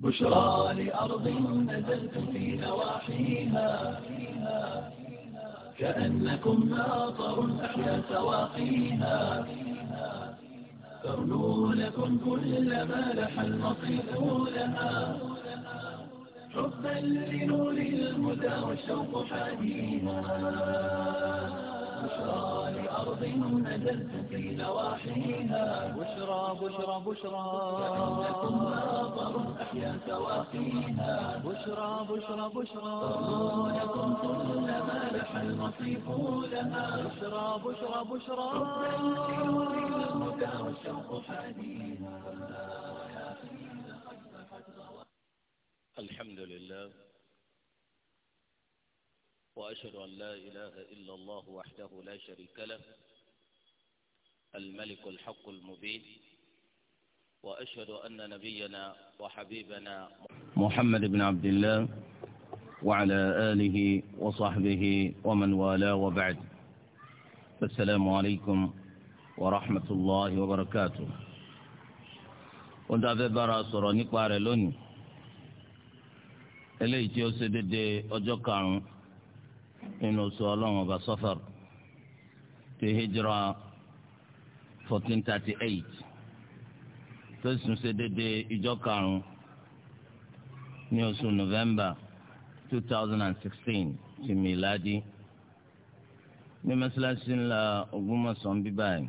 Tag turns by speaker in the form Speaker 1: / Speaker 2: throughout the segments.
Speaker 1: بشرى لأرض نزلت في نواحيها كأنكم ناطر أحيا سواقيها ترنو لكم كل ما لح المصير لها حبا لنور الهدى والشوق حديها بشرى لأرض نزلت في نواحيها بشرى بشرى بشرى لكم ناظر أحيا سواقيها بشرى بشرى بشرى لكم كلما لح المصيف لها بشرى بشرى بشرى المدى والشوق حديثا الحمد لله وأشهد أن لا إله إلا الله وحده لا شريك له الملك الحق المبين وأشهد أن نبينا وحبيبنا محمد بن عبد الله وعلى آله وصحبه ومن والاه وبعد السلام عليكم ورحمة الله وبركاته ودعوة برا سورة نقبار لوني إليتي أسدد أجوكاً nínú oṣù ọlọ́run ọba sọ́fàr ti hijra fourteen thirty eight tó sì ṣe déédéé ìjọ karùn ní oṣù november two thousand and sixteen ti miladi ní mẹ́sàlásí ńlá Ògbómọ̀ṣọ́ ń bí báyìí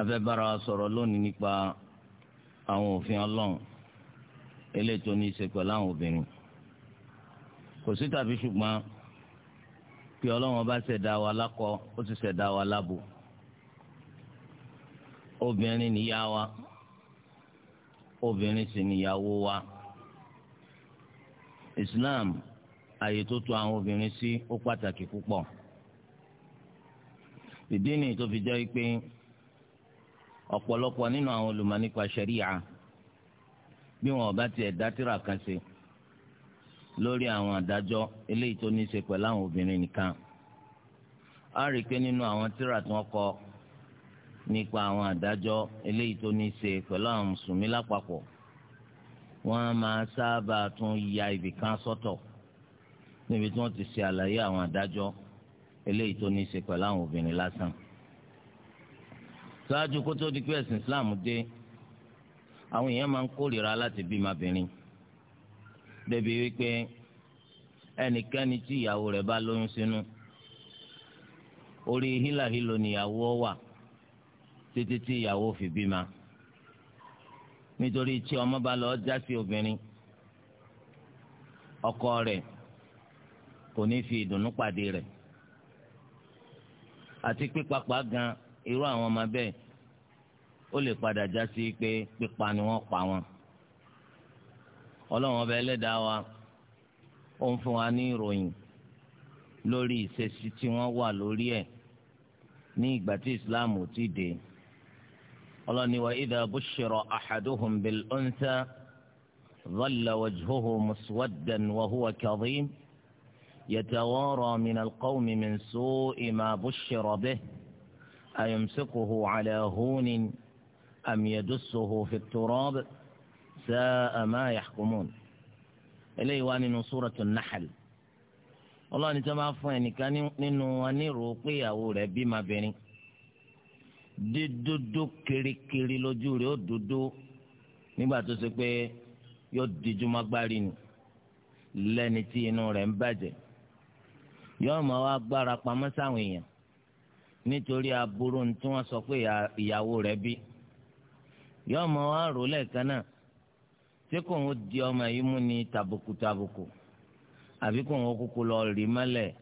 Speaker 1: afẹ́bára sọ̀rọ̀ lónìí nípa àwọn òfin ọlọ́run eléyìí tó ní í ṣe pẹ̀lú àwọn obìnrin kò sí tàbí ṣùgbọ́n pé ọlọ́run bá ṣẹ̀dá wa lákọ ó sì ṣẹ̀dá wa lábo obìnrin níyá wa obìnrin sì níyàwó wa Islam àyè tó tu àwọn obìnrin sí ó pàtàkì púpọ̀ ìdí nìyí tó fi jẹ́ pé ọ̀pọ̀lọpọ̀ nínú àwọn olùmọ̀ nípa ṣẹ̀ríà bí wọn ò tiẹ̀ dá kan ṣe lórí àwọn àdájọ́ eléyìí tó ní í ṣe pẹ̀lú àwọn obìnrin nìkan a rí i pé nínú àwọn tíra tí wọ́n kọ nípa àwọn àdájọ́ eléyìí tó ní í ṣe pẹ̀lú àwọn mùsùlùmí lápapọ̀ wọ́n máa sábà tún ya ibìkan sọ́tọ̀ níbi tí wọ́n ti ṣe àlàyé àwọn àdájọ́ eléyìí tó ní í ṣe pẹ̀lú àwọn obìnrin lásán. ṣáájú kó di pé ẹ̀sìn Islam dé àwọn èèyàn máa ń kórìíra láti bímọ obìnrin débi wípé ẹnikẹ́ni tí ìyàwó rẹ̀ bá lóyún sínú orí hílàhílo níyàwó wà títí tí ìyàwó fi bímọ nítorí tí ọmọ bá lọ já sí obìnrin ọkọ rẹ̀ kò ní fi ìdùnnú pàdé rẹ̀ àti pípapà gan irú àwọn ọmọ bẹ́ẹ̀ ó lè padà já sí pé pípa ni wọ́n pa wọn. ọlọ́run ọba ẹlẹ́dàá wa ó ń fún wa ní ìròyìn lórí ìṣesí tí wọ́n wà lórí ẹ̀ ní ìgbà tí islam ò ti dé ti isilaamu ti de oloni wa idha bushira ahaduhum bil untha dhalla wajhuhu muswaddan wa huwa kadhim yatawara min alqawmi min su'i ma bushira bih ayumsikuhu ala hunin am yadussuhu fi turab sa'a ma yà yahkumun eléyìí wá nínú suratul nahl ọlọ́ọ̀ni tó máa fún ẹnìkan nínú wọn nírò pé ìyàwó rẹ̀ bímabìnrin dídúdú kirikiri lójú rẹ̀ ó dúdú nígbà tó ṣe pé yóò díjú mágbárí ni lẹ́ni tí inú rẹ̀ ń bàjẹ́ yóò máa wá gbára pamọ́ sáwọn èèyàn nítorí aburú tí wọ́n sọ pé ìyàwó rẹ̀ bí yóò máa wá rò lẹ́ẹ̀kan náà ṣé kò ń di ọmọ yìí mú ní tàbùkù àbí kò ń kúkú lọ rí mọ́lẹ̀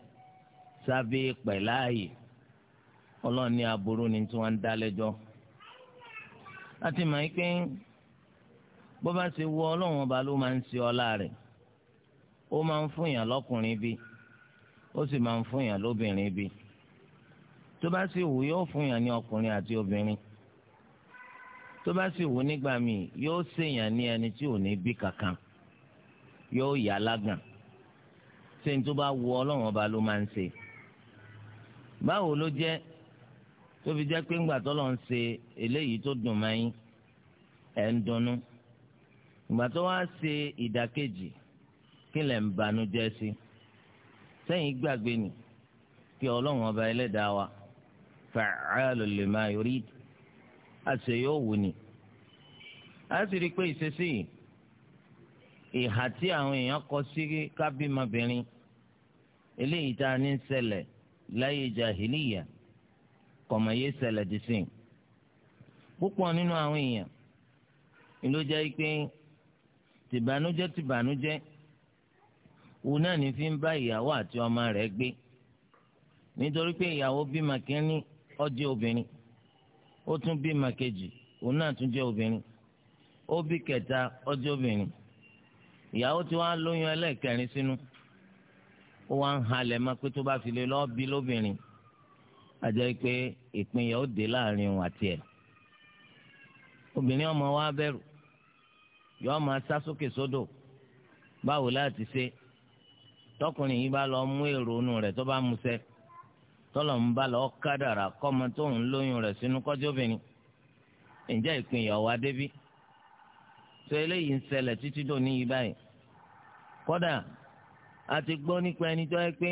Speaker 1: sábẹ́ pẹ̀láàyè ọlọ́run ní aburú ni tí wọ́n ń dá lẹ́jọ́ láti mọ̀ pé bó bá ṣe wọ ọlọ́run ọba ló máa ń ṣe ọlá rẹ̀ ó máa ń fún yàn lọ́kùnrin bí ó sì máa ń fún yàn lóbìnrin bí tó bá sì wù yóò fún yàn ní ọkùnrin àti obìnrin tó bá sì wù nígbà míì yóò ṣèyàn ní ẹni tí ò ní bí kankan yóò yà lágàn ṣé ní tó bá wù ọlọ́run ọba ló máa ń ṣe báwo ló jẹ́ tó fi jẹ́ pé ńgbà tọ́lọ̀ ń ṣe eléyìí tó dùn mọ́yìn ẹ̀ ń dunnú ìgbà tó wá ṣe ìdàkejì kí lẹ̀ ń banújẹ́ sí sẹ́yìn gbàgbé ni kí ọlọ́run ọba ẹlẹ́dàá wa fa'alu lima yurid àṣẹ yóò wù ni a sì rí i pé ìṣesí ìhà tí àwọn èèyàn kọ sí kábímọbìnrin eléyìí tá a ní ṣẹlẹ̀ láyé jahiliya kọ̀mọ̀yé ṣẹlẹ̀ dì sí púpọ̀ nínú àwọn èèyàn ló jẹ́ pé tìbànújẹ́ tìbànújẹ́ òun náà ní fi ń bá ìyàwó àti ọmọ rẹ̀ gbé nítorí pé ìyàwó bímọ kínní ó jẹ́ obìnrin ó tún bí màkejì òun náà tún jẹ́ obìnrin ó bí kẹta ọjọ́ obìnrin ìyàwó tí wọ́n á lóyún ẹlẹ́ẹ̀kẹrin sínú ó wá ń halẹ̀ máa pé tó bá fi lè lọ́ọ́ bí lóbìnrin àjẹ́ pé ìpínyà ó dé láàrin òun àti ẹ̀ obìnrin ọmọ wa bẹ̀rù yọ máa sá sókè sódò báwo láti ṣe tọkùnrin yìí bá lọ mú èrò inú rẹ̀ tó bá mu sẹ́ẹ̀ tọ́lọ̀ ń bá lọ́ọ́ kádàrà kọ́mọ tó ń lóyún rẹ̀ sínú kọ́jọ́bìnrin ǹjẹ́ ìpínyàwó adébí tó eléyìí ń ṣẹlẹ̀ títí dòní yìí báyìí kódà a ti gbọ́ nípa ẹni tó yẹ pé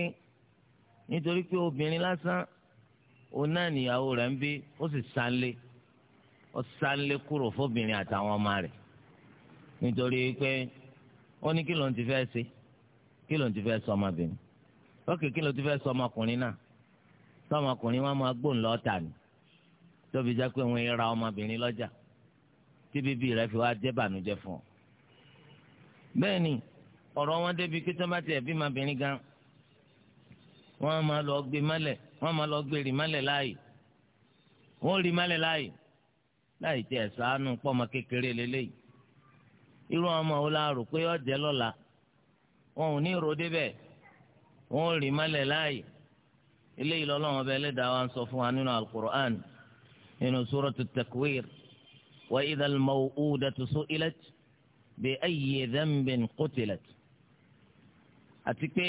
Speaker 1: nítorí pé obìnrin lásán òun náà nìyàwó rẹ̀ ń bí ó sì sánlé ó sánlé kúrò fóbìnrin àtàwọn ọmọ rẹ̀ nítorí pé ó ní kí ló ń ti fẹ́ ṣe kí ló ń ti fẹ́ sọ ọmọbìnrin ó kí ló ti fẹ́ sọ ọmọkùnrin náà tọmọkùnrin wọn máa gbóhùn lọ́ọ̀tà ni tóbi jẹ́ pé wọ́n ra ọmọbìnrin lọ́jà tí bíbí rẹ̀ fi wá jẹ́ bànújẹ́ fún ọ. bẹ́ẹ̀ ni ọ̀rọ̀ wọn débi pé tó bá tiẹ̀ bí ọmọbìnrin gan wọ́n máa lọ gbé mọ́lẹ̀ wọ́n máa lọ gbé rì mọ́lẹ̀ láàyè wọ́n rì mọ́lẹ̀ láàyè láì tiẹ̀ ṣàánú pọ́mọ kékeré lélẹ́yìí irú ọmọ wo la rò pé ọ̀jẹ̀ lọ́la wọn ò ní ròdé bẹ́ẹ̀ wọ́n rì mọ́lẹ̀ láàyè eléyìí lọ́lọ́wọ́n bẹ́ẹ̀ lẹ́dàá wa ń sọ fún wa nínú alukur'an nínú sóròtú takwir wa idal maw'udatu su'ilat bi ayyi dhanbin qutilat àti pé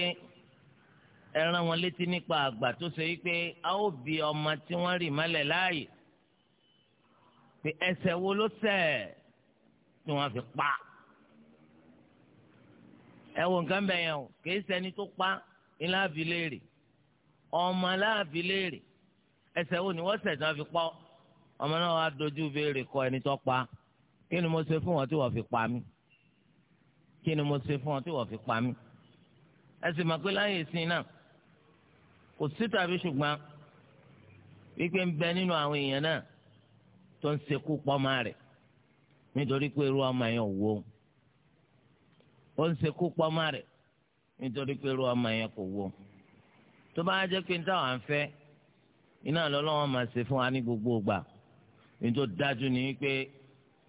Speaker 1: ẹ rán wọn létí nípa àgbà tó ṣe wípé a ó bi ọmọ tí wọ́n rì mọ́lẹ̀ láàyè pé ẹ̀ṣẹ̀ wo ló ṣẹ̀ tí wọ́n fi pa ẹ wo nǹkan bẹ́ẹ̀ yẹn o kì í ṣẹni tó pa ńlá fi léèrè ọmọ aláàbí léèrè ẹsẹ̀ wo ni wọ́n sẹ̀tàn fi pọ́ ọmọ náà wàá dojú béèrè kọ ẹni tó pa kí ni mo ṣe fún wọn tí wọ́n fi pa mí kí ni mo ṣe fún wọn tí wọ́n fi pa mí ẹ sì mọ̀ pé láyé ìsìn náà kò sí tàbí ṣùgbọ́n wípé ń bẹ nínú àwọn èèyàn náà tó ń ṣekú pọ́mọ rẹ̀ nítorí pé irú ọmọ yẹn ò ó ń ṣekú pọ́mọ rẹ̀ nítorí pé irú ọmọ yẹn kò wo tó bá jẹ́ pé níta wà ń fẹ́ iná lọ́lọ́wọ́ máa ṣe fún wa ní gbogbo ìgbà nítorí dájú ni pé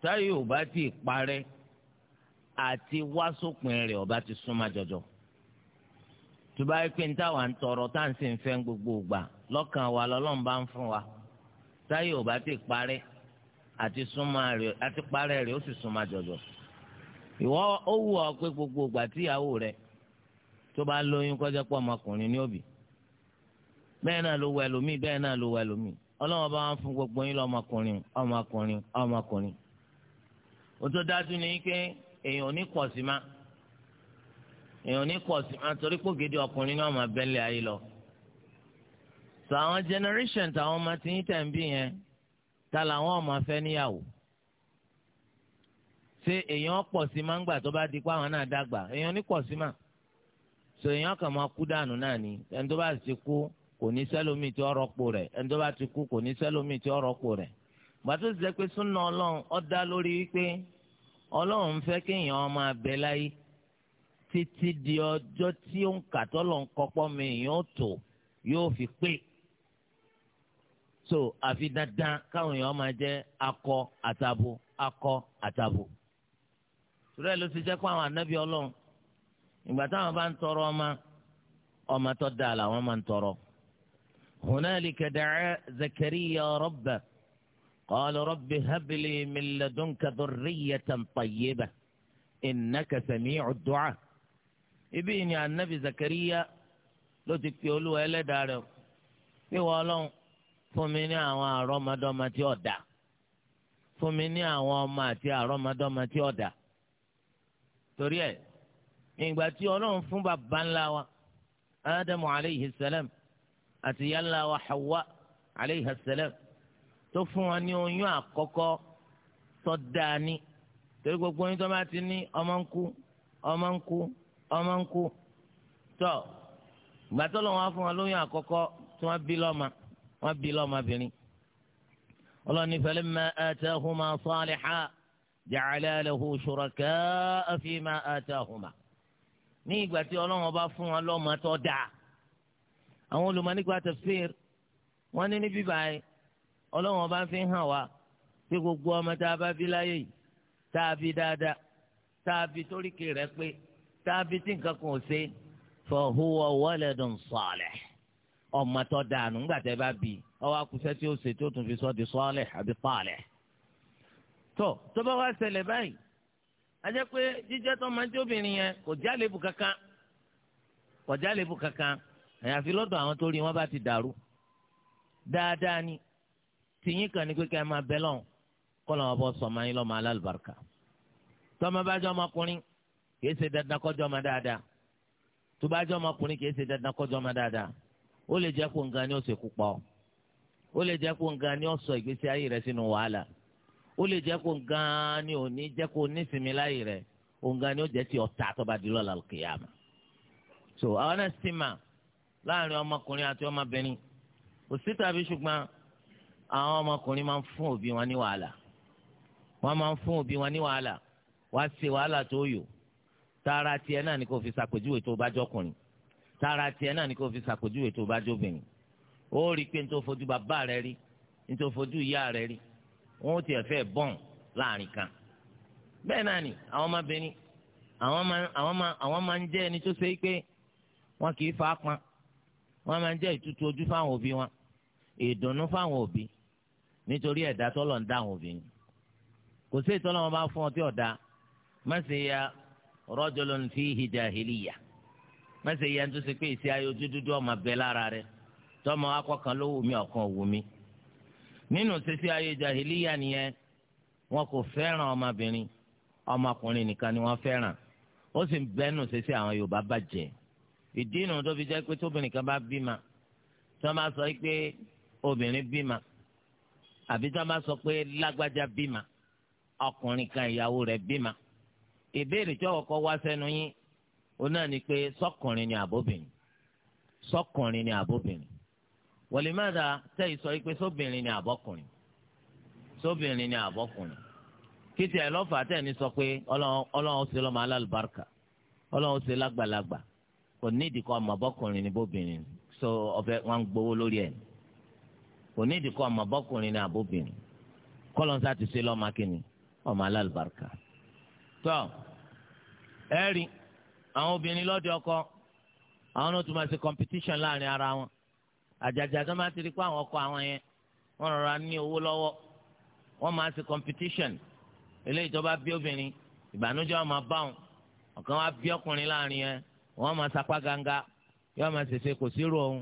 Speaker 1: táyé ò bá ti parẹ́ àti wá sópin rẹ̀ ọba ti súnmọ́ jọjọ tó bá jẹ́ pé níta wà ń tọrọ tá à ń sì ń fẹ́ gbogbo ìgbà lọ́kàn wa lọ́lọ́run bá ń fún wa táyé ò bá ti parẹ́ àti súnmọ́ rẹ̀ àti parẹ́ rẹ̀ ó sì súnmọ́ jọjọ ìwọ ó wù ọ pé gbogbo ìgbà tíyàwó rẹ̀ tó bá lóyún kọjá pọ̀ ọmọkùnrin ní òbí bẹ́ẹ̀ náà ló wọ ẹlòmíì bẹ́ẹ̀ náà ló wọ ẹlòmíì ọlọ́wọ́n bá wọn fún gbogbo yín lọ́mọkùnrin ọmọkùnrin ọmọkùnrin. òtó dájú ni pé èèyàn ní kọ̀ sí ma èèyàn ní kọ̀ sí ma torí pé ògidì ọkùnrin náà máa bẹ́lẹ̀ ayé lọ. sọ àwọn generation táwọn ọmọ ti ń tẹ̀ ń bí yẹn ta làwọn ọmọ afẹ́ níyàwó. ṣé èèyàn pọ̀ sí ma ń gbà tó bá di pé àwọn náà dàgbà èèyàn ní kọ̀ sí ma. sọ èèyàn kàn máa kú dànù náà ni ẹni tó bá sì kú. kò ní sẹ́lómi tí ọ̀rọ̀ po rẹ̀ ẹni tó bá ti kú kò ní sẹ́lómi tí ọ̀rọ̀ po rẹ̀ gbàtó ti pé súnà ọlọ́run ó dá lórí wípé ọlọ́run fẹ́ kéèyàn máa bẹ láyé títí di ọjọ́ tí ó ń kàtọ́ lọ ń kọ́pọ́ mi èèyàn tó yóò fi pé so àfi dandan káwọn èèyàn máa jẹ́ akọ àtàbò akọ àtàbò sùrẹ́ ló ti jẹ́ pé àwọn ànábì ọlọ́run ìgbà táwọn bá ń tọrọ ọmọ ọmọ tó dáa làwọn máa ń tọrọ. هنالك دعاء زكريا ربه قال رب هب لي من لدنك ذرية طيبة إنك سميع الدعاء إبين يا النبي زكريا لو تكيولو إلى دارو يوالون فميني أوا رمضان تيودا فميني أوا ما تيا رمضان تيودا توريه إن باتيولون فم بابان لاوا آدم عليه السلام àti yálà wa Hawa aleyha salam tó fún wọn ní oyún àkọ́kọ́ tó dáa ní torí gbogbo oyún tó bá ti ní ọmọ ń kú ọmọ ń kú ọmọ ń kú tó gbàtọ́ lọ́wọ́ fún wọn lóyún àkọ́kọ́ tí wọ́n bí lọ́mọ wọ́n bí lọ́mọbìnrin ọlọ́ni falamma atahuma saliha ja'ala lahu shuraka fima atahuma ní ìgbà tí ọlọ́wọ́n bá fún wọn lọ́mọ tó dáa. àwọn olumani tafsir wọ́n ní níbí báyìí ọlọ́wọ́n bá fi hàn wá pé gbogbo ọmọ tá a bá bí láyé yìí tá a bí dáadáa tá a bí toríkì rẹ̀ pé tá a bí tí nǹkan kan ò ṣe fa huwa waladun ọmọ tó dànù tẹ́ bá bí ọwọ́ akusẹ́ tí ó ṣe tó tún fi sọ di salih àbí salih. tó tó bá wá ṣẹlẹ̀ báyìí a jẹ́ pé jíjẹ́ tó máa ń jóbìnrin yẹn kò jálè bù àyàfi lọ́dọ̀ àwọn tó rí wọn bá ti dàrú dáadáa ni tìyín kan ní kékeré máa bẹ́ lọ́hùn kọ́ làwọn bọ́ sọ máa ń lọ́ máa lálùbáríkà tọ́mọ bá jẹ́ ọmọkùnrin kìí ṣe dandan kọjọ́ ọmọ dáadáa tó bá jẹ́ ọmọkùnrin kìí ṣe dandan kọjọ́ ọmọ dáadáa ó lè jẹ́ kó nǹkan ni ó ṣe kú pa ọ́ ó lè jẹ́ kó nǹkan ni ó sọ ìgbésí ayé rẹ̀ sínú wàhálà ó lè jẹ́ kó nǹkan ni ò ní jẹ́ kó nísìmí láyé so àwọn náà láàrin ọmọkùnrin àti ọmọbìnrin kò sí tàbí ṣùgbọ́n àwọn ọmọkùnrin máa ń fún òbí wọn ní wàhálà wọ́n máa ń fún òbí wọn ní wàhálà wàá ṣe wàhálà tó yò tààrà tiẹ̀ náà ni kò fi ṣàpèjúwe tó bá jọkùnrin tààrà tiẹ̀ náà ni kò fi ṣàpèjúwe tó bá jọbìnrin ó rí i pé nítorí fojú bàbá rẹ rí nítorí fojú ìyá rẹ rí wọn ó tiẹ̀ fẹ́ bọ́n láàrin kan bẹ́ẹ̀ náà ni àwọn ọmọbìnrin àwọn máa ń jẹ́ ẹni tó ṣe é pé wọn kì í fa pọn wọ́n máa ń jẹ́ ìtútù ojú fáwọn òbí wọn ìdùnnú fáwọn òbí nítorí ẹ̀dá tọ́lọ̀ ń àwọn òbí kò sí wọn bá fún ọ tí ya rajulun fihi jahiliya má ya tó pé ìṣe ayé dúdú ọmọ bẹ lára rẹ tọmọ akọkàn ló wù mí nínú ṣíṣe ayé ìdí inú tó fi jẹ́ pé tóbìnrin kan bá bímọ tí wọ́n bá sọ pé obìnrin bímọ àbí tí wọ́n bá sọ pé lágbájá bímọ ọkùnrin kan ìyàwó rẹ̀ bímọ ìbéèrè tí ọkọ wá sẹ́nu yín ó náà ni pé sọkùnrin ni àbóbìnrin sọkùnrin ni àbóbìnrin wọ̀lẹ́mọ̀dà tẹ̀yì sọ pé sóbìnrin ni àbọ́kùnrin sóbìnrin ni àbọ́kùnrin kìtì ẹ̀ lọ́fà tẹ̀ ní sọ pé ọlọ́run ó ṣe lọ́mọ alálùbáríkà ọlọ́run ó ṣe lágbàlagbà kò ní ìdíkọ ọmọbọkùnrin ní bóbìnrin so ọfẹ wọn gbowó lórí ẹ kò ní ìdíkọ ọmọbọkùnrin n'i àbóbìnrin kọlọńsá ti ṣe lọ́ọ́ mákìnní ọmọ alálùbáríkà Tọ ẹ àwọn obìnrin lọ́dẹ ọkọ àwọn náà tún máa ṣe competition láàrin ara wọn àjàjà tó máa ti rí pé àwọn ọkọ àwọn yẹn wọ́n rọra ní owó lọ́wọ́ máa ṣe competition eléyìí tó bá bí obìnrin ìbànújẹ́ wọn máa bá wọn wọ́n máa sapá ganga yóò máa ṣèṣe kò sí ròhun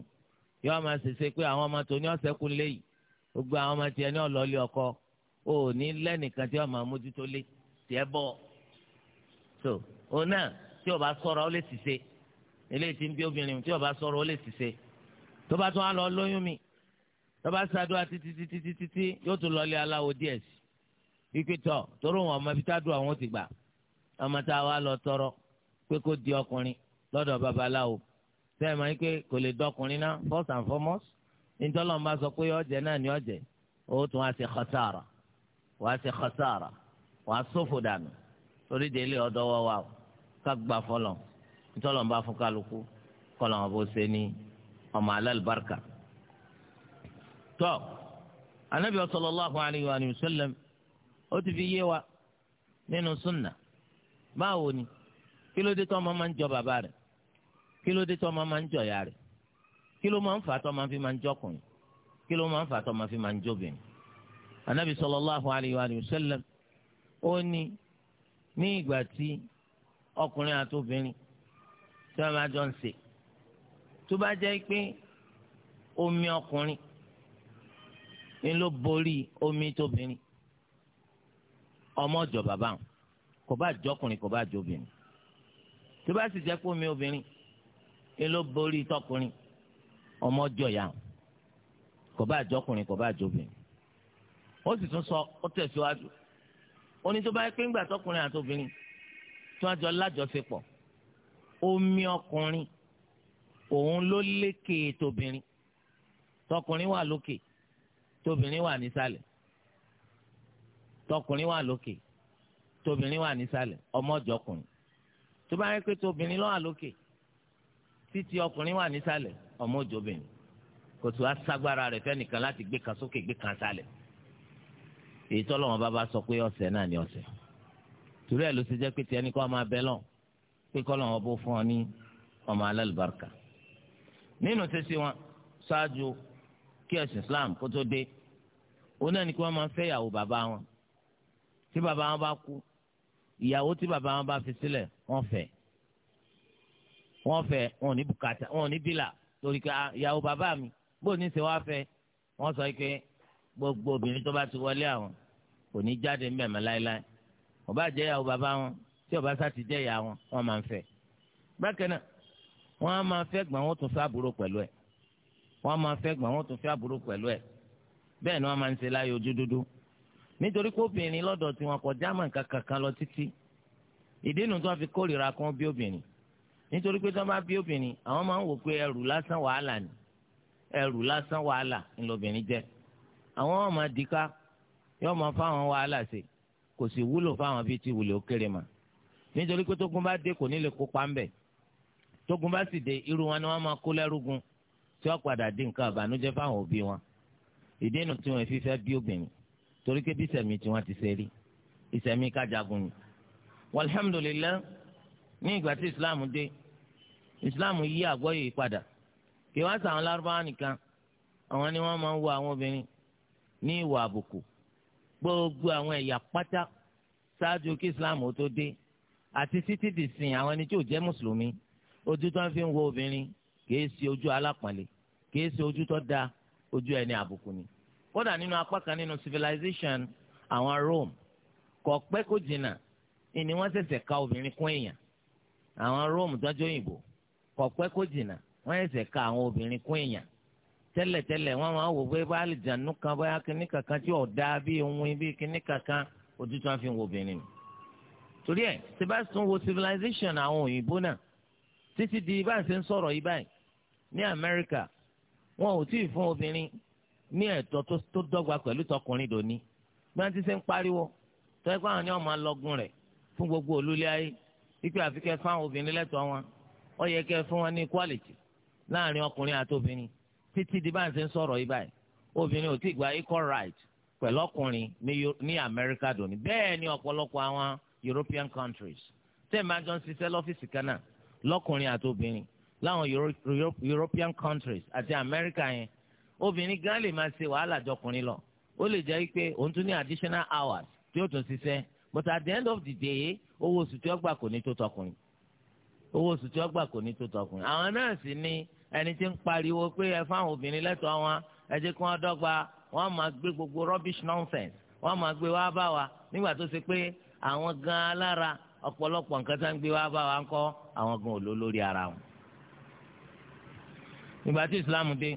Speaker 1: yóò máa ṣèṣe pé àwọn ọmọ tó ní ọ̀sẹ̀ kún lé yìí gbogbo àwọn ọmọ tiẹ̀ ní ọ̀lọ́ọ̀lì ọkọ ò ní lẹ́nìkan tí wọ́n máa mójútó lé tiẹ̀ bọ̀ so òun náà tí o bá sọ̀rọ̀ ó lè ṣìṣe eléyìí tí ń bí obìnrin tí o bá sọ̀rọ̀ ó lè ṣìṣe tó bá tún á lọ lóyún mi tó bá ṣàdúrà títí títí títí tí yóò tún lọ lé aláwo díẹ̀ sí pípé tọ̀ tóró wọn ọmọ ibi tá a dùn àwọn ti gbà ọmọ tá a wá lọ tọrọ pé kó di ọkùnrin lọ́dọ̀ babaláwo sẹ́yìn máa ń pé kò lè dọkùnrin náà first and foremost nítorí bá sọ pé ọ̀jẹ̀ náà ni ọ̀jẹ̀ ó tún wá sí khasara wá sí khasara wá sófò dànù torí délé ọ̀dọ́ wá wá ká gbà fọlọ́ nítorí bá fún kálukú kọlọ̀ wọn bó ṣe ní ọmọ alálùbáríkà. tọ́ anabi sallallahu alayhi wa sallam ó ti fi yé wa nínú sunna báwo ni kí ló dé tó ọmọ máa ń jọ bàbá rẹ̀ kí ló dé tó ọmọ máa ń jọ̀yà rẹ̀ kí ló máa ń fà á tó ọmọ fi máa ń jọkùnrin kí ló máa ń fà tó ọmọ fi máa ń jóbìnrin. anabi sallallahu alayhi wa sallam ó ní ní ìgbà tí ọkùnrin àti obìnrin tí wọ́n bá jọ ń ṣe tó bá jẹ́ pé omi ọkùnrin ni ló borí omi tóbìnrin ọmọ ọjọ́ bàbá wọn kò bá jọkùnrin kò bá jọbìnrin tó bá sì jẹ́ pé omi obìnrin ni ló borí tọkùnrin ọmọ jọyà kò bá àjọkùnrin kò bá àjọbìnrin ó sì tún sọ ó tẹ̀síwájú ó ní tó bá yẹ pé ńgbà tọkùnrin àti obìnrin tí wọ́n jọ lájọṣepọ̀ omi ọkùnrin òun ló lékè tobìnrin tọkùnrin wà lókè tóbìnrin wà nísàlẹ̀ tọkùnrin wà lókè tóbìnrin wà nísàlẹ̀ ọmọ ọjọkùnrin tó bá yẹ pé tóbìnrin ló lókè títí ọkùnrin wà nísàlẹ̀ ọmọ òjòbìnrin kò tó aṣágbára rẹ̀ fẹ́nìkan láti gbé kan sókè gbé kan sálẹ̀ èyí tọ́lọ́ wọn bá bá sọ pé ọ̀sẹ̀ náà ni ọ̀sẹ̀ torí ẹ̀ ló ti jẹ́ pé tiẹ̀ ní kó máa bẹ́ lọ pé kọ́lọ́ wọn bó fún ọ ní ọmọ alálùbáríkà nínú tẹ́sí wọn ṣáájú kí ẹ̀sìn Islam kó tó dé òun náà ni kí wọ́n máa fẹ́ ìyàwó bàbá wọn tí bàbá wọn bá kú ìyàwó tí bàbá wọn bá fi sílẹ̀ wọ́n fẹ́ẹ́ wọ́n fẹ́ wọn ò ní bùkátà wọn ò ní bílà torí pé ah, ìyàwó bàbá mi bó ní ṣe wá fẹ́ wọ́n sọ pé gbogbo obìnrin tó bá ti wọlé àwọn kò ní jáde ń bẹ̀mọ̀ láéláé ó bá jẹ́ ìyàwó bàbá wọn tí ó bá sá ti jẹ́ ìyá wọn wọ́n máa ń fẹ́ bákan náà wọ́n á máa fẹ́ gbọ́n wọ́n tún fẹ́ àbúrò pẹ̀lú ẹ̀ wọ́n á máa fẹ́ gbọ́n wọ́n tún fẹ́ àbúrò pẹ̀lú ẹ̀ bẹ́ẹ̀ ni wọ́n máa ń ṣe láyé ojú dúdú nítorí pé obìnrin lọ́dọ̀ tí wọn kọjá mọ̀ nǹkan kankan lọ títí ìdí inú tí wọ́n fi kórìíra kan bí obìnrin nítorí pé tó bí obìnrin àwọn máa ń wò pé ẹrù lásán wàhálà ni ẹrù lásán wàhálà ni lóbìnrin jẹ àwọn wọn máa dìka yóò máa fáwọn wàhálà ṣe kò sì wúlò fáwọn bíi ti wùlé òkèrè mà nítorí pé tógun bá dé kò ní lè kópa ńbẹ tógun bá sì dé irú wọn ni wọn máa kó lẹ́rúgun tí wọn padà dín nǹkan àbànújẹ́ fáwọn òbí wọn ìdí inú tí wọn fi fẹ́ bí obìnrin torí pé bí ìsẹ̀mí tí wọn ti ṣe rí ìsẹ̀mí kájagun ni. walhamdulillah ní ìgbà tí islam dé islam yí àgbọ́yé padà kí wọ́n sàn án lárúbáwá nìkan àwọn ni wọ́n máa ń wo àwọn obìnrin ní ìwà àbùkù gbogbo àwọn ẹ̀yà pátá ṣáájú kí islam ó tó dé àti títí di sìn àwọn ẹni tí ò jẹ́ mùsùlùmí ojú tó ń fi wo obìnrin kìí ṣe ojú alápọ̀nlé kìí ṣe ojú tó dáa ojú ẹni àbùkù ni kódà nínú apá kan nínú civilization àwọn Rome kò pẹ́ kó jìnnà ni wọ́n ṣẹ̀ṣẹ̀ ka obìnrin kún èèyàn àwọn Rome tọ́jú òyìnbó kọ̀pẹ́ kó jìnnà wọ́n ẹ̀sẹ̀ ka àwọn obìnrin kún èèyàn tẹ́lẹ̀tẹ́lẹ̀ wọ́n máa wò pé báàlì jànú kan bóyá kínní kankan tí ò dáa ohun bí kínní kankan òtútù àfi wo obìnrin mi. torí ẹ̀ tí bá tún wo civilization àwọn òyìnbó náà títí di bá ń ṣe ń sọ̀rọ̀ yìí báyìí ní Amẹ́ríkà wọn ò tíì fún obìnrin ní ẹ̀tọ́ tó dọ́gba pẹ̀lú tọkùnrin dòní bí wọ́n ti ṣe ń pariwo tọ́ ẹ̀kọ́ àwọn ni wọ́n máa lọ́gùn rẹ̀ fún gbogbo olúlé ayé wípé àfikẹ́ fáwọn obìnrin lẹ́tọ̀ọ́ wọn ó yẹ kẹ́ fún wọn ní equality láàrin ọkùnrin àti obìnrin títí di bá ń ṣe ń sọ̀rọ̀ yìí báyìí obìnrin ò tí ì gba equal right pẹ̀lú ọkùnrin ní Amẹ́ríkà dòní bẹ́ẹ̀ ni ọ̀pọ̀lọpọ̀ àwọn European countries tẹ́ẹ̀ máa jọ ń ṣiṣẹ́ lọ́fíìsì kan náà lọ́kùnrin àti obìnrin láwọn Euro European countries àti Amẹ́ríkà yẹn obìnrin gan lè máa ṣe wàhálà jọkùnrin lọ ó lè jẹ́ pé òun tún ní additional hours tí ó tún ṣiṣẹ́ but at the end of the day owó oṣù tí ó gbà kò ní tó tọkùnrin owó oṣù tí wọ́n gbà kò ní tó tọkùnrin àwọn náà sì ni ẹni tí ń pariwo pé ẹ fáwọn obìnrin lẹ́tọ̀ọ́ wọn ẹ jẹ́ kí wọ́n dọ́gba wọ́n máa gbé gbogbo rubbish nonsense wọ́n máa gbé wá bá wa nígbà tó ṣe pé àwọn gan alára ọ̀pọ̀lọpọ̀ nǹkan tá ń gbé wá bá wa ń kọ́ àwọn gan ò ló lórí ara wọn. ìgbà tí islam dé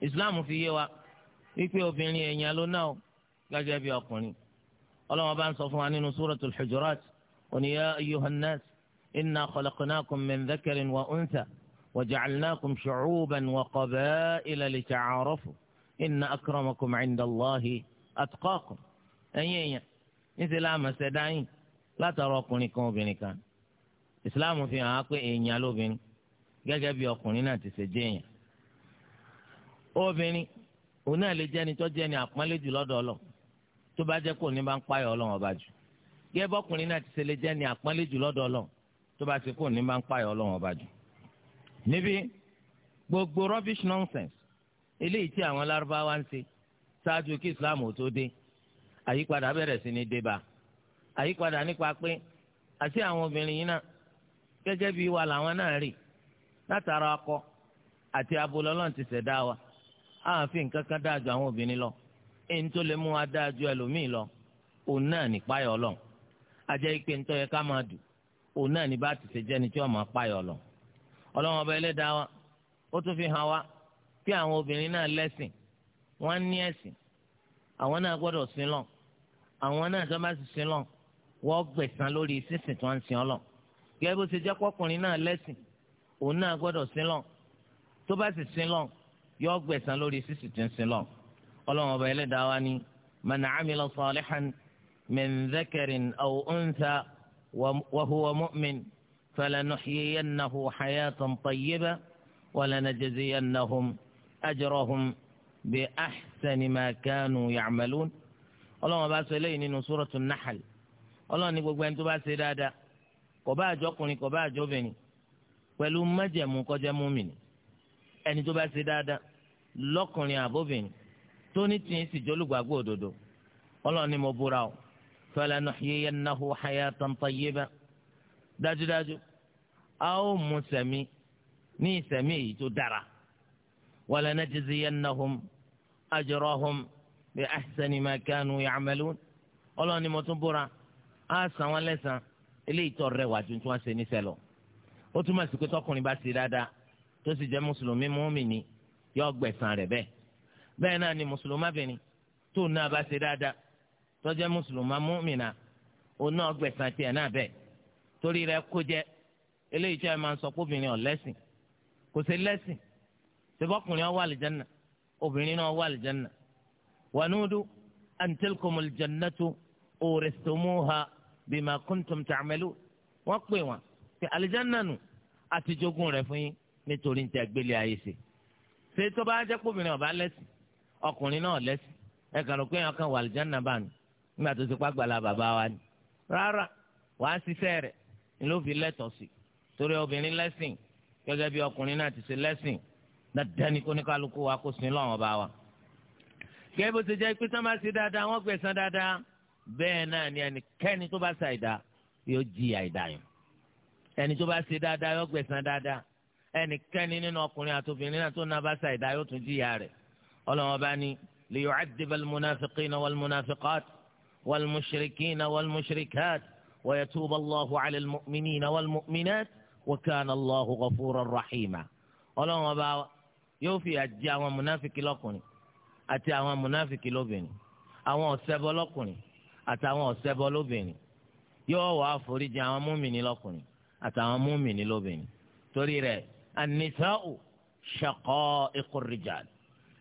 Speaker 1: islam fi yé wa wípé obìnrin èèyàn ló náà gẹ́gẹ́ bí ọkùnrin ọlọ́wọ́n bá ń sọ fún wa nínú suratul hujurat ó ní إنا خلقناكم من ذكر وأنثى وجعلناكم شعوبا وقبائل لتعارفوا إن أكرمكم عند الله أتقاكم أيين مثل ما سدعين لا تراكم لكم بنكان إسلام في عاقل إن يلو بني gẹ́gẹ́ bí ọkùnrin náà ti ṣe jẹ́ èèyàn. obìnrin òun náà lè jẹ́ni tó jẹ́ni àpọ́nlé jù lọ́dọ̀ ọlọ́ tó bá jẹ́ kó ní bá ń payọ̀ ọlọ́run ọba jù. gẹ́gẹ́ bọ́kùnrin náà ti ṣe lè jẹ́ni àpọ́nlé jù lọ́dọ̀ ọlọ́run tó bá ti kó ní máa ń pààyàn ọlọ́run ọba jù. níbi gbogbo rubbish nonsense eléyìí tí àwọn lárúbáwá ń ṣe ṣáájú kí islam ò tó dé àyípadà bẹ̀rẹ̀ sí ní débà àyípadà nípa pé àti àwọn obìnrin yìí náà gẹ́gẹ́ bí wa làwọn náà rí látara akọ àti abo lọ́lọ́run ti ṣẹ̀dá wa àáfin kankan dáa ju àwọn obìnrin lọ èyí tó lè mú wa dáa ju ẹlòmíì lọ òun náà nípa ẹ̀ ọlọ́run ajẹ́ ìpè ń tọ́ yẹ ká máa dùn òun náà ní bá ti ṣe jẹ́ni tí wọ́n máa lọ. ọlọ́wọ́n ọba ẹlẹ́dàá wa ó tún fi hàn wá àwọn obìnrin náà lẹ́sìn wọ́n ní ẹ̀sìn àwọn náà gbọ́dọ̀ sin lọ àwọn náà tó bá sin lọ wọ́n lórí sísìn tí wọ́n ń sin ọ lọ. gẹ́gẹ́ bó ṣe jẹ́ pọ́kùnrin náà lẹ́sìn òun náà gbọ́dọ̀ sin lọ tó bá sì sin lọ lórí sísìn tí ń sin lọ. ọlọ́wọ́n ọba وهو مؤمن فلنحيينه حياة طيبة ولنجزينهم أجرهم بأحسن ما كانوا يعملون ọlọ́run ọba sọ eléyìí nínú sórọ̀tù náhàl ọlọ́run ní gbogbo ẹni tó bá ṣe dáadáa kò bá àjọkùnrin kò bá àjọbìnrin pẹ̀lú májẹ̀mú kọjá múmìnì ẹni tó bá ṣe dáadáa lọ́kùnrin àbóbìnrin tó ní tìǹsì jólùgbàgbọ́ òdodo ọlọ́run ní mo búra o falanuhyiyannahu hayatan tayyiba dájúdájú a ó mú sẹ̀mí ní ìsẹ̀mí èyí tó dára walanajziyannahum ajrahum bi ahsani ma kanu ya'malun ọlọ́ọ̀ni mo tún búra á san wọn lẹ́san eléyìí tó rẹwà tuntun wọn ṣe níṣẹ́ lọ ó túmọ̀ sí pé tọkùnrin bá ṣe dáadáa tó sì jẹ́ mùsùlùmí mùmínì yóò gbẹ̀san rẹ̀ bẹ́ẹ̀ bẹ́ẹ̀ náà ni mùsùlùmábìnrin tó náà bá ṣe dáadáa tó jẹ́ mùsùlùmá múmìnà òun náà gbẹ̀sán tiẹ̀ náà bẹ́ẹ̀ torí rẹ̀ kó jẹ́ eléyìí tí a máa ń sọ pé obìnrin ọ̀lẹ́sìn kò sí lẹ́sìn ṣèbọ́kùnrin ọwọ́ àlìjánà obìnrin náà ọwọ́ àlìjánà wànúdú àǹtẹ̀lùkọ́mù àlìjánàtú òrèsìtòmùhà bìmà kùntùm tàmẹ́lú wọ́n pè wọ́n pé àlìjánà nù àti jogún rẹ̀ fún yín nítorí níta gbélé ayé ṣe ṣé tó bá jẹ́ pé obìnrin ọ̀bá lẹ́sìn ọkùnrin náà lẹ́sìn ẹ̀ kàn rò pé èèyàn wà àlìjánà báyìí nígbà tó ti pa gbala bàbá wa ni rárá wàá ṣiṣẹ́ rẹ̀ ni ló fi lẹ́tọ̀ọ́ sí torí obìnrin lẹ́sìn gẹ́gẹ́ bí ọkùnrin náà ti ṣe lẹ́sìn dandan ni kóníkálukú wa kó sin lọ́wọ́n bá wa. gẹ́gẹ́ bó ṣe jẹ́ pé sábà ṣe dáadáa wọ́n gbẹ̀san dáadáa bẹ́ẹ̀ náà ni ẹnikẹ́ni tó bá ṣe àìdá yóò jí àìdá yẹn ẹni tó bá ṣe dáadáa yóò gbẹ̀san dáadáa ẹnikẹ́ni nínú ọkùnrin àtòbìnrin náà tó náà bá ṣe àìdá yóò tún jíyà rẹ̀ ọlọ́wọ́n bá ní liyu'adhdhiba al-munafiqina wal-munafiqat والمشركين والمشركات ويتوب الله على المؤمنين والمؤمنات وكان الله غفورا رحيما ọlọ́run ọba yóò fi àjẹ àwọn mùnáfìkì lọ́kùnrin àti àwọn mùnáfìkì lóbìnrin àwọn ọ̀sẹ̀bọ lọ́kùnrin àtàwọn ọ̀sẹ̀bọ lóbìnrin yóò wá foríjì àwọn múmìnì lọ́kùnrin àtàwọn múmìnì lóbìnrin torí rẹ̀ an-nisā'u shaqā'iqur-rijāl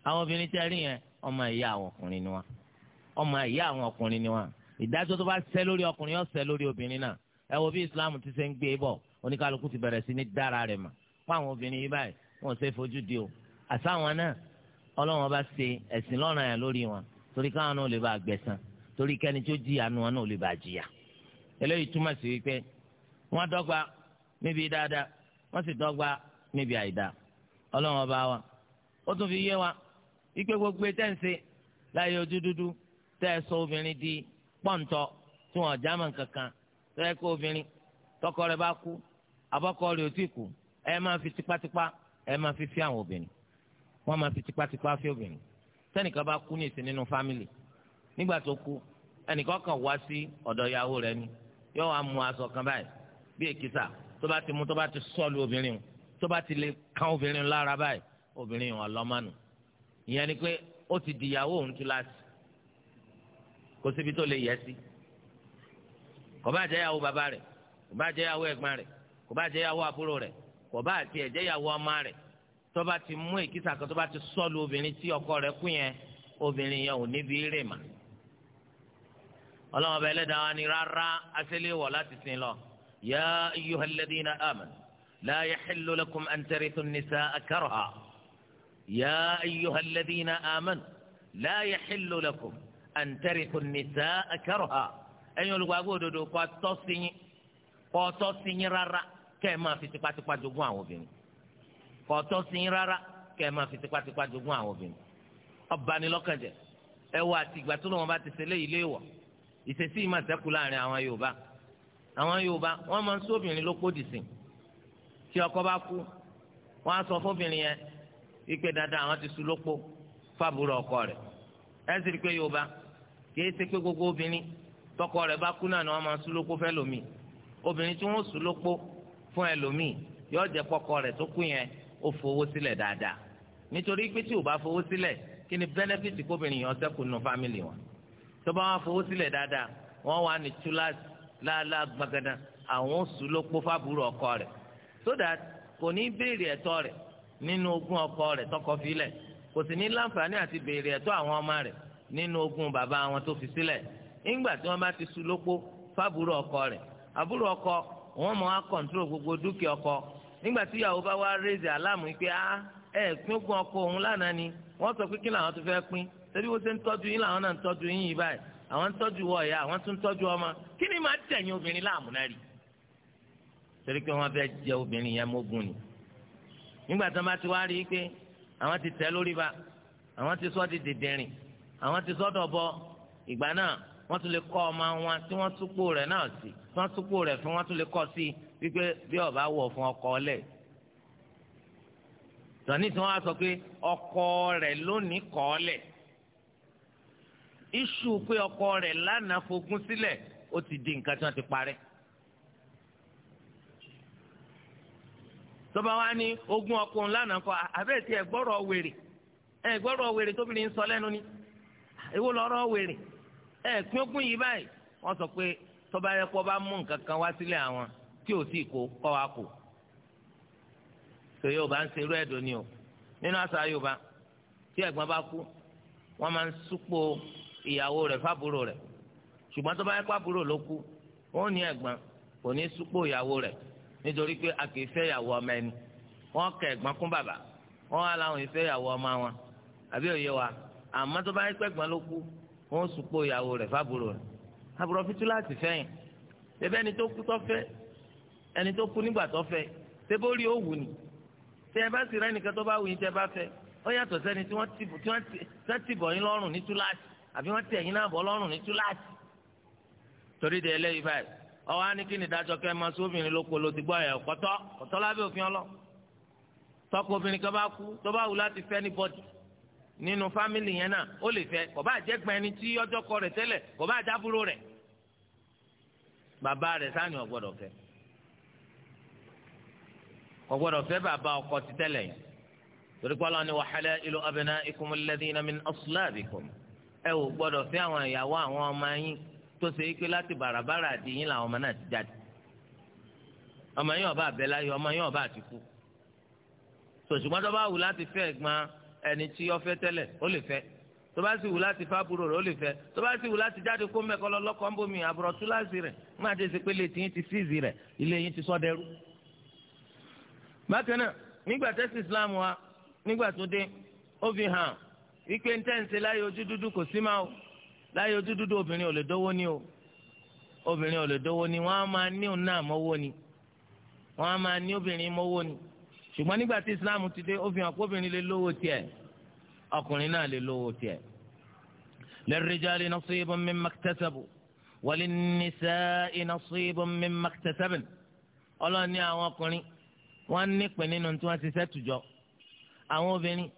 Speaker 1: àwọn obìnrin tẹ́rí yẹn ọmọ ìyá àwọn ọkùnrin ni wọn ọmọ ìyá àwọn ọkùnrin ni wọn ìdájọ́ tó bá ṣẹ́ lórí ọkùnrin yóò ṣẹ́ lórí obìnrin náà ẹ wo bí islam ti ṣe ń gbé bọ̀ oníkálukú ti bẹ̀rẹ̀ sí ní dára rẹ̀ mà fún àwọn obìnrin yìí báyìí wọn ò ṣe fojú di o àsáwọn náà ọlọ́run ọba ṣe ẹ̀sìn lọ́ràn yẹn lórí wọn torí káwọn náà lè bá gbẹ̀san torí kẹ́ni tó jí àánú wọn náà lè bá jìyà eléyìí túmọ̀ sí wípé wọ́n dọ́gba níbi dáadáa wọ́n sì dọ́gba níbi àìdá ọlọ́run ọba wa ó tún fi yé wa ikpe gbogbo tẹ́ǹsì láyé ojú dúdú tẹ́ ẹ sọ obìnrin di pọ́ǹtọ́ tí wọ́n já mọ̀ kankan tẹ́ ẹ kó obìnrin tọkọ rẹ̀ bá kú abọ́kọ rẹ̀ ò tí kú ẹ máa fi tipátipá ẹ máa fi fi àwọn obìnrin wọ́n máa fi tipátipá fi obìnrin tẹ́nìkan bá kú ní ìsìn nínú fámìlì nígbà tó kú ẹnìkan kan wá sí ọ̀dọ̀ ìyàwó rẹ̀ ni yóò wá mú aṣọ kan báyìí bí èkìtà tó bá ti mú tó bá ti sọ́ọ̀lù obìnrin tó bá ti lè kàn obìnrin lára báyìí obìnrin ọlọ́mánu ìyẹn ni pé ó ti dìyàwó òun tú láti kò síbi tó lè yẹ sí kò bá jẹ́yàwó bàbá rẹ̀ kò bá jẹ́yàwó ẹ̀gbọ́n rẹ̀ kò bá jẹ́yàwó àbúrò rẹ̀ kò bá àti ẹ̀jẹ̀yàwó ọmọ rẹ̀ tó bá ti mú èkìtà kan tó bá ti sọ́ọ̀lù obìnrin tí ọkọ rẹ̀ kú yẹn obìnrin yẹn ò níbi rè mà
Speaker 2: ọlọmọ bẹ́ẹ̀ lẹ́dàá
Speaker 1: wa ni rárá asẹ́lẹ̀ wọ̀ láti sin lọ yá ayyuhal ladhina amanu la yahillu lakum an tarithu an-nisaa ha yá ayyuhal ladhina amanu la yahillu lakum. àǹtẹ̀rìkù nìta akẹ́rọ̀ha ẹ̀yin olùgbàgbọ́ òdodo kọ́ tọ́ sí yín kọ́ tọ́ sí yín rárá kẹ́ máa fi tipátipá jogún àwọn obìnrin kọ́ tọ́ sí yín rárá kẹ́ máa fi jogún àwọn obìnrin àti ìgbà tó lọ́wọ́ bá ti ṣe léyìí léèwọ̀ ìṣesí ìmọ̀ sẹ́kù láàrin àwọn Yorùbá àwọn Yorùbá wọ́n máa ń sọ obìnrin ló tí ọkọ bá kú wọ́n á sọ ọkọ rẹ̀ sì kìí ṣe pé gbogbo obìnrin tọkọ rẹ̀ bá kú náà ni wọ́n máa sún lóko fẹ́ lómi obìnrin tí wọ́n sún lóko fún ẹlòmí yóò jẹ́ pọkọ rẹ̀ tó kú yẹn ó fowó sílẹ̀ dáadáa nítorí pé tí ò bá fowó sílẹ̀ kí ni bẹ́nẹ́fìtì kóbìnrin yẹn ṣẹ́kù nù fámìlì wọn tó bá wọn fowó sílẹ̀ dáadáa wọ́n wà ní túláàsì láàlá gbàgádà àwọn sùn lóko fábùrù ọkọ rẹ̀ so that kò ní béèrè ẹ̀tọ́ rẹ̀ nínú ogún ọkọ rẹ̀ tọkọ fílẹ̀ kò sì ní láǹfààní àti béèrè ẹ̀tọ́ àwọn ọmọ rẹ̀ nínú ogún bàbá wọn tó fi sílẹ̀ nígbà tí wọ́n bá ti ṣú lópó fábùrò ọkọ rẹ̀ àbúrò ọkọ wọn mọ̀ á kọ̀ǹtúrò gbogbo dúkìá ọkọ nígbà tí ìyàwó bá wá rèézì aláàmú pé á ẹ pín ogún ọkọ òun lánàá ni wọ́n sọ pé kí làwọn tó fẹ́ pín ṣebí wọ́n ṣe ń tọ́jú yín làwọn náà ń tọ́jú yín yìí báyìí àwọn ń tọ́jú wọ ìyá àwọn tún ń tọ́jú ọmọ kí ni máa tẹ̀yìn obìnrin láàmú náà rí torí pé wọ́n fẹ́ jẹ obìnrin yẹn mógún ni nígbà tí wọ́n bá ti wá rí i pé àwọn ti tẹ̀ lórí ba àwọn ti sọ́ di dìndìnrìn àwọn ti sọ́dọ̀ bọ ìgbà náà wọ́n tún lè kọ́ ọmọ wọn tí wọ́n túpò rẹ̀ náà sí tí wọ́n túpò rẹ̀ fún wọ́n tún lè kọ́ sí wípé bí ọba wọ̀ fún ọkọ ọlẹ̀ tọ́ni tí wọ́n á sọ pé ọkọ rẹ̀ lónìí kọ́ ọlẹ̀ iṣu pé ọkọ rẹ̀ lánàá fogún sílẹ̀ ó ti di nǹkan tí wọ́n ti parẹ́. tọ́ba wa ní ogún ọkùnrin lánàá kọ́ àbẹ́ẹ̀tì ẹ̀ gbọ́rọ̀ wèrè ẹ̀ gbọ́rọ̀ wèrè tóbi ní sọ lẹ́nu ni èwo lọ́rọ́ wèrè ẹ pín ogún yìí báyìí wọ́n sọ pé tọ́ba yẹ kó bá mú nǹkan kan wá sílẹ̀ àwọn tí ò sì kó kọ́ wa kù tó Yorùbá ń ṣerú ẹ̀dùn ni o nínú àṣà Yorùbá tí ẹ̀gbọ́n bá kú wọ́n máa ń súpò ìyàwó rẹ̀ fábúrò rẹ̀ ṣùgbọ́n tọ́ba yẹ kó àbúrò ló kú wọ́n ní ẹ̀gbọ́n kò ní súpò ìyàwó rẹ̀ nítorí pé a kì í fẹ́ ìyàwó ọmọ ẹni wọ́n kẹ ẹ̀gbọ́n kún bàbá wọ́n á láwọn ìfẹ́ ìyàwó ọmọ wọn àbí òye wa àmọ́ tó bá yẹ pẹ́gbọ́n ló kú wọ́n sùpò ìyàwó rẹ̀ fábùrò rẹ̀ àbúrò fi túláàsì fẹ́yìn bẹ́ẹ̀ ẹni tó kú tó fẹ́ ẹni tó kú nígbà tó fẹ́ tẹ́bó rí òwú ni tẹ́ ẹ bá sì rẹ́ nìkan tó bá wù yín tẹ́ bá fẹ́ ó yàtọ̀ sẹ́ni tí wọ́n ti bọ̀ yín lọ́rùn ní túláàsì àbí wọ́n ti ẹ̀yìn náà bọ̀ lọ́rùn ní túláàsì torí de ẹlẹ́yìí báyìí ọwọ́ á ní kí ni dájọ́ kẹ́ máa sọ obìnrin ló polo ti gbọ́ ẹ̀ kọ́tọ́ kọ́tọ́ lábẹ́ òfin ọlọ́ tọkọ obìnrin kan bá kú tó bá wù láti fẹ́ ní bọ́dì nínú fámìlì yẹn náà ó lè fẹ́ kò bá àjẹgbọn ẹni tí ọjọ́ kọ rẹ̀ tẹ́lẹ̀ kò bá àjábúrò rẹ̀ bàbá rẹ̀ sáà ní ọ̀gbọ́dọ̀ fẹ́ ọ̀gbọ́dọ̀ fẹ́ bàbá ọkọ ti tẹ́lẹ̀ yẹn torí pálọ̀ ni wa halailu abnaikum alladhina min aslabikum ẹ ò gbọ́dọ̀ fẹ́ àwọn ìyàwó àwọn ọmọ yín tó ṣe é láti bàràbàrà àdìyín làwọn ọmọ náà ti jáde ọmọ yín ọba àbẹ́láyé ọmọ yín ọba àtìkú sòṣùgbọ́n bá wù láti fẹ́ ẹ̀gbọ́n ẹni tí ó fẹ́ tẹ́lẹ̀ ó lè fẹ́ tó bá sì wù láti fẹ́ àbúrò rẹ̀ ó lè fẹ́ tó bá sì wù láti jáde kó mẹ́kọ́ lọ lọ́kọ́ ń bomi àbúrò má dé pé ti síìzì rẹ̀ ilé yín ti bákan náà nígbà tẹ́sí islam wa nígbà tó dé ó fi hàn wípé ń láyé ojú dúdú o láyé ojú dúdú obìnrin ò o obìnrin ò lè dówó wọ́n á máa ní òun náà mọ́wó wọ́n á máa ní obìnrin mọ́wó ni ṣùgbọ́n nígbà tí islam ti dé ó fi hàn pé lè lówó tiẹ̀ ọkùnrin náà lè lówó tiẹ̀. للرجال نصيب مما اكتسبوا وللنساء نصيب مما اكتسبن ọlọ́run ní àwọn ọkùnrin wọ́n á nípìn nínú tí wọ́n ṣiṣẹ́ tùjọ àwọn obìnrin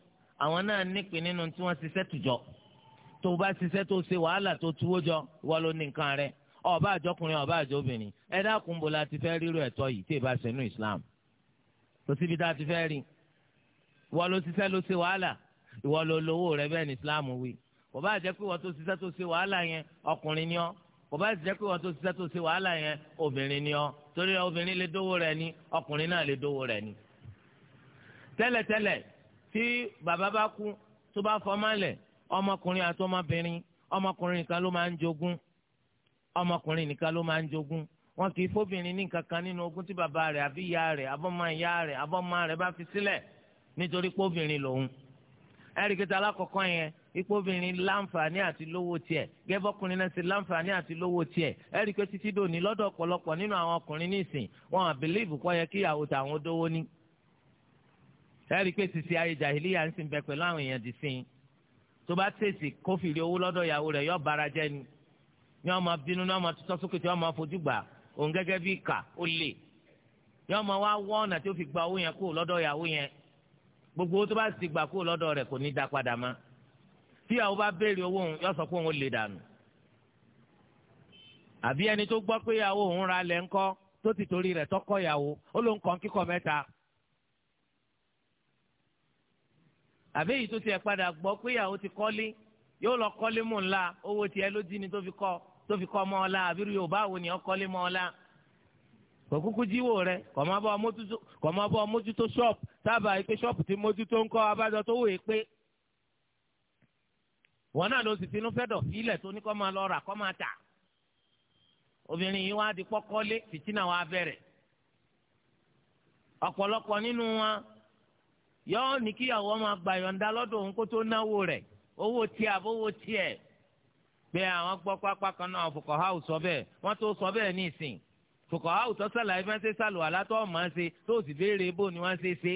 Speaker 1: àwọn náà nípìn nínú tí wọ́n ṣiṣẹ́ tùjọ tó o bá ṣiṣẹ́ tó ṣe wàhálà tó tuwó jọ wọ́n ló ní nǹkan rẹ̀ ọba àjọkùnrin ọba àjọbìnrin ẹ dákun bò láti fẹ́ rírò ẹ̀tọ́ yìí tí ì bá ṣe nínú Islam kò síbi tá a ti fẹ́ rí ìwọ ló ṣiṣẹ́ ló ṣe wàhálà ìwọ ló lówó rẹ bẹ́ẹ̀ ní Islam wí kò bá jẹ́ pé ìwọ tó ṣiṣẹ́ tó ṣe wàhálà yẹn ọkùnrin ni ọ́ kò bá jẹ́ pé ìwọ tó ṣiṣẹ́ tó ṣe wàhálà yẹn obìnrin ni ọ́ torí obìnrin lè dówó rẹ ni ọkùnrin náà lè dówó rẹ ni. tẹ́lẹ̀tẹ́lẹ̀ tí bàbá bá kú tó bá fọmọ lẹ̀ ọmọkùnrin àti ọmọbìnrin ọmọkùnrin nìkan ló máa ń jogún ọmọkùnrin nìkan ló máa ń jogún wọn kì í fóbìnrin ní kankan nínú ogún tí bàbá rẹ̀ àbí ìyá rẹ̀ abọ́mọ ìyá rẹ̀ abọ́mọ rẹ̀ bá fi sílẹ̀ nítorí póbìnrin lòun ẹ̀ríkìtà alákọ̀ọ́kọ́ yẹn ipò obìnrin láǹfààní àti lówó tiẹ̀ gẹ́bọ́kùnrin náà ti láǹfààní àti lówó tiẹ̀ ẹ̀ríkìtà títí dòní lọ́dọ̀ ọ̀pọ̀lọpọ̀ nínú àwọn ọkùnrin nísìn wọn àbílíìbù kọ́ yẹ kí ìyàwó tàwọn dówó ní. ẹ̀ríkìtà títí ayé jàhìlíyà ń sìn bẹ pẹ̀lú àwọn èèyàn dì sìn tó bá tèsì kófìrí owó lọ́dọ̀ ìyàwó rẹ̀ yọ bara jẹ́ ni ní ọmọ bínú ní ọmọ tutọ́ òun gẹ́gẹ́ bí ìkà ó lè yọọ ma wá wọ ọ̀nà tí ó fi gba owó yẹn kúrò lọ́dọ̀ ìyàwó yẹn gbogbo owó tó bá sì gbà kúrò lọ́dọ̀ rẹ̀ kò ní dá padà mọ́ tí ìyàwó bá béèrè owó òun yọ sọ pé òun lè dànù àbí ẹni tó gbọ́ pé ìyàwó òun ra lẹ̀ ńkọ́ tó ti torí rẹ̀ tọkọ ìyàwó ó ló ń kọ́ kíkọ́ mẹ́ta àbí èyí tó tiẹ̀ padà gbọ́ pé ìyàwó ti kọ́lé yóò lọ kọ́lé mò ńlá owó tiẹ̀ ló dín ni tó fi kọ́ tó fi kọ́ ọmọ ọ̀la àbírú yorùbá wo ni ọkọ́lé mọ́ ọ̀la kò kúkú jíwò rẹ kò má bọ́ mójútó ṣọ́ọ̀pù sábà pé ṣọ́ọ̀pù ti mójútó ń kọ́ abájọ tó wòye pé wọn náà ló sì tinú fẹ́ dọ̀ sílẹ̀ tó ní kọ́ máa lọ rà kọ́ máa tà obìnrin yìí wá di pọ́kọ́lé fìtínà wa bẹ̀rẹ̀ ọ̀pọ̀lọpọ̀ nínú wọn yọ́ọ́ ní kíyàwó máa gbà yọ̀ǹda lọ́dọ̀ òun kó tó náwó rẹ̀ owó tiẹ̀ àbówó tiẹ̀ pé àwọn gbọ́ pápá kan náà fòkànhá ò sọ bẹ́ẹ̀ wọ́n tó sọ bẹ́ẹ̀ ní ìsìn fòkànhá ò tọ́ sàlàyé fẹ́ ṣe sàlùwà látọ̀ ọ̀ máa ń ṣe tó sì béèrè bò ni wọ́n ṣe ṣe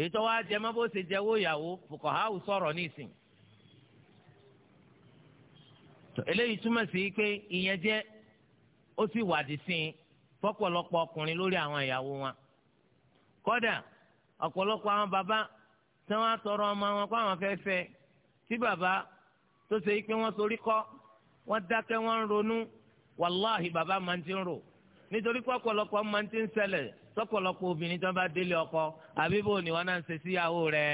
Speaker 1: èyí tó wá jẹ mọ́ bó ṣe jẹ owó ìyàwó fòkànhá ò sọ̀rọ̀ ní ìsìn eléyìí túmọ̀ sí pé ìyẹn jẹ́ ó sì wàdí sí i fọ́pọ̀lọpọ̀ ọkùnrin lórí àwọn ìyàwó wọn kódà ọ̀pọ̀lọpọ̀ àwọn bàbá tí wọ́n á tọrọ ọmọ wọn kó àwọn fẹ́ fẹ́ tí bàbá tó ṣe pé wọ́n sorí kọ́ wọ́n dákẹ́ wọ́n ń ronú wàláhì bàbá máa ti ń rò nítorí pé ọ̀pọ̀lọpọ̀ máa ti ń ṣẹlẹ̀ sọ́pọ̀lọpọ̀ obìnrin tó bá délé ọkọ àbí bò ní wọn náà ń ṣe síyàwó rẹ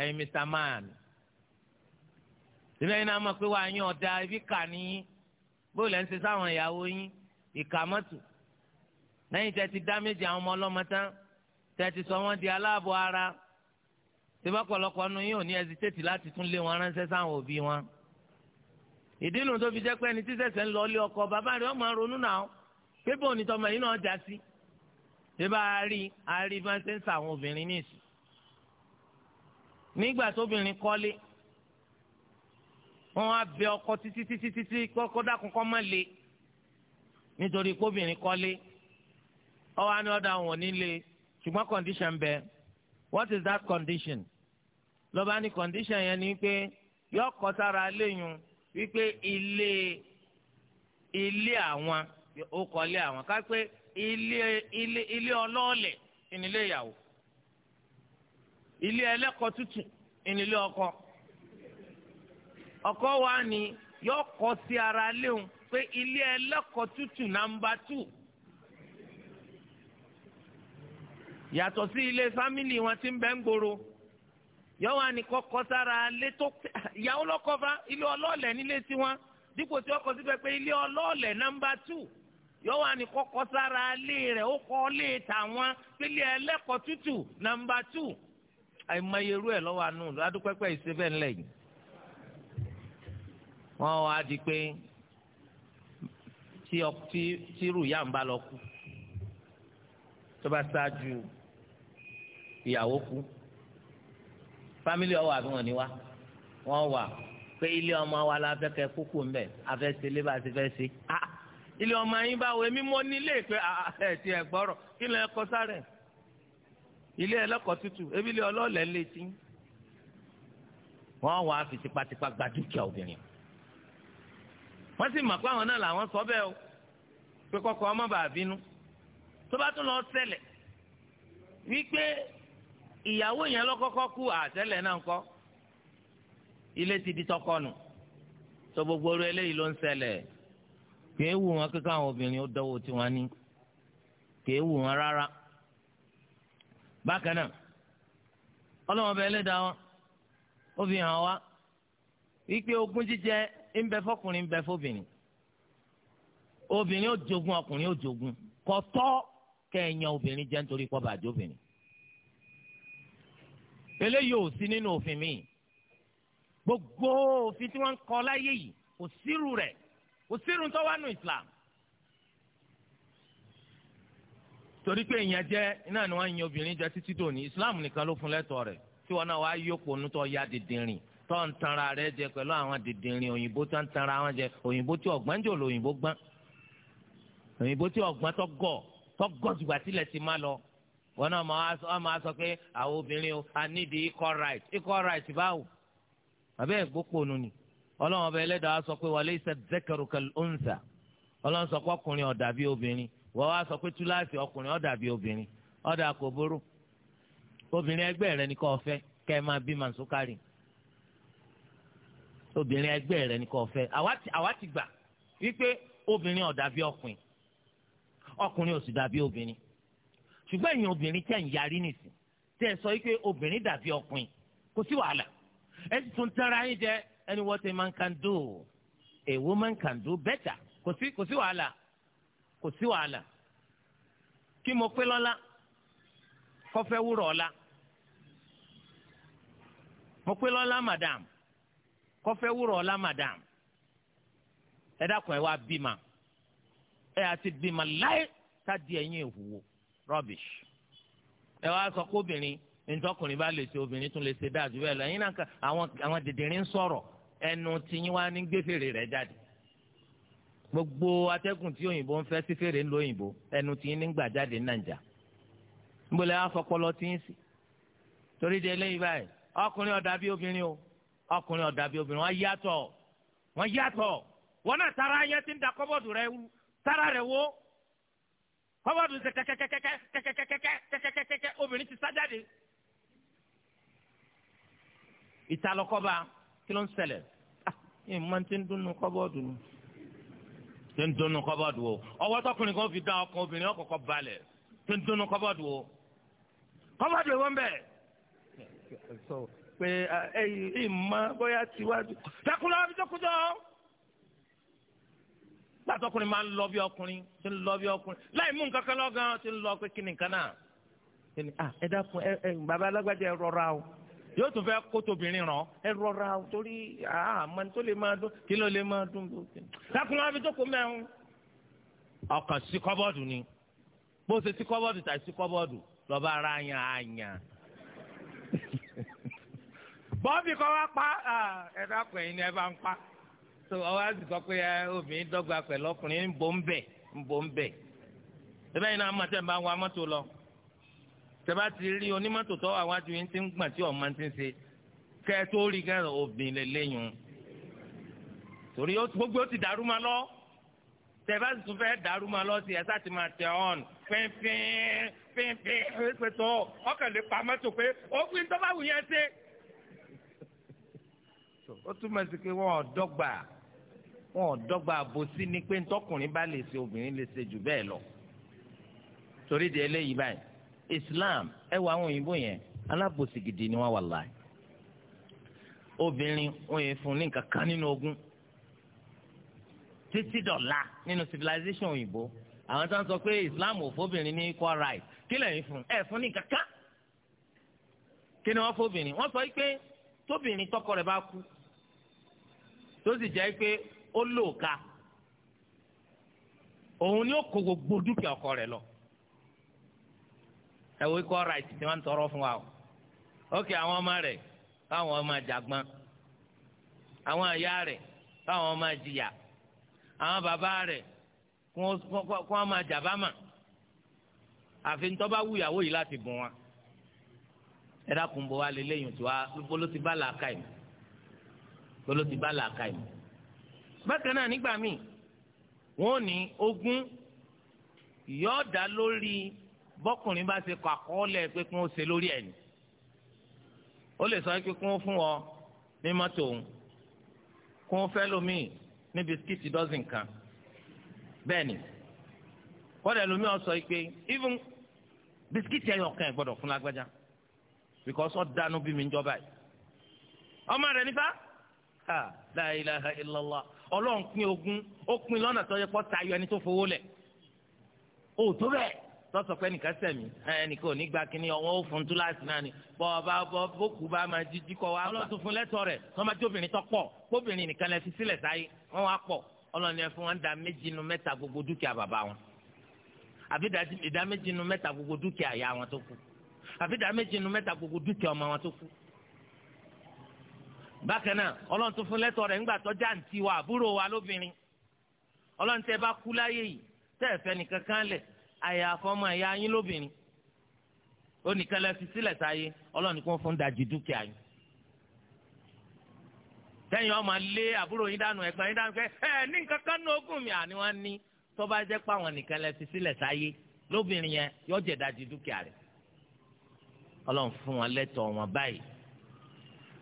Speaker 1: ẹ̀yin Mr. Man. sílẹ̀ yìí náà mọ̀ pé wàá yín ọ̀dà ibi kà ní bó lẹ́ ń ṣe sáwọn ìyàwó yín ìkà mọ́tò lẹ́yìn tẹ́ ti dá méjì àwọn ọmọ ọlọ́mọ tán tẹ́ ti sọ wọ́n di aláàbọ̀ ara síbọ̀pọ̀lọpọ̀ nu yín ò ní ẹsitéètì láti tún lé wọn ránṣẹ́ sáwọn òbí wọn ìdí tó fi jẹ́ pé ẹni tí sẹ̀sẹ̀ ń lọ ilé ọkọ bàbá rẹ̀ ọmọ ronú náà pépè òní yìí náà já sí ṣé bá a rí a rí bá ń ṣe ń sa àwọn obìnrin ní ìsìn nígbà tóbìnrin kọ́lé wọ́n á bẹ ọkọ títí títí títí kọ́kọ́ dákun mọ́ le nítorí kóbìnrin kọ́lé ọwọ́ á ọ̀dà wọn nílé ṣùgbọ́n condition bẹ what is that condition lọ́ba ní condition yẹn ni pé yọ ọkọ sára léyìn wípé ilé ilé àwọn ó kọ́lé àwọn ká pé ilé ilé ilé ọlọ́ọ̀lẹ̀ ìnílé ìyàwó ilé ẹlẹ́kọ̀ọ́ ọkọ ọkọ wa ni yóò kọ́ ara léwu pé ilé ẹlẹ́kọ̀ọ́ tútù nàmbà tù yàtọ̀ sí ilé fámìlì wọn ti ń bẹ ń gbòòrò. yọ̀wọ́ ànìkọ́ kọ́ sára alẹ́ tó ìyàwó lọ́kọ́ fa ilé ọlọ́ọ̀lẹ̀ nílé tiwọn dípò tí ọkọ̀ síbẹ̀ pé ilé ọlọ́ọ̀lẹ̀ nọ́mbà tù yọ̀wọ́ ànìkọ́ kọ́ sára alẹ́ rẹ̀ ó kọ́ lé tàwọn pélé ẹlẹ́kọ̀ọ́ tútù nọ́mbà tù àìmọyerú ẹ̀ lọ́wọ́ àánú ládùúpẹ́pẹ́ ìṣẹ́fẹ́ ńlẹ̀ yìí wọ́n wá di pé tírù yá ń bá lọ kú tó bá ṣáájú ìyàwó kú Family ọwọ́ àbí wọn ni wá wọn wà pé ilé ọmọ wa la fẹ́ kẹ́ kúkú ń bẹ̀ afẹ́ ṣe lé bá ti fẹ́ ṣe ilé ọmọ yín báwo èmi mọ nílé pé ẹ ti ẹ gbọ́rọ̀ kí ló ẹ kọ sáré ilé ẹlẹ́kọ̀ọ́ tútù ebi ilé ọlọ́ọ̀lẹ́ lè ti wọ́n wàá fi tipátipá gba dúkìá obìnrin wọ́n sì mọ̀ pé àwọn náà làwọn sọ bẹ́ẹ̀ o pé kọ́kọ́ ọmọ bàá bínú tó bá tún lọ ṣẹlẹ̀ wípé ìyàwó yẹn lọ́kọ́kọ́ kú àtẹ́lẹ̀ náà kọ́ ilé ti di tọkọ nù tó gbogbo orí eléyìí ló ń ṣẹlẹ̀ kì wù wọn kíkọ́ àwọn obìnrin ó dánwò tí wọ́n ní kì wù wọn rárá bákan náà ọlọ́wọ́n bẹ ẹlẹ́dàá wọn ó fi hàn wá wípé ogún jíjẹ ń bẹ fọkùnrin ń bẹ fóbìnrin obìnrin ó jogún ọkùnrin ó jogún kò tọ́ ẹ yan obìnrin jẹ́ nítorí kọ́ bàjẹ́ obìnrin eléyìí ò sí nínú òfin mi gbogbo òfin tí wọ́n ń kọ láyé yìí kò sírù rẹ̀ kò sírù tó wà nù Islam torí pé ìyẹn jẹ́ iná ni wọ́n ń yan obìnrin jẹ títí dòní Islam nìkan ló fún lẹ́tọ̀ọ́ rẹ̀ tí wọ́n náà wàá yọpọ onútọ ya dìndìnrìn tó ń tanra rẹ̀ jẹ pẹ̀lú àwọn dìndìnrìn òyìnbó tó ń tanra wọn jẹ òyìnbó tí ọgbọ́n jò lóyìnbó gbọ́n òyìnbó tí ọgbọ́n tó gọ̀ tó gọ̀ jùgbà ti má lọ wọn náà máa sọ pé àwọn obìnrin o i need equal right equal right báwo àbẹ́ ìgbókòónù ni ọlọ́run ọba ẹlẹ́dàá sọ pé wàlẹ́ ìṣe zẹ́kẹ̀rù kẹlẹ́ ọ̀nsà ọlọ́run sọ pé ọkùnrin ọ̀dà bíi obìnrin wọ́n wá sọ pé túláàsì ọkùnrin ọ̀dà bíi obìnrin ọ̀dà kò burú obìnrin ẹgbẹ́ rẹ ni kò fẹ́ kẹ́ ẹ máa bí màsúkárì obìnrin ẹgbẹ́ rẹ ni kò fẹ́ àwa ti gbà wípé obìnrin ọ̀dà bíi ọkùnrin ọkùnrin ò sì dà bíi obìnrin ṣùgbọ́n ẹ̀yin obìnrin tẹ̀ ń yarí nìsín tẹ̀ sọ wípé obìnrin dàbí ọkùnrin kò sí wàhálà ẹ sì tún tẹ́ra yín jẹ ẹni wọ́n ti máa ń kan dó a woman can do better kò sí kò sí wàhálà kò sí wàhálà kí mo pé lọ́la kọ́fẹ́ wúrọ̀ ọ̀la mo pé lọ́la madam kọ́fẹ́ wúrọ̀ ọ̀la madam ẹ dákun ẹ wá bímọ ẹ àti bímọ láyé tá di ẹ̀yin èhùwò. E rubbish ẹ wá sọ pé obìnrin ntọkùnrin bá lè ṣe obìnrin tún lè ṣe dáa bẹ́ẹ̀ lọ yín àwọn àwọn dèdèrè ń sọ̀rọ̀ ẹnu tiyín wá ní gbèfèrè rẹ̀ jáde gbogbo atẹ́gùn tí òyìnbó ń fẹ́ sí fèrè ń ẹnu tiyín ní jáde nàìjà torí de báyìí ọkùnrin ọ̀dà bí obìnrin o ọkùnrin ọ̀dà bí obìnrin wọ́n yàtọ̀ wọ́n yàtọ̀ wọ́n náà tara tí ń da kọ́bọ̀dù rẹ̀ fọwọ́dù ṣe kẹ́kẹ́kẹ́kẹ́kẹ́kẹ́kẹ́kẹ́kẹ́kẹ́ obìnrin ti sájáde. ìtàlọ́kọ́ba kí ló ń ṣẹlẹ̀ ẹ̀ máa ti ń dúnnú kọ́bọ́ọ̀dù ni ti ń dúnnú kọ́bọ́ọ̀dù o ọwọ́ tọkùnrin kan fi dá ọkàn obìnrin ọkọ̀ọ̀kọ̀ balẹ̀ ti ń dúnnú kọ́bọ́ọ̀dù o kọ́bọ́ọ̀dù ìwọ́n ń bẹ̀. pé ẹ̀yìn ìmọ̀ bóyá tiwájú. dákúnlọ́ gbàtọkùnrin máa ń lọ bí ọkùnrin ti ń lọ bí ọkùnrin láì mú nǹkan kan lọ́gàn ti ń lọ pé kí ni nǹkan náà kí ni à ẹ dákun ẹ ẹ bàbá alágbádé ẹ rọra o yóò tún fẹ́ kó tóbìnrin ràn ẹ rọra o torí àmọ́ tó lè máa dún kí ló lè máa dún bó ti. dákun á fi jókòó mẹ́rin ọkàn sí kọ́bọ́ọ̀dù ni bó ṣe sí kọ́bọ́ọ̀dù tàbí sí kọ́bọ́ọ̀dù lọ́ba ara yan àyàn. bọ́ọ̀bì kan wá pa ẹ dákun ẹ̀yin ni ẹ bá ń pa so ọwọ́ á sì sọ pé obìnrin dọ́gba pẹ̀lú ọkùnrin ń bò ń bẹ̀ ń bò ń bẹ̀ tẹ́bẹ́ yìí náà á máa tẹ̀ ń bá wa mọ́tò lọ tẹ́bá ti rí onímọ́tò tọ́wọ́ àwájú yín ti ń gbọ̀n tí ọ̀ma ti ń ṣe kẹ́ ẹ tó rí gán obìnrin lè léyìn torí gbogbo ó ti dàrú ma lọ tẹ́bá sì tún fẹ́ dàrú ma lọ sí ẹ sá ti máa tẹ̀ ọ́n pínpín pínpín pẹ̀tọ́ ọkàn lè pa mọ́tò pé ó fi tọ́ba wù yẹn ṣe ó túmọ̀ sí pé wọ́n dọ́gba wọn ò dọ́gba àbòsí ni pé ntọ́kùnrin bá lè ṣe obìnrin lè ṣe jù bẹ́ẹ̀ lọ torí di eléyìí báyìí Islam ẹ wọ àwọn òyìnbó yẹn alábòsí gidi ni wọ́n wà láàyè obìnrin wọn yẹn fún ní nǹkan nínú ogún títí dọ̀la nínú civilization òyìnbó àwọn tó ń sọ pé Islam ò fóbìnrin ní equal right kí lẹ́yìn fún ẹ fún ní nǹkan kan kí ni wọ́n fóbìnrin wọ́n sọ pé tóbìnrin tọkọ rẹ̀ bá kú tó sì jẹ́ pé ó lòóka òun ni ó kó gbogbo dúkìá ọkọ rẹ̀ lọ ẹ wo ikọ right tí wọ́n ń tọrọ fún wa o ókè àwọn ọmọ rẹ̀ báwọn ọmọ àjàgbọn àwọn àyà rẹ̀ báwọn ọmọ àjìyà àwọn bàbá rẹ̀ kó wọn máa mà àfi ń wúyàwó yìí láti bùn wọn ẹ dákun bò wá lélẹ́yìn tí wá bolo ti bá làákà yìí bolo ti bá làákà yìí bákan náà nígbà míì wọn ò ní ogún yóò dá lórí bọ́kùnrin bá ṣe kọ àkọọ́lẹ̀ pé kí wọ́n ṣe lórí ẹ̀ ni ó lè sọ pé kí wọ́n fún ọ ní mọ́tò òun kí wọ́n fẹ́ lómi ní bisikíìtì dọ́sìn kan bẹ́ẹ̀ ni kọ́dà lómi ọ sọ pé even bisikíìtì ẹ̀yọ̀ kan ẹ̀ gbọ́dọ̀ fún lágbájá because ọ dánú bí mi ń jọba yìí ọmọ rẹ̀ nípa ha la ilaha illallah ọlọ́run pín ogún ó pín lọ́nà tó yẹ kó tayọ ẹni tó fowó lẹ̀ ó tó bẹ́ẹ̀ tọ́sọ̀ pé nìkan sẹ̀mí ẹnìkan ò ní gba kínní ọ̀wọ́n ó fún túláàsì náà ni bọ́ọ̀bá bókù bá máa jíjí kọ́ wa ọlọ́tún fún lẹ́tọ̀ rẹ̀ tọ́mọdé obìnrin tó pọ̀ kóbìnrin nìkan lẹ́ fi sílẹ̀ sáyé wọ́n wá pọ̀ ọlọ́ni ẹ fún wọn dá méjì nu mẹ́ta gbogbo dúkìá bàbá wọn àbí dá méjì nu mẹ́ta gbogbo dúkìá ìyá bákan náà ọlọ́run tó fún lẹ́tọ̀ rẹ̀ ńgbà tó wa àbúrò wa lóbìnrin ọlọ́run tẹ́ bá kú láyé yìí tẹ́ ẹ̀fẹ́ nìkan kan lẹ̀ àyà àfọmọ ẹ̀yà yín lóbìnrin ó nìkan lẹ fi sílẹ̀ sáyé ọlọ́run fún dajì dúkìá yín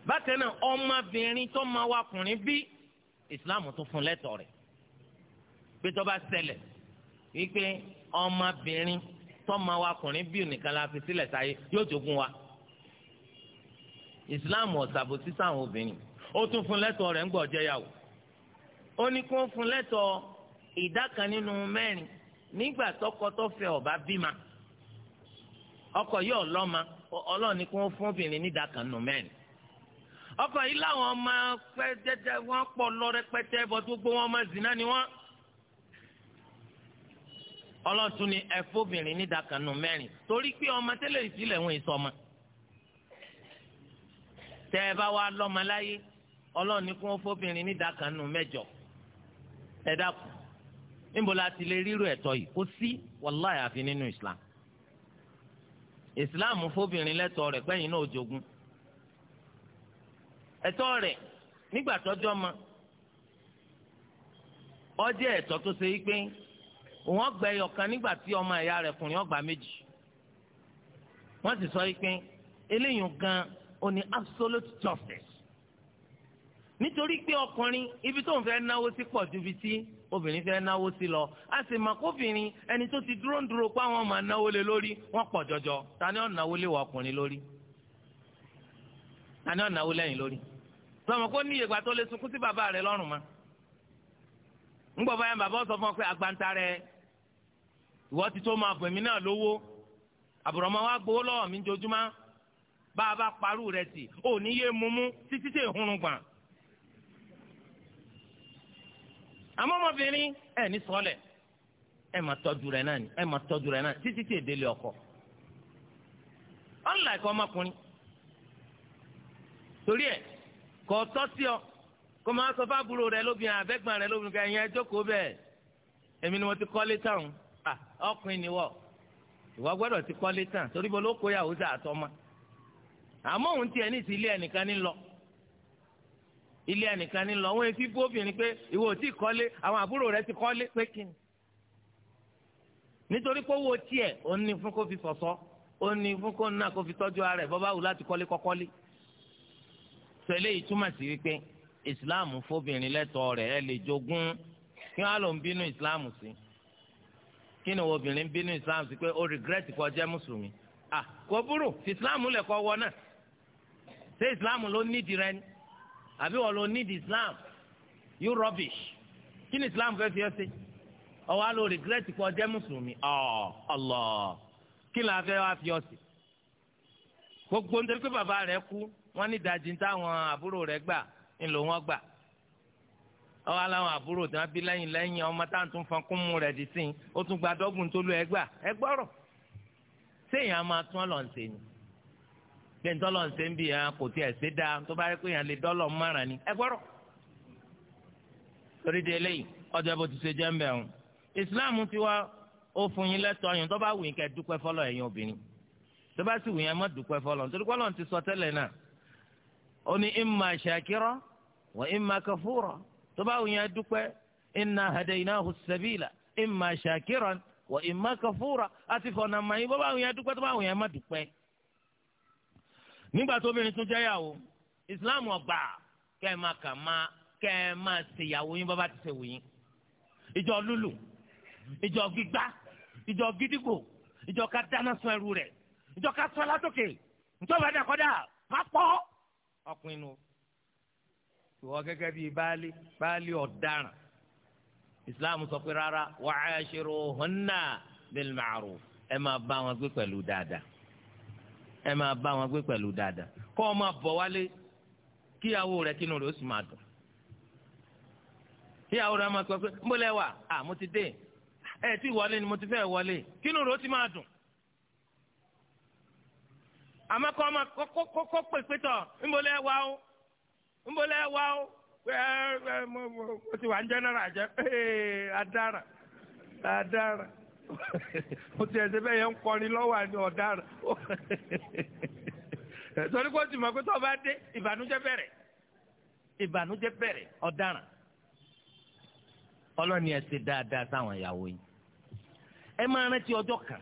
Speaker 1: bákan náà ọmọbìnrin tó máa wá ọkùnrin bí islam tó fún lẹ́tọ̀ọ́ rẹ̀ pé tó bá ṣẹlẹ̀ wípé ọmọbìnrin tó máa wá ọkùnrin bí nìkan la fi sílẹ̀ sáyé yóò jogún wa islam ọ̀sàbò sísá àwọn obìnrin ó tún fún lẹ́tọ̀ọ́ rẹ̀ ń gbọ́ jẹ́yàwó ó ní kó fún lẹ́tọ̀ọ́ ìdá kan nínú mẹ́rin nígbà tọkọ tó ọba bímọ ọkọ yóò lọ́mọ ọlọ́ọ̀ni kó fún obìnrin nídàá kan nínú mẹ́rin ọkọ yìí láwọn ọmọ pẹtẹtẹ wọn pọ lọ rẹpẹtẹ bọ gbogbo wọn ọmọ zina ni wọn. ọlọ́tún ni ẹ̀fọ́bìnrin ní dakànù mẹ́rin torí pé ọmọ tẹ́lẹ̀ ìsílẹ̀ wọn èso ọmọ. tẹ́ ẹ bá wa lọ́mọ láyé ọlọ́run ní kí wọ́n fọ́bìnrin ní mẹ́jọ. ẹ dákun níbo la ti lè rírò ẹ̀tọ́ yìí kó sí wàláyà àfi nínú Islam. Islam fọ́bìnrin lẹ́tọ̀ọ́ rẹ̀ pẹ́yìn náà jogun ẹ̀tọ́ rẹ̀ nígbà tọ́jọ́ ma ó jẹ́ ẹ̀tọ́ tó ṣe wípé wọ́n gba ẹyọkan nígbà tí ọmọ ìyá rẹ̀ kùnrin ó méjì wọ́n sì sọ wípé eléyìí gan ó ní absolute justice nítorí pé ọkùnrin ibi tó ń fẹ́ náwó sí pọ̀ ju ibi tí obìnrin fẹ́ náwó sí lọ a sì mọ̀ kóbìnrin ẹni tó ti dúró ń dúró pé àwọn máa náwó lé lórí wọ́n pọ̀ jọjọ ta ni náwó lé wọ ọkùnrin lórí ta ni náwó lẹ́yìn lórí sọmọ kó ní ìyègbà tó lé sunkún sí bàbá rẹ lọ́rùn ma ńgbọ́ báyà bàbá sọ fún ọ pé agbanta rẹ ìwọ ti tó máa bọ̀ èmi náà lówó àbùrọ̀mọ́ wa gbowó lọ́wọ́ mi jojúmọ́ bá a bá parú rẹ sí ò ní yé mumu títí tẹ̀ hurun gbà. àmọ́ ọmọbìnrin ẹ̀ ní sọ́ọ̀lẹ̀ ẹ̀ máa tọ́jú rẹ̀ náà ni ẹ̀ máa tọ́jú rẹ̀ náà títí tẹ̀ délé ọkọ. unlike ọmọkùnrin torí ẹ̀ kò tọ́ sí ọ kó máa sọ fábùrò rẹ lóbìnrin àbẹ́gbọ̀n rẹ lóbìnrin kan ẹ̀yìn ẹjọ́ bẹ́ẹ̀ èmi ni mo ti kọ́lé tán ọkùnrin ni wọ́ ìwọ gbọ́dọ̀ ti kọ́lé tán torí bó ló kó yàwó sí àtọ́mọ́ àmọ́ òun tiẹ̀ ní ti ilé ẹnìkan ní lọ ilé ẹnìkan ní lọ wọ́n etí bú obìnrin pé ìwọ ò tí kọ́lé àwọn àbúrò rẹ ti kọ́lé pé kí ni nítorí pé owó tiẹ̀ òun ní fún kó fi fọ̀sọ́ sọ eléyìí túmọ̀ sí wípé islam fóbìnrin lẹ́tọ̀ọ́ rẹ̀ ẹ lè jogún kí wọ́n á lò ń bínú islam sí kí ni obìnrin bínú islam sí pé ó regret kó jẹ́ mùsùlùmí ah kò burú tí islam lẹ̀ kọ́ wọ náà ṣé islam ló nídìí rẹ ni àbí wọ́n ló nídìí islam you rubbish kí ni islam fẹ́ fi ẹ́ sí ọwọ́ àlọ́ regret kó jẹ́ mùsùlùmí ọ̀ Allah kí ni a fẹ́ wá fi ọ́ sí gbogbo nítorí pé bàbá rẹ̀ kú wọ́n ní ìdajì táwọn àbúrò rẹ̀ gbà ńlò wọ́n gbà ọwọ́ aláwọn àbúrò tí wọ́n bí lẹ́yìn lẹ́yìn ọmọ táwọn tún fọn kún mú rẹ̀ dì sí i ó tún gba dọ́gùn tó lu ẹ gbà ẹ gbọ́rọ̀ séèyàn máa tún ọ̀lọ́ ń ṣe ni pé ń tọ́lọ̀ ń ṣe ń bì yàn kò tiẹ̀ ṣe dáa tó bá rí pé yàn lè dọ́lọ̀ márùn-ún ni ẹ gbọ́rọ̀ torí de eléyìí ọjọ́ bó ti ṣe jẹ́ ń bẹ̀ ìsìláàmù ti wá ó yín lẹ́tọ̀ọ́ yín tó bá wù yín kẹ́ dúpẹ́ fọlọ́ ẹ̀yin obìnrin tó bá sì wù yín ẹ má dúpẹ́ fọlọ́ nítorí pé ti sọ tẹ́lẹ̀ náà ó ní imma shakira wa imma kafura tó bá wùnyẹn dúpẹ́ inna hadaynahu sabila imma shakiran wa imma kafura àti fọ̀nà mayín bó bá wùnyẹn dúpẹ́ tó bá wùnyẹn má dúpẹ́. nígbà tó obìnrin tún jẹ́yàwó islam ọgbà kẹ́ ẹ̀ máa kà máa kẹ́ ẹ̀ máa ṣèyàwó yín bó ti se wù yín. lulu ìjọ gbígbá ìjọ gidigbo, ìjọ ká dáná sun ẹrù rẹ̀ ìjọ ká sọ látòkè ìjọba dàkọ́dà má ọpinnu ìwọ gẹ́gẹ́ bíi baálé baálé ọ̀daràn islam sọ pé rárá wa ashiruhunna bil ma'ruf ẹ máa bá wọn gbé pẹ̀lú dáadáa ẹ máa bá wọn gbé pẹ̀lú dáadáa kọ́ ọ máa bọ̀ wálé kíyàwó rẹ̀ kínú rẹ̀ ó sì máa dùn kíyàwó rẹ̀ máa sọ pé ń bọ́lẹ̀ wà à mo ti dé ẹ̀ tí wọlé ni mo ti fẹ́ wọlé kínú rẹ̀ ó ti máa dùn àmọ́ kọ́ ọmọ kókó pèpè tọ̀ ńbọ̀lẹ́ wa o ńbọ̀lẹ́ wa o ẹ mo ti wà ń jẹ́nẹ́rà jẹ́ adára adára mo ti ẹ̀sẹ̀ bẹ́ẹ̀ yẹn ń kọrin lọ́wọ́ àni ọ̀daràn torí kó tì mọ̀ pé tó bá dé ìbànújẹ́ bẹ̀rẹ̀ ìbànújẹ́ bẹ̀rẹ̀ ọ̀daràn ọlọ́ni ẹ̀ ti dáadáa sáwọn ìyàwó yìí ẹ máa rántí ọjọ́ kan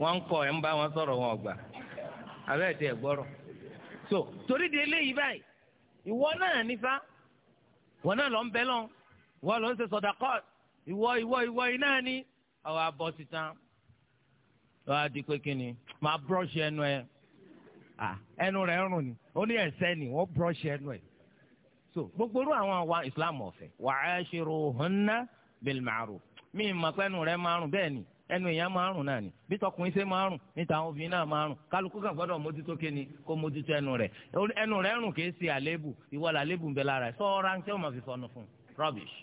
Speaker 1: wọ́n ń kọ́ ẹ̀ ń bá wọn sọ̀rọ̀ wọn ọ̀gbà abẹ́ẹ̀ tí ẹ̀ gbọ́rọ̀ so torí de eléyìí báyìí ìwọ náà nífa ìwọ náà lọ ń bẹ lọ ìwọ lọ ń ṣe sọdakọt ìwọ ìwọ ìwọ iná ni àwọn abọ́ ti tán lọ́wọ́ á di pé kí ni máa búrọ́ọ̀ṣì ẹnu ẹ ẹnu rẹ̀ ń rùn ni ó ní ẹ̀sẹ̀ ni wọ́n búrọ́ọ̀ṣì ẹnu ẹ̀ so gbogbo irú àwọn àwa Islam ọ̀fẹ́ wa'ashiruhunna bil ma'ruf mi ìmọ̀ pẹ́nu rẹ̀ máa rùn bẹ́ẹ̀ ni ẹnu èèyàn márùn náà ni bí tọkùnrin ṣe márùn níta àwọn obìnrin náà márùn kálukú kan gbọ́dọ̀ mójútó kéni kó mójútó ẹnu rẹ̀ ẹnu rẹ̀ rùn kìí ṣe àlébù ìwọ làlébù ń bẹ lára ẹ sọ rántí ó máa fi fọnu fún rubbish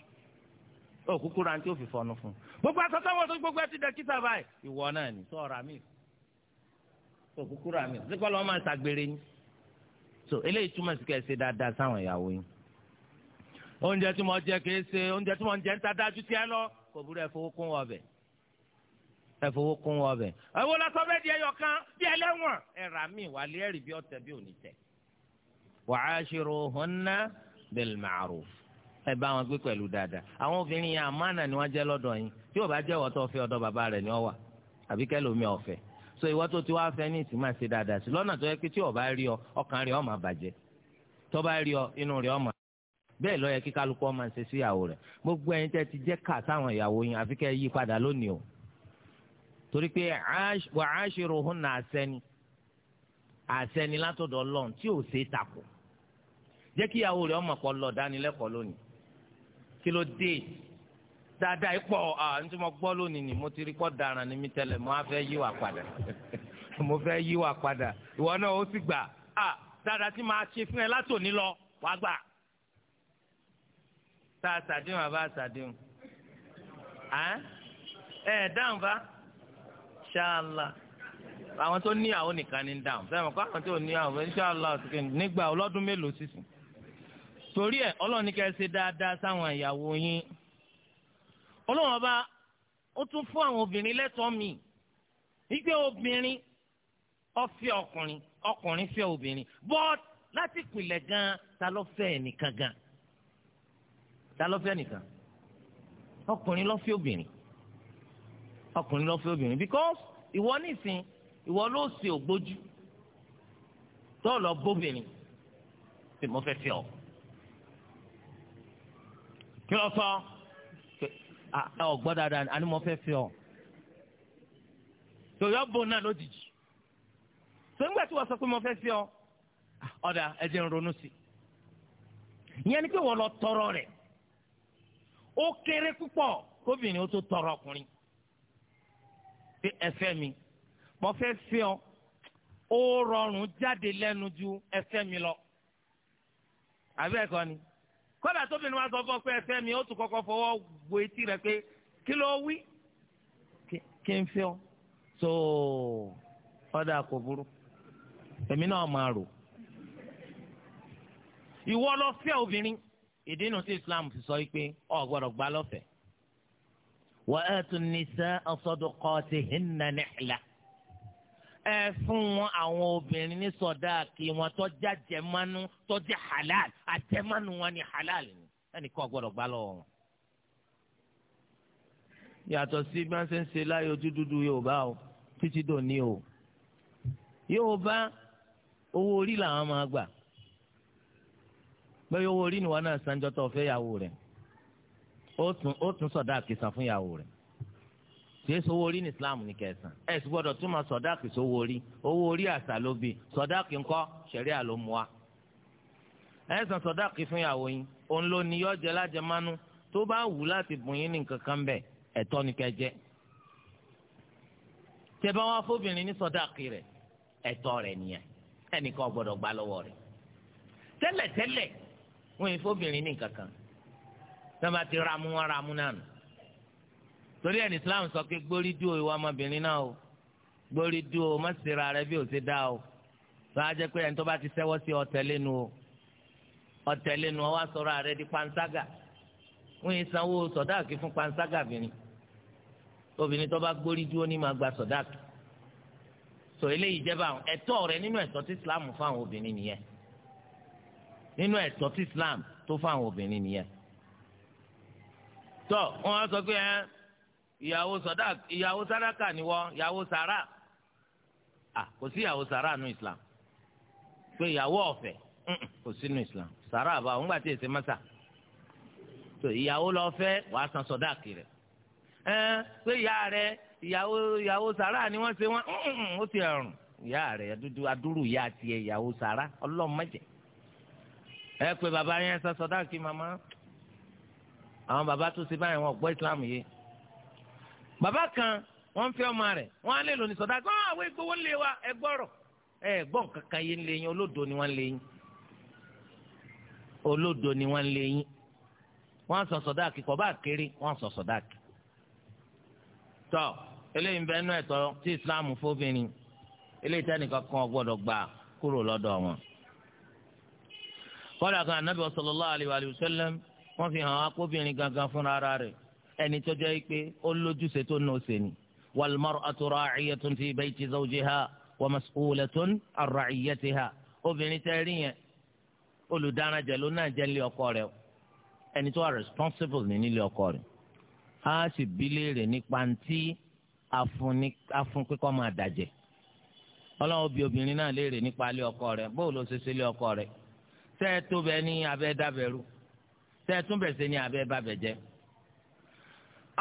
Speaker 1: ó kúkú rántí ó fi fọnu fún gbogbo àtọ́tọ́wọ́ tó gbogbo ẹtí dẹ kíta báyìí ìwọ náà ni sọ ra mi ó kúkú ra mi sípò lọ́wọ́ máa ṣàgbére yín so eléyìí túmọ̀ sí kẹ́ẹ̀ ṣe dáadáa sáwọn ìyàwó yín oúnjẹ tí mo jẹ kìí ṣe oúnjẹ tí mo jẹ ń ta dájú tiẹ lọ kò burú ẹ fowó kún ọbẹ̀ ẹ fowó kún wọn bẹ̀. àwọn olóṣọ bẹ́ẹ̀ di ẹyọ kan bí ẹlẹ́wọ̀n ẹ rà mí wálé ẹ̀rì bí ọ̀tẹ̀ bí òní tẹ̀. wa'ashiruhunna bil ma'ruf ẹ bá wọn gbé pẹ̀lú dáadáa àwọn obìnrin yẹn àmánà ni wọ́n jẹ́ lọ́dọ̀ yín tí ò bá jẹ́ ìwọ́tọ̀ fẹ́ ọ̀dọ̀ bàbá rẹ̀ ni ọ wà àbí kẹ́lòmí ọ̀fẹ́ so ìwọ́ tó ti wá fẹ́ ní ìsìn máa ṣe dáadáa sí lọ́nà tó yẹ yẹ kí kálukú ó ṣe síyàwó rẹ̀ gbogbo ẹ̀yin tẹ́ ti jẹ́ kà sáwọn ìyàwó yín àfi kẹ́ yí padà lónìí o torí pé wà á ṣerò hún nà àṣẹni àṣẹni látọ̀dọ̀ lọ́n tí ò ṣe é takò jẹ́ kí ìyàwó rẹ̀ ọmọ pọ̀ lọ dánilẹ́kọ̀ọ́ lónìí kí ló dé dáadáa ipò àti mo gbọ́ lónìí ni mo ti rí kọ́ daran ni mi tẹ́lẹ̀ mo á fẹ́ yíwà padà mo fẹ́ yíwà padà ìwọ náà ó sì gbà á dáadáa tí màá ṣe fún ẹ látòní lọ wàá gbà tá a ṣàdéhùn àbá ṣàdéhùn ẹ dáhùn bá. ṣáàlà àwọn tó níyàwó nìkan ní dáhùn sẹ́wọ̀n kó àwọn tó níyàwó ṣáàlà nígbà ọlọ́dún mélòó sísìn torí ẹ̀ ọlọ́run ní kẹ́ ṣe dáadáa sáwọn ìyàwó yín ọlọ́run ọba ó tún fún àwọn obìnrin lẹ́tọ̀ọ́ mi wípé obìnrin ó fẹ́ ọkùnrin ọkùnrin fẹ́ obìnrin but láti pìlẹ̀ gan ta ló fẹ́ ẹnìkan gan ta ló fẹ́ ẹnìkan ọkùnrin ló fẹ́ obìnrin ọkùnrin lọ fẹ́ obìnrin because ìwọ nísìn ìwọ ló ṣe ògbójú tó lọ bóbìnrin tí mo fẹ́ fẹ́ ọ. kí ló sọ ọ gbọ́ dáadáa ni mo fẹ́ fẹ́ ọ. tòyọ́ bò náà lójijì tó ń gbà tí wọ́n sọ pé mo fẹ́ fẹ́ ọ ọ̀dà ẹ̀jẹ̀ ń ronú sí i ìyẹn ni pé wọ́n lọ tọrọ rẹ̀ ó kéré púpọ̀ kóbìnrin ó tó tọrọ ọkùnrin pé ẹfẹ́ mi mo fẹ́ fẹ́ ọ ó rọrùn jáde lẹ́nu ju ẹfẹ́ mi lọ àbí ẹ̀kọ́ ni kódà tóbi ni wọ́n sọ fún ọ pé ẹfẹ́ mi ó tún kọ́kọ́ fọwọ́ gbo etí rẹ pé kí ló wí kí n fẹ́ ọ so ọ̀dà kò burú èmi náà máa rò ìwọ lọ fẹ́ obìnrin ìdí inú tí Islam fi sọ pé ọ gbọ́dọ̀ gbà lọ́fẹ̀ẹ́ wa atu nisaa sadaqatihinna nihla ẹ fún wọn àwọn obìnrin ní sọdáàkì wọn tó já jẹmánu tó jẹ halal àjẹmánu wọn ni halal ni ẹnì kan gbọ́dọ̀ gbá lọ́wọ́ wọn. yàtọ̀ sí bí wọ́n ṣe ń ṣe láyé ojú dúdú yorùbá o títí dòní o yorùbá owó orí làwọn máa gbà bẹ́ẹ̀ owó orí ni wọn náà sanjọ́ tó fẹ́ yàwó rẹ̀ ó tún ó tún sọdá àkìsàn fún ìyàwó rẹ̀ kìí sọ owó orí ní islam ní kẹsàn ẹ sì gbọ́dọ̀ túmọ̀ sọdáàkì sówó orí owó orí àṣà ló bí sọdáàkì ńkọ́ ṣẹ̀ríà ló mú wa. ẹ san sọdáàkì fún ìyàwó yín òun ló ní yọ jẹ lájẹmánú tó bá wù láti bùn yín ní nǹkan kan bẹ ẹ̀tọ́ ní kẹjẹ. tẹ́ bá wá fóbìnrin ní sọdáàkì rẹ̀ ẹ̀tọ́ rẹ̀ nìyẹn ẹnìkan gbọ́dọ̀ gbà lọ́wọ́ rẹ̀ tẹ́lẹ̀tẹ́lẹ̀ wọn ì fóbìnrin ní nǹkan kan sábà ti ra mú wọn ra mú náà nù torí ẹni Islam sọ pé gbórí dúró ìwà ọmọbìnrin náà o gbórí dúró má sera rẹ bí o ṣe dá o tó a jẹ pé ẹni tó bá ti sẹ́wọ́ sí ọ̀tẹ̀ lẹ́nu o ọ̀tẹ̀ lẹ́nu ọ wá sọ̀rọ̀ rẹ di panṣágà wọ́n yìí sanwó sọ̀dáàkì fún panṣágà bìnrin obìnrin tó bá gbórí dúró ní máa gba sọ̀dáàkì sọ eléyìí jẹ́ báwọn ẹ̀tọ́ rẹ nínú ẹ̀tọ́ tí Islam fún àwọn obìnrin nìyẹn nínú ẹ̀tọ́ tí Islam tó fún àwọn obìnrin nìyẹn tọ́ wọ́n á sọ pé ẹ ìyàwó sọdá ìyàwó sàdákà níwọ ìyàwó sàrà ah, kò sí ìyàwó sàrà nù Islam pé ìyàwó ọ̀fẹ́ kò sínú Islam sàrà àbá òun gbà tí èsè mọ́sà tó ìyàwó lọ fẹ́ wàá san sọdá kiri ẹ pé ìyá rẹ ìyàwó ìyàwó sàrà ni wọ́n ṣe wọ́n ó ti ẹ̀rùn ìyá rẹ dúdú adúrú ìyá tiẹ̀ ìyàwó sàrà ọlọ́mọdé ẹ pé bàbá yẹn san sọdá kí màmá àwọn bàbá tó ṣe báyìí wọn gbọ́ islam yé bàbá kan wọ́n ń fẹ́ ọmọ rẹ̀ wọ́n á lè lò ní sọ̀dá kí àwọn ìgbowó lé wa ẹ gbọ́rọ̀ ẹ gbọ́n kankan yé ń lé yín olódo ni wọ́n ń lé yín olódo ni wọ́n ń lé yín wọ́n sọ sọ̀dá kì kọ́ kéré wọ́n sọ sọ̀dá kì tọ́ eléyìí bẹ́ẹ̀ nú ẹ̀tọ́ tí islam fóbìnrin eléyìí tẹ́nìkan kan gbọ́dọ̀ gbà kúrò lọ́dọ̀ wọn. kọ́dà kan anábì sallallahu alaihi wa sallam wọ́n fi hàn wá kóbìnrin gangan fúnra ara rẹ̀ ẹni tó jẹ́ pé ó lójúṣe tó nà ó ṣe ni. wal mar'atu ra'iyatun fi bayti zawjiha wa mas'ulatun an ha obìnrin tẹ́ rí yẹn olùdáranjẹ ló náà jẹ́ nílé ọkọ rẹ̀ ẹni tó wà responsible ní nílé ọkọ rẹ̀ a sì bí léèrè nípa ntí afun kíkọ́ máa dàjẹ́ ọlọ́run bí obìnrin náà léèrè nípa ilé ọkọ rẹ̀ bóòlù ó ṣe ṣe ilé ọkọ rẹ̀ tẹ́ tó bẹ ní abẹ́ dábẹ́rú tẹ́ẹ̀tún bẹ̀sẹ̀ ní abẹ́ bá bẹ̀ jẹ́.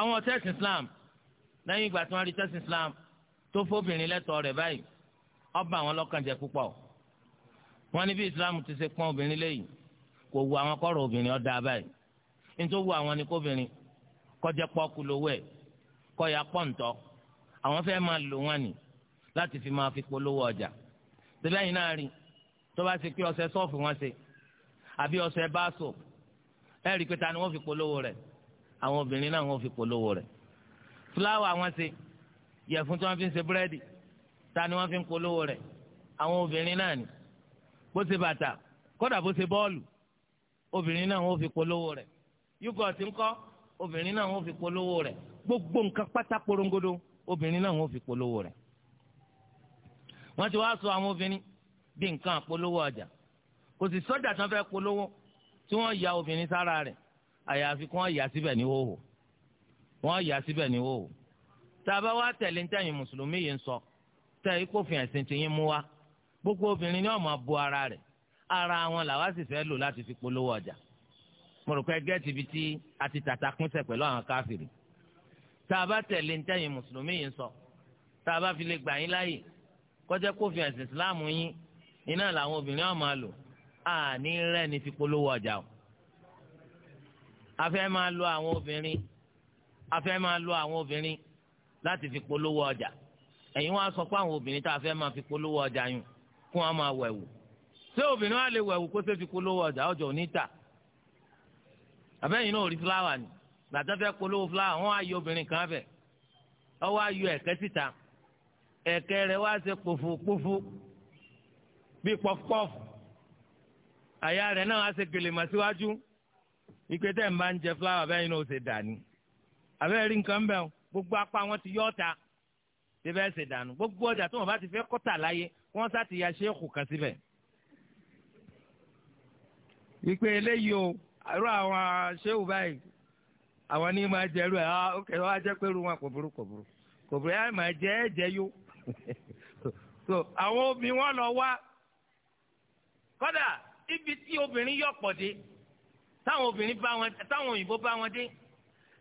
Speaker 1: àwọn tẹ́sí islam lẹ́yìn ìgbà tí wọ́n rí tẹ́sí islam tó fóbìnrin lẹ́tọ̀ọ́ rẹ̀ báyìí ọba àwọn lọ́kàn jẹ́ púpọ̀. wọ́n ní bí islam ti ṣe pọ́n obìnrin lẹ́yìn kò wu àwọn kọ́rọ̀ obìnrin ọ̀dà báyìí. nítorí wu àwọn ni kóbìnrin kọjá pọ́ọ́kú lówó ẹ̀ kọ́ya pọ́ǹtọ́ àwọn fẹ́ máa lò wọ́n ni láti fi máa fi polówó ọjà. tẹ́lẹ̀yìn náà rí tó bá ṣe pé ọṣẹ sọ́ọ̀fù wọn ṣe àbí ọṣẹ báṣọ̀pù ẹ rí i pé ta ni wọ́n fi polówó rẹ̀ àwọn obìnrin náà wọ́n fi polówó rẹ̀ fúláwà wọ́n ṣe yẹ̀fun tí wọ́n fi ń ṣe búrẹ́dì ta ni wọ́n fi ń polówó rẹ̀ àwọn obìnrin náà ni bó ṣe bàtà kódà bó ṣe bọ́ọ̀lù obìnrin náà wọ́n fi polówó rẹ̀ yúgọ̀tì ńkọ́ obìnrin náà wọ́n fi polówó rẹ̀ gbogbo nǹkan pátá porongodo obìnrin náà wọ́n fi polówó rẹ̀ wọ́n ti wá sọ àwọn obìnrin bí nǹkan àpolówó ọjà kò sì sọ́jà tí wọ́n fẹ́ polówó tí wọ́n ya obìnrin sára rẹ̀ àyàfi kí wọ́n yà síbẹ̀ ní hóhò wọ́n yà síbẹ̀ ní hóhò tá a bá wá tẹ̀lé ntẹ̀yìn mùsùlùmí yìí ń sọ tẹ̀ ikófin ẹ̀sìn ti yín mú wa gbogbo obìnrin ni wọ́n máa bo ara rẹ̀ ara wọn làwa sì fẹ́ lò láti fi polówó ọjà mo rò pé gẹ́ẹ̀tì ibi tí a ti tàta kúnṣẹ̀ pẹ̀lú àwọn káfìrì tá a bá tẹ̀lé mùsùlùmí yìí ń sọ tá fi lè gbà yín láàyè kọjá kófin ẹ̀sìn ìsìláàmù yín iná làwọn obìnrin wọn máa lò àní rẹ́ni fi polówó ọjà o afẹ́ máa lo àwọn obìnrin afẹ́ máa lo àwọn obìnrin láti fi polówó ọjà ẹ̀yin wá sọ pé àwọn obìnrin tá a fẹ́ máa fi polówó ọjà yùn kún wọn máa wẹ̀wù ṣé obìnrin wa lè wẹ̀wù kó ṣe fi polówó ọjà ọjọ́ oníta àbẹ́yìn náà ò fúláwà ni gbàtà fẹ́ polówó fúláwà wọn á yọ obìnrin kan fẹ́ ọwọ́ á ẹ̀kẹ́ síta ẹ̀kẹ́ rẹ̀ wá ṣe pòfòpòfò bíi pọfupọ́fù àyà rẹ̀ náà á ṣe gèlèmọ̀ síwájú ìpè tẹ̀ ń bá ń jẹ fúláwà bẹ́ẹ̀ náà ó ṣe dàní àbẹ́rẹ́ rí nǹkan bẹ́ẹ̀ gbogbo apá wọn ti yọ ọ̀ta ṣe bẹ́ẹ̀ ṣe dànù gbogbo ọjà tó wọn bá ti fẹ́ kọ́tà láyé wọ́n sá ti ya ṣéèkù kan síbẹ̀. ìpè eléyìí o irú àwọn ṣéèkù báyìí àwọn ní máa jẹ irú ẹ̀ ó ah, kẹ́ wọ́n á jẹ́ pé irú wọn kò burú kò burú kò burú ẹ̀ máa jẹ́ ẹ̀ yó so àwọn obì wọn lọ wá kódà ibi tí obìnrin yọ pọ̀ dé táwọn obìnrin bá wọn táwọn òyìnbó bá wọn dé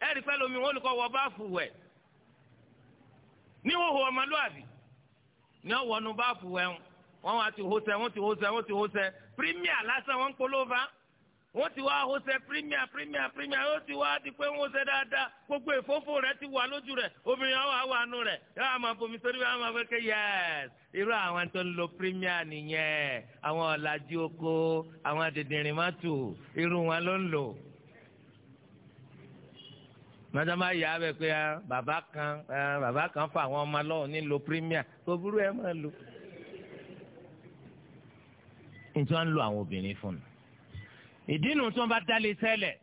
Speaker 1: ẹ̀rí pẹ́ lomi wọn olùkọ́ wọ báàfù wẹ̀ níhòòhò ọmọlúwàbí ní ọ̀wọ́nu báàfù wẹ̀ wọn wọn ti hó sẹ́ wọn ti hó sẹ́ wọn ti hó sẹ́ pírímíà lásán wọn ń polówó bá wọ́n ti wá hosẹ premier premier premier ó ti wá di pé ń hosẹ dáadáa gbogbo ìfófó rẹ ti wà lójú rẹ obìnrin àwọn àwọn àánú rẹ yóò àmọ́ bomi sórí wọn àmọ́ fẹkẹ yẹs irú àwọn tó ń lo premier nìyẹn àwọn ọ̀làjú oko àwọn dìndìnrín má tù irú wọn ló ń lò. mọ́tàmá yà á bẹ̀ pé ah, bàbá kan ah, bàbá kan fún àwọn ọmọ lọ́wọ́ ní lo premier tó burú ẹ̀ máa lò. ìjọ ń lo àwọn obìnrin fún un ìdí nu tí wọ́n bá dálé sẹ́lẹ̀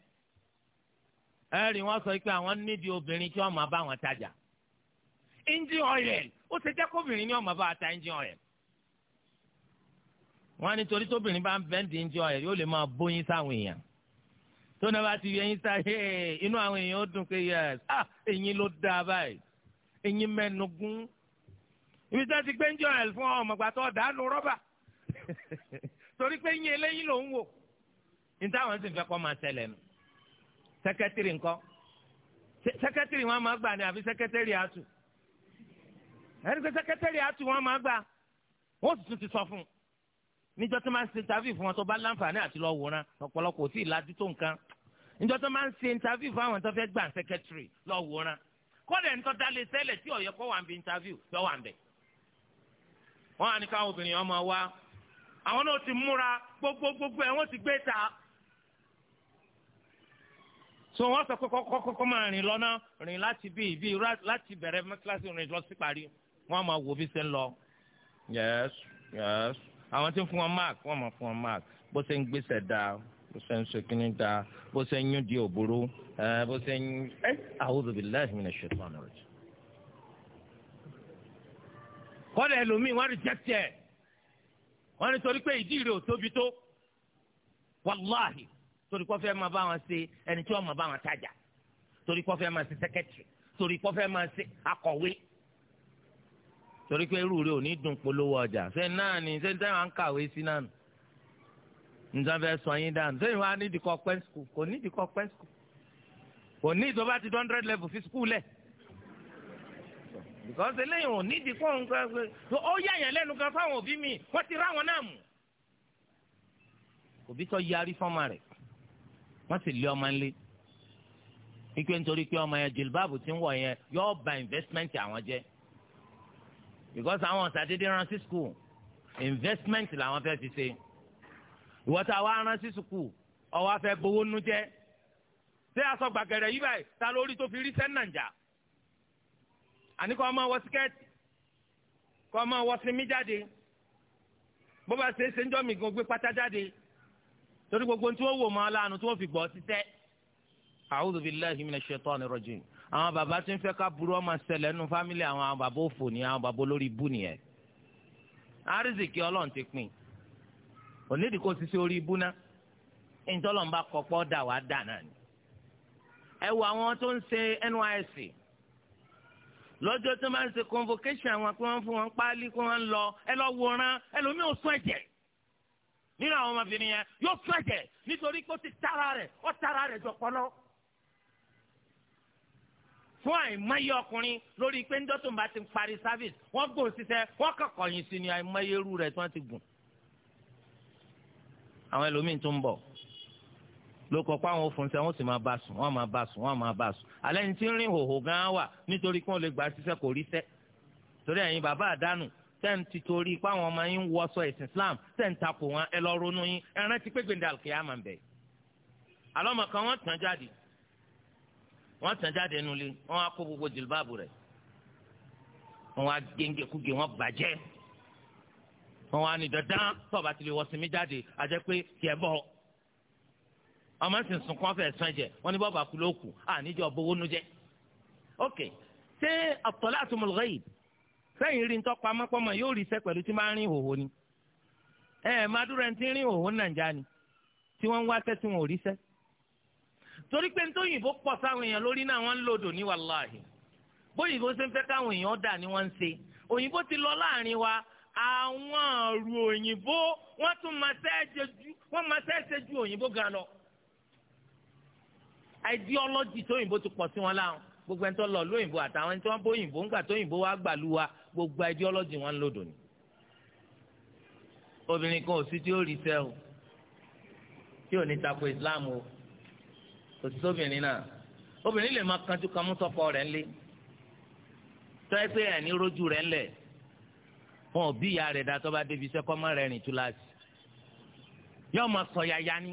Speaker 1: ẹ rí wọ́n sọ pé àwọn nídìí obìnrin tí wọ́n máa bá wọn tajà engine oil ó ti jẹ́ kóbìnrin ni wọ́n máa bá wọn ta engine oil wọ́n á nítorí tóbìnrin bá ń bẹ́ǹdì engine oil yóò lè máa bóyin sáwọn èèyàn tó náà bá ti yẹ yín inú àwọn èèyàn ó dùn pé yes ah ẹ̀yin ló dáa báyìí ẹ̀yin mẹ́nugún ibi tí wọ́n ti gbé engine oil fún ọmọ gbàtọ́ ọ̀dà nu rọ́bà torí pé yín eléyìí ló ń wò nítawọn sì ń fẹ́ kọ́ máa ṣẹlẹ̀ nù sẹkẹtìrì ńkọ́ sẹkẹtìrì wọn máa gbà ní àbí sẹkẹtìrì àtù ẹni pé sẹkẹtìrì àtù wọn máa gbà wọn sì tún ti sọ fún un níjọ́ tó máa ń ṣe interview fún wọn tó bá láǹfààní àti lọ wòran ọ̀pọ̀lọpọ̀ ò tí ì lajú tó nǹkan níjọ́ tó máa ń ṣe interview fún àwọn tó fẹ́ gbà sẹkẹtìrì lọ wòran kódà ẹni tó dalẹ̀ sẹ́lẹ̀ tí ọ̀yọ́ kọ́ wà ń bi interview yọ wà ń bẹ̀. wọ́n á ní obìnrin ọmọ wa àwọn náà ti múra gbogbogbò ẹ̀ wọ́n ti gbé ta so wọ́n sọ pé máa rìn lọ́nà rìn láti bí ibi láti bẹ̀rẹ̀ mọ́tíláṣí rìn lọ sí parí wọ́n máa wò bí ṣe ń lọ. yes yes àwọn tí ń fún wọn mark wọ́n máa fún wọn mark bó ṣe ń gbèsè dáa bó ṣe ń ṣèkínní dáa bó ṣe ń yún di òbúrú bó ṣe ń ẹ a'udhu billahi minash shaitanir rajim. kọ́lẹ̀ ẹlòmíì wọ́n reject ẹ̀ wọ́n nítorí pé ìdí rẹ̀ ò tóbi tó wàláhì torí kó fẹ́ máa bá wọn ṣe ẹni tí wọ́n máa bá wọn tajà torí kó fẹ́ máa ṣe sẹ́kẹ́tìrì torí kó fẹ́ máa ṣe akọ̀wé torí pé irú rẹ̀ ò ní dùn polówó ọjà ṣé náà ni ṣé níta wọn kàwé sí náà nù níta fẹ́ sọ yín dànù ṣé ìwà nídìí kọ pẹ́ skul kò nídìí kọ pẹ́ skul kò ní ìjọba ti hundred level fi skul lẹ̀ because eléyìí ò nídìí kọ́ nǹkan pé ó yàyàn lẹ́nu kan fáwọn òbí mi wọ́n ti rá wọn náà mú òbí tó yarí fọ́mà rẹ̀ wọ́n sì lé ọmọ ńlẹ̀ wípé nítorí pé ọmọ yẹn jìlbáàbù tí ń wọ̀ yẹn yóò ba investment àwọn jẹ́ because àwọn ṣàdédé rán sí school investment làwọn fẹ́ fi ṣe ìwọ tá a wá rán sí school ọwọ́ afẹ́ gbowó nú jẹ́ ṣé aṣọ gbàgẹ̀rẹ̀ yí báyìí ta lórí tó fi rí sẹ́ńnà jà àníkọ́ ọmọ wọ síkẹ́ẹ̀tì kọ́ ọmọ wọ sinmi jáde bó bá ṣe é ṣe ń jọ́ mi gan gbé pátá jáde torí gbogbo tí wọ́n wò mọ́ aláàánú tí wọ́n fi gbọ́ títẹ́. a'udhu billahi minash shaitani rajim. àwọn bàbá tí ń fẹ́ ká burú ọmọ ṣẹlẹ̀ nínú fámìlì àwọn àwọn bàbá òfò ni àwọn bàbá olórí ibú nìyẹn. àrísìkí ọlọ́run ti pín onídìí kò sí sí orí ibú ná ìjọlọ́n bá kọ́pọ́ dà wá dà náà ni. ẹ wo àwọn tó ń ṣe NYSC lọ́jọ́ tó máa ń ṣe convocation àwọn pé wọ́n fún wọn páálí kó wọ́n lọ ẹ lọ wòran ẹlòmíì ò sún ẹ̀jẹ̀ nínú àwọn ọmọbìnrin yẹn yóò fẹ̀jẹ̀ nítorí pé ó ti tara rẹ̀ ó tara rẹ̀ jọpọlọ. fún àìmọye ọkùnrin lórí pé ńdọ́tún bá ti parí service wọ́n gbòó síṣẹ́ wọ́n kọ̀kọ̀ yìí sí ni àìmọye irú rẹ̀ tí wọ́n ti gùn. àwọn ẹlòmíín tó ń bọ̀ ló kọ pé àwọn òfurufú wọn sì máa bá sùn wọn máa bá sùn wọn máa bá sùn alẹ́ ní tí ń rìn hòhò gan-an wà nítorí pé wọ́n lè gbà síṣẹ́ kò ríṣẹ́ torí ẹ̀yin bàbá àdánù tẹ́ǹtì torí ipá àwọn ọmọ yín wọṣọ ẹ̀sìn Islam tẹ́ǹtà kò wọn ẹ lọ ronú yín ẹ rántí pé gbèndé àlùkìyà máa ń bẹ̀. àlọ́mọ kan wọ́n tàn jáde wọ́n tàn jáde nulẹ̀ wọ́n á kó gbogbo jìlbáàbù rẹ̀ wọ́n á géńgé kúgé wọ́n bàjẹ́ wọ́n á ní dandan tọ́ba ti lè wọ sinmi jáde àjẹ́ pé kì í bọ̀ ọmọ sì ń sunkún fẹ́ sàn jẹ wọ́n ní bọ́ọ̀bù àkúlóòkù àníjọ́ sẹ́yìn rí ntọ́pa mọ́pọ́mọ́ yóò rí iṣẹ́ pẹ̀lú tí máa ń rin ìhòhò ni ẹ ẹ̀ máa dúró ẹni tí ń ìhòhò ní tí wọ́n ń wá sẹ́ tí wọ́n ò rí sẹ́ torí pé ntóyìnbó pọ̀ sáwọn èèyàn lórí náà wọ́n ń lòdò ní ṣe ń káwọn èèyàn dà ní wọ́n ṣe òyìnbó ti lọ láàrin wa àwọn àrùn òyìnbó wọ́n tún máa ṣe ju gbogbo ideology wọn lòdò ni obìnrin kan ò sí tí ó rí sẹ́ o tí ò ní tako Islam o kò sí obìnrin náà obìnrin lè máa kanjú kan mú sọ́kọ rẹ̀ ńlẹ̀ tọ́yẹ́ pé ẹ̀ ní rójú rẹ̀ ńlẹ̀ wọn ò bí ìyá rẹ̀ dá tó bá débi iṣẹ́ kọ́ mọ́ rẹ̀ rìn túláàsì yóò máa sọ yaya ni.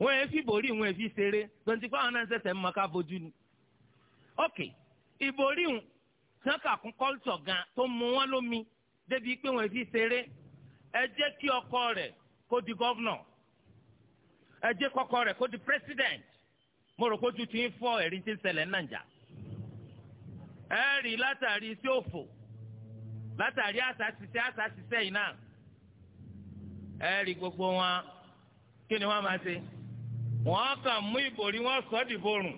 Speaker 1: wọn ẹ fi borí wọn ẹ fi ṣeré tonti fáwọn náà ṣẹ̀ṣẹ̀ ń maka bojú ni. ok ìborí wọn sanka kún kọ́lítọ̀ gan tó mú wọn lómi débi pé wọn ẹ fi ṣeré ẹ jẹ́ kí ọkọ rẹ̀ kó di gọ́vnọ̀ ẹ jẹ́ kọ́kọ́ rẹ̀ kó di president mo rò kó ju ti ń fọ ẹ̀rí tí ń ṣẹlẹ̀ ń nàjà. ẹ rí látàrí sí òfò látàrí àṣàṣiṣẹ́ àṣàṣiṣẹ́ yìí náà ẹ rí gbogbo wọn kí ni wọ́n máa ṣe wọ́n á kàn mú ìbòrí wọn sọ dìborùn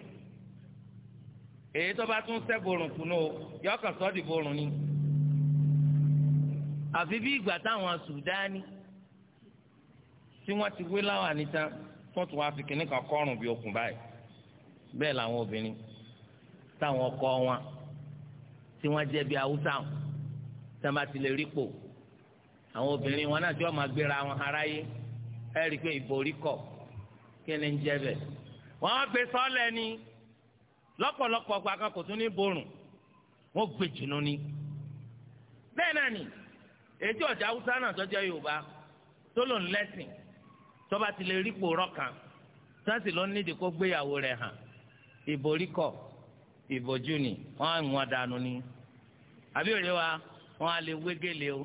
Speaker 1: èyí tó bá tún sẹ́borùn kùnú yọkàn sọ dìborùn ni àfi bí ìgbà táwọn Sùdáni tí wọ́n ti wé láwọn àníta fún tún wá fi kínní kan kọ́rùn bí okùn báyìí bẹ́ẹ̀ làwọn obìnrin táwọn ọkọ wọn tí wọ́n jẹ́ bí haúsá tí wọ́n bá ti lè rí pò àwọn obìnrin wọn náà tí wọ́n máa gbéra wọn aráyé ẹ̀ rí i pé ìborí kọ̀ kíni ń jẹ bẹ́ẹ̀ wọ́n gbé sọ́lẹ̀ ni lọ́pọ̀lọpọ̀ ọgbà kan kò tún ní borùn wọ́n gbé jìnnú ni bẹ́ẹ̀ náà ni èyí ọ̀jà haúsá náà tọ́jú yorùbá tó lò ń lẹ́sìn tọ́ba ti lè rí pòórọ́ kan sáàsì ló nídìí kó gbéyàwó rẹ hàn ìborí kọ̀ ìbojú ni wọ́n á ń wọn dànù ni àbí òye wa wọ́n á lè wégele o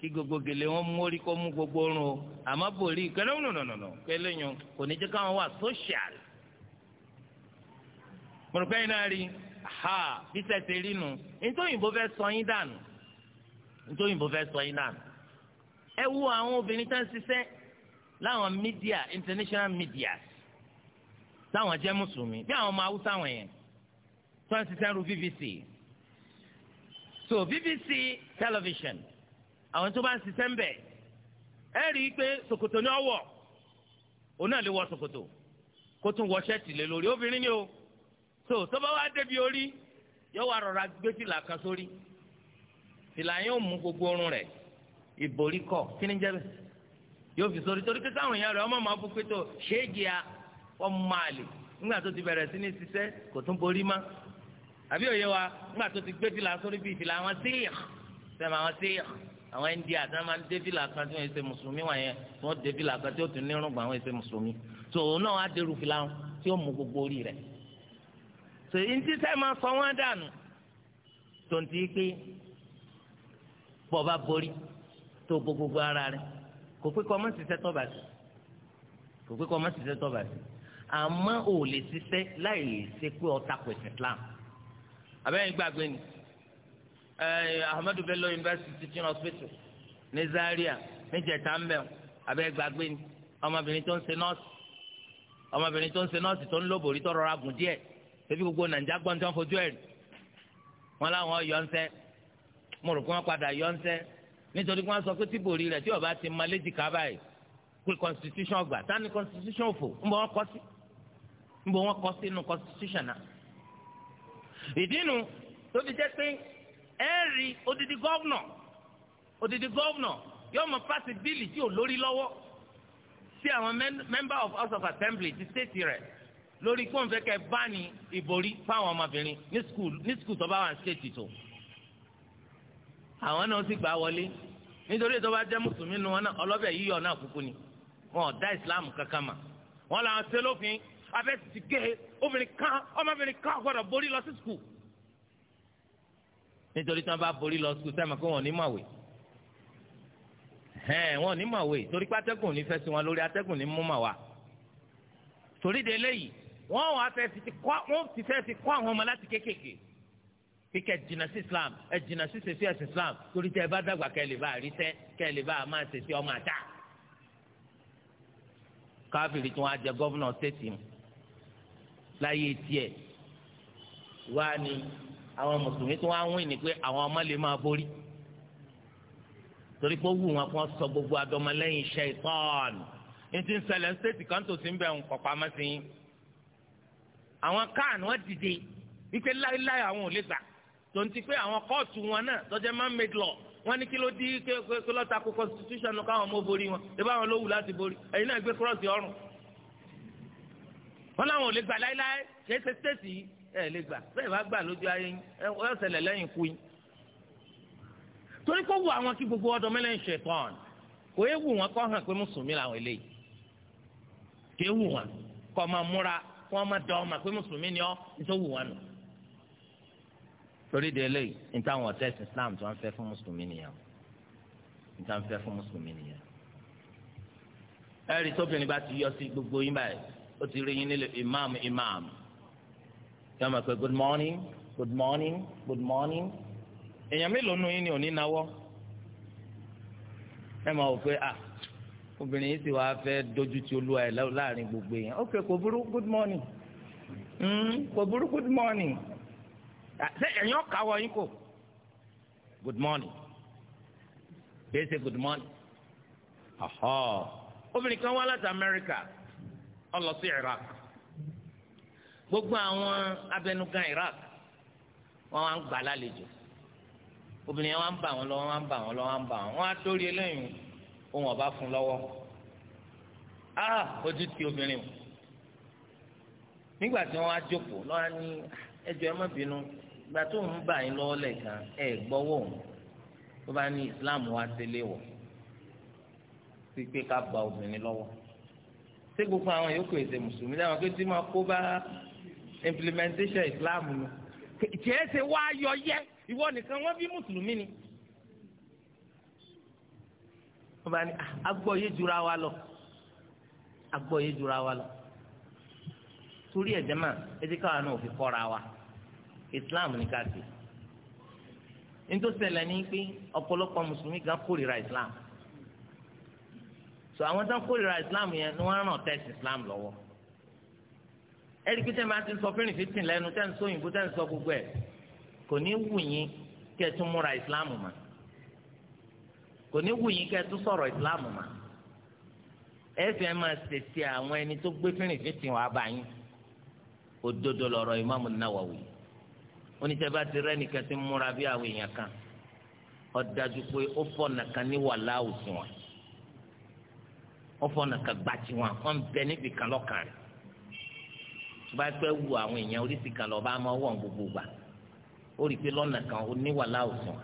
Speaker 1: kí gbogbo gèlè wọn mórí kó mú gbogbo oorun o àmọ́ bòrí kẹlẹ ń nùnùnùnù kẹlẹ yun kò ní jẹ káwọn wà social. mọ̀rùkẹ́ yìí náà rí ha bísẹ̀ ti rí nu nítòyìnbó fẹ́ sọ yín dànù nítòyìnbó fẹ́ sọ yín dànù. ẹ wo àwọn obìnrin tá ń ṣiṣẹ́ láwọn media international media táwọn jẹ́ mùsùlùmí bí àwọn ọmọ haúsá wọn yẹn tó ń ṣiṣẹ́ ru BBC so BBC television àwọn tó bá ń ṣiṣẹ́ ń bẹ̀ ẹ rí i pé ṣòkòtò ni ọ wọ̀ òun náà lè wọ ṣòkòtò kó tún wọ ṣẹ́ẹ̀tì lé lórí obìnrin ni o so tó bá wá débi orí yóò wá rọra gbé fìlà kan sórí fìlà yẹn ò mú gbogbo orun rẹ̀ ìborí kọ kí ni jẹ́ bẹ́ẹ̀ yóò fi sórí torí kíkọ́ àwọn èèyàn rẹ̀ ọmọ máa bú pé tó ṣéèjì a ọmọ àlè nígbà tó ti bẹ̀rẹ̀ sí ní ṣiṣẹ́ kò tún borí mọ́ àbí òye wa nígbà tó ti gbé fìlà sórí bíi fìlà àwọn síyà àwọn India tí wọn máa ń débìlà kan tí wọn ṣe mùsùlùmí wọn yẹn tí wọn débìlà kan tí ó tún nírùngbà wọn ṣe mùsùlùmí tó òun náà á dérú fìlà wọn tí ó mú gbogbo orí rẹ̀ tó yín tí sẹ máa sọ wọn dànù tó ń ti pé bọba borí tó bo gbogbo ara rẹ̀ kò pé kọ́ ọmọ ṣiṣẹ́ tọ́ba sí kò pé kọ́ ọmọ ṣiṣẹ́ tọ́ba sí àmọ́ ò lè ṣiṣẹ́ láì ṣe pé ọ̀tá pẹ̀sìn Ahmadu Bello University teaching hospital ní Zaria ní jẹta mbẹ abẹ gbàgbé ni ọmọbìnrin tó ń ṣe nọ́ọ̀sì ọmọbìnrin tó ń ṣe nọ́ọ̀sì tó ń lóbòrí tó rọra gùn díẹ̀ ṣebí gbogbo nàìjà gbọ́n tó ń fojú ẹ̀ rí wọn láwọn yọ mo rò pé wọ́n padà yọ nítorí pé sọ pé tíbòrí rẹ̀ tí ọba ti máa léjì ká báyìí pé constitution gbà tani constitution fò ń bọ wọn kọ sí ń bọ wọn kọ sínú constitution náà ìdí nu tó jẹ́ pé ẹ rí odidi gọ́vnọ̀ odidi gọ́vnọ̀ yóò mọ pàṣẹ bíìlì tí ò lórí lọ́wọ́ sí àwọn member of house of assembly ti state rẹ̀ lórí kó n fẹ́ kẹ́ bá ní ìborí fáwọn ọmọbìnrin ní skul ní skul tó bá wà state tó àwọn náà sì gbà wọlé nítorí tó bá jẹ́ mùsùlùmí nu wọn náà ọlọ́bẹ̀ yíyọ náà kúkú ni wọn ò dá islam kankan mà wọn làwọn ṣe lófin abẹ́ ti ké obìnrin kan ọmọbìnrin kan gbọ́dọ̀ borí lọ sí skul nítorí tí wọ́n bá borí lọ sùkúl sẹ́mi pé wọ́n ní màwé hẹ́n wọ́n ní màwé torí pé atẹ́gùn ní fẹ́ sí wọn lórí atẹ́gùn ní mú màwá torí de eléyìí wọ́n wà fẹ́ fi kọ́ wọ́n ti fẹ́ fi kọ́ àwọn ọmọ láti kéékèèké kíkẹ́ jìnnà sí Islam ẹ jìnnà sí sèṣì ẹ̀sìn Islam torí tẹ́ ẹ bá dàgbà kẹ́ ẹ lè bá rí tẹ́ kẹ́ ẹ lè bá máa sèṣì ọmọ àtà káfíìrì tí wọ́n á jẹ gọ́vùnà stéètì láyé tiẹ̀ wá ní àwọn mùsùlùmí tó wá ń wìn ní pé àwọn ọmọ lè máa borí torí pé ó wù wọn kó sọ gbogbo adọmọlẹ́yìn iṣẹ́ ìtọ́ọ̀nù ní ti ń ṣẹlẹ̀ ní stéètì kan tó ti ń bẹ̀ ń kọ̀ pamọ́ sí i àwọn kan wọ́n dìde wípé láéláé àwọn ò lè gbà tó ń ti pé àwọn kóòtù wọn náà tọ́jà máa ń made law wọ́n ní kí ló dí kí ló ta ko constitution káwọn ọmọ borí wọn ẹ bá wọn ló wù láti borí ẹ̀yin náà gbé cross ọrùn wọn láwọn ò lè gbà láéláé kì í yìí ẹ lè gbà bẹ́ẹ̀ bá gbà lójú ayé yín ẹ ọ ṣẹlẹ̀ lẹ́yìn kú yín. torí kó wù àwọn kí gbogbo ọdọ mẹlẹ́yìn ṣe tán kò yẹ wù wọn kọ́ hàn pé mùsùlùmí làwọn eléyìí kò yẹ wù wọn kọ́ máa múra kọ́ máa dọ̀ ọ́n mà pé mùsùlùmí ni ọ́ nítorí wù wọn nù. torí de eléyìí ní táwọn ọ̀tẹ́sì Islam tó ń fẹ́ fún mùsùlùmí nìyẹn ní táwọn fẹ́ fún mùsùlùmí nìyẹn. ẹ̀rí tóbìnrin bá ti yọ sí gbogbo yín báyìí ó ti rí yín nílé ìmáàmù ìmáàmù yóò máa pe good morning good morning good morning èèyàn mélòó nu yín ni ò ní nawọ́ ẹ máa wò pé ah obìnrin yìí sì wá fẹ́ dojú ti olúwa ẹ̀ láàrin gbogbo èèyàn ok kò burú good morning hmm, kò burú good morning ṣé ẹ̀yin ọ̀kàwọ̀ yín kò good morning kì í ṣe good morning ọ̀họ́ obìnrin kan wá láti Amẹ́ríkà ó lọ sí Iraq gbogbo àwọn abẹnugan Iraq wọn wá ń gbà lálejò obìnrin yẹn wá ń bà wọn lọ wọn wá ń bà wọn lọ wọn wá bà wọn wọn á dórí eléyìí ohun ọba fún lọ́wọ́ ah ojú ti obìnrin o nígbà tí wọn á jókòó lọ́wọ́ ní ah, ẹjọ́ ẹ má bínú ìgbà tó ń bà yín lọ́wọ́ lẹ́ẹ̀kan ẹ gbọ́wọ́ òun tó bá ní Islam wá délé wọ̀ sí pé ká bà obìnrin lọ́wọ́ ṣé gbogbo àwọn yòókù èsè mùsùlùmí láwọn pé tí máa kó bá implementation islam nù tiẹ̀ ṣe wá yọ yẹ ìwọ nìkan wọ́n bí mùsùlùmí ni. wọ́n bá ní agbọ́yé ah, jura wa lọ agbọ́yé jura wa lọ torí ẹ̀ jẹ́mà ẹ̀jẹ̀ káwa náà fi kọ́ra wa islam ní ká ṣe nítòsílẹ̀ ní pé ọ̀pọ̀lọpọ̀ mùsùlùmí gan kórìíra islam so àwọn tán kórìíra islam yẹn ni wọ́n rán tẹ́sí islam lọ́wọ́ ẹ̀rí pé tẹ́lẹ̀ máa ti sọ fẹ́rìn fìtìn lẹ́nu tẹ́ ń sọ òyìnbó tẹ́ ń sọ gbogbo ẹ̀ kò ní wù yín kẹ́ ẹ tún múra ìsìláàmù mà kò ní wù yín kẹ́ ẹ tún sọ̀rọ̀ ìsìláàmù mà ẹ fẹ́ máa ṣèṣe àwọn ẹni tó gbé fẹ́rìn fìtìn wàá bá yín òdodo lọ̀rọ̀ ìmáàmù Nawawi onítẹ̀bá ti rẹ́ nìkan ti múra bí àwọn èèyàn kan ọ̀dájú pé ó fọ̀nà kan ní tó bá pẹ́ wu àwọn èèyàn oríṣi kan lọ́ọ́ bá máa wọ̀ ń gbogbo gbà ó rí i pé lọ́nà kan ó níwàlá òsùn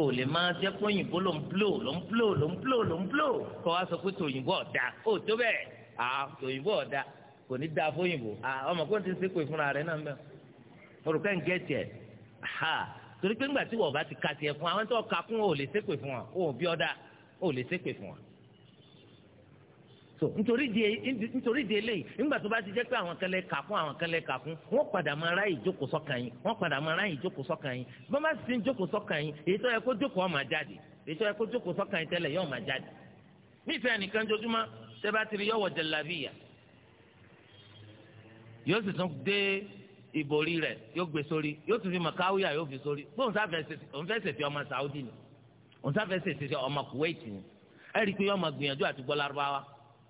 Speaker 1: o lè máa jẹ́ pé òyìnbó ló ń blò ló ń blò ló ń blò ló ń blò kọ́ wa sọ pé tòyìnbó ọ̀dà ó tó bẹ́ẹ̀ à tòyìnbó ọ̀dà kò ní dáa fóyìnbó à ọmọ kó ti ṣe fúnra rẹ̀ náà mẹ́wàá olùkọ́ ń gẹ̀ẹ́tì ẹ̀ ha torí pé ńgbà tí wọ́n bá ti ka tiẹ̀ fún wa wọ́n tó ka kún o lè ṣépè fún wa o ò bí ọ̀dà o lè ṣépè fún wa so nítorí di nítorí di eléyìí nígbà tó bá ti jẹ́ pé àwọn kan lè kà fún àwọn kan lè kà fún wọ́n padà máa ráyè jókòó sọ́kàn yín wọ́n padà máa ráyè jókòó sọ́kàn yín bọ́n bá sì ń jókòó sọ́kàn yín èyí tó yẹ kó jókòó ó máa jáde èyí tó yẹ kó jókòó sọ́kàn yín tẹ́lẹ̀ yóò máa jáde. nífẹ̀ẹ́ nìkan jojúmọ́ ṣé bá ti rí yọ̀wọ̀ jẹ̀lábíyà yóò sì tún dé ìbòrí rẹ̀ yóò gbé sórí yóò tún fi màkàwíyà yóò fi sórí bóun sáfẹ̀ẹ́sẹ̀ fi ọmọ Saudi ni òun sáfẹ̀ẹ́sẹ̀ fi ọmọ Kuwait ni ẹ̀rí pé yóò máa gbìyànjú àti gbọ́ lárúbáwá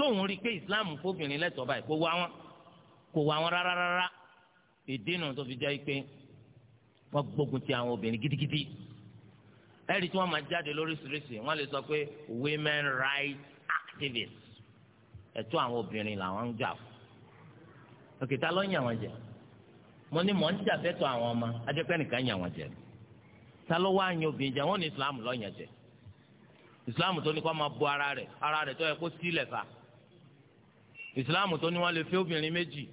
Speaker 1: tóun rí i pé islam fóbìnrin lẹ́tọ̀ọ́ báyìí kò wá wọn kò wá wọn rárá rárá ìdínà tó fi jẹ́ pé wọ́n gbógun ti àwọn obìnrin gidigidi ẹ̀rí tí wọ́n máa jáde lóríṣiríṣi wọ́n lè sọ pé women rights activists ẹ̀tọ́ àwọn obìnrin làwọn ń jà fún òkè tá ló ń yàn wọ́n jẹ mo ní mò ń jà fẹ́tọ̀ àwọn ọmọ ajẹ́pẹ́ nìkan yàn wọ́n jẹ tá ló wá yan obìnrin jẹ wọ́n ní islam lọ́yàn jẹ islam tó ní kó máa bo ara rẹ̀ ara rẹ̀ tó yẹ kó sílẹ̀ fa. Islam tó ní wọ́n lè fẹ́ obìnrin méjì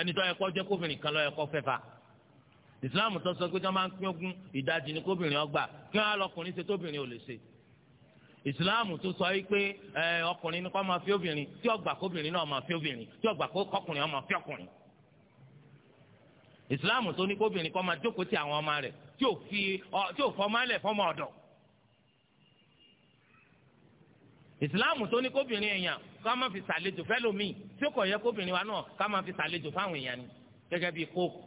Speaker 1: ẹni tó yẹ kó jẹ́ kóbìnrin kan ló yẹ kó fẹ́ fa tó sọ pé tó máa ń pín ogún ìdajì ni kóbìnrin ọgbà kí wọ́n á lọkùnrin ṣe tóbìnrin ò lè ṣe ìsìláàmù tó sọ yìí pé ẹ ọkùnrin ni kó máa fi obìnrin tí ọgbà kóbìnrin náà máa fi obìnrin tí ọgbà kọkùnrin náà máa fi ọkùnrin ìsìláàmù tó ní kóbìnrin kó máa jókòó ti àwọn ọmọ rẹ̀ tí ò fi ọ tí ò fọmọ ẹlẹ ìsìláàmù tó ní kóbìnrin èèyàn ká má fi sàlejò fẹ́lòmíì tí ó kò yẹ kóbìnrin wa náà ká má fi sàlejò fáwọn èèyàn ni gẹ́gẹ́ bíi kóòkù.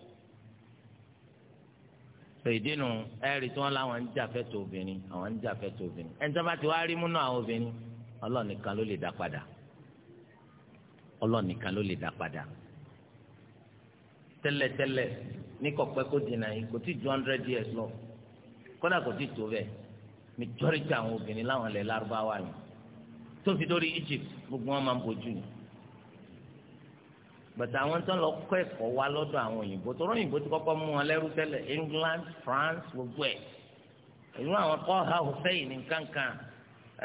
Speaker 1: fèdínù ẹ̀rì tí wọ́n láwọn ń jà fẹ́tọ̀ obìnrin àwọn ń jà fẹ́tọ̀ obìnrin ẹni tó bá ti wá rí múnú àwọn obìnrin Ọlọ́run nìkan ló lè dá padà Ọlọ́run ló lè dá padà. tẹ́lẹ̀tẹ́lẹ̀ ní kọ̀pẹ́ kó dènà yìí kò tí ju hundred years lọ kódà kò tí tó bẹ́ẹ̀ majority àwọn obìnrin láwọn ilẹ̀ lárúbáwá yìí tó fi dórí Egypt gbogbo wọn máa ń bojú ni bàtà àwọn tó ń lọ kọ́ ẹ̀kọ́ wa lọ́dọ̀ àwọn òyìnbó tó rọ́yìnbó ti kọ́kọ́ mú wọn lẹ́rú tẹ́lẹ̀ England France gbogbo ẹ̀ ìlú àwọn kọ́ha Hussein nkankan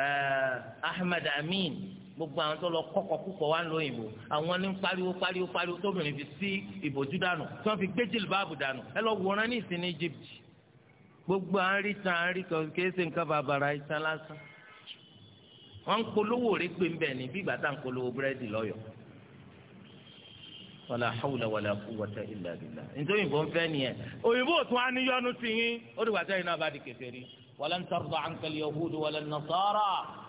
Speaker 1: eh, Ahmed Amin gbogbo àwọn tó lọ kọ́kọ́ púpọ̀ wá ń lo òyìnbó àwọn ní pariwo pariwo pariwo tóbìnrin fi sí ìbòjú dànù tí wọ́n fi gbé jìlbáàbù dànù ẹ lọ wòran ní ìsìn ní Egypt gbogbo àárí tan àárí kan kì í ṣe nǹkan bàbàrà ìtàn lásán wọ́n ń polówó rẹ̀ pé ń bẹ̀ ní bí ìgbà tá à ń polówó búrẹ́dì lọ́yọ̀ wàlà hawla wàlà quwwata illa billah nítorí òyìnbó ń fẹ́ nìyẹn òyìnbó tún á níyọnu ti yín ó dìgbà sẹ́yìn náà bá di kèfèrí walan tarda anka al-yahudu wala an-nasara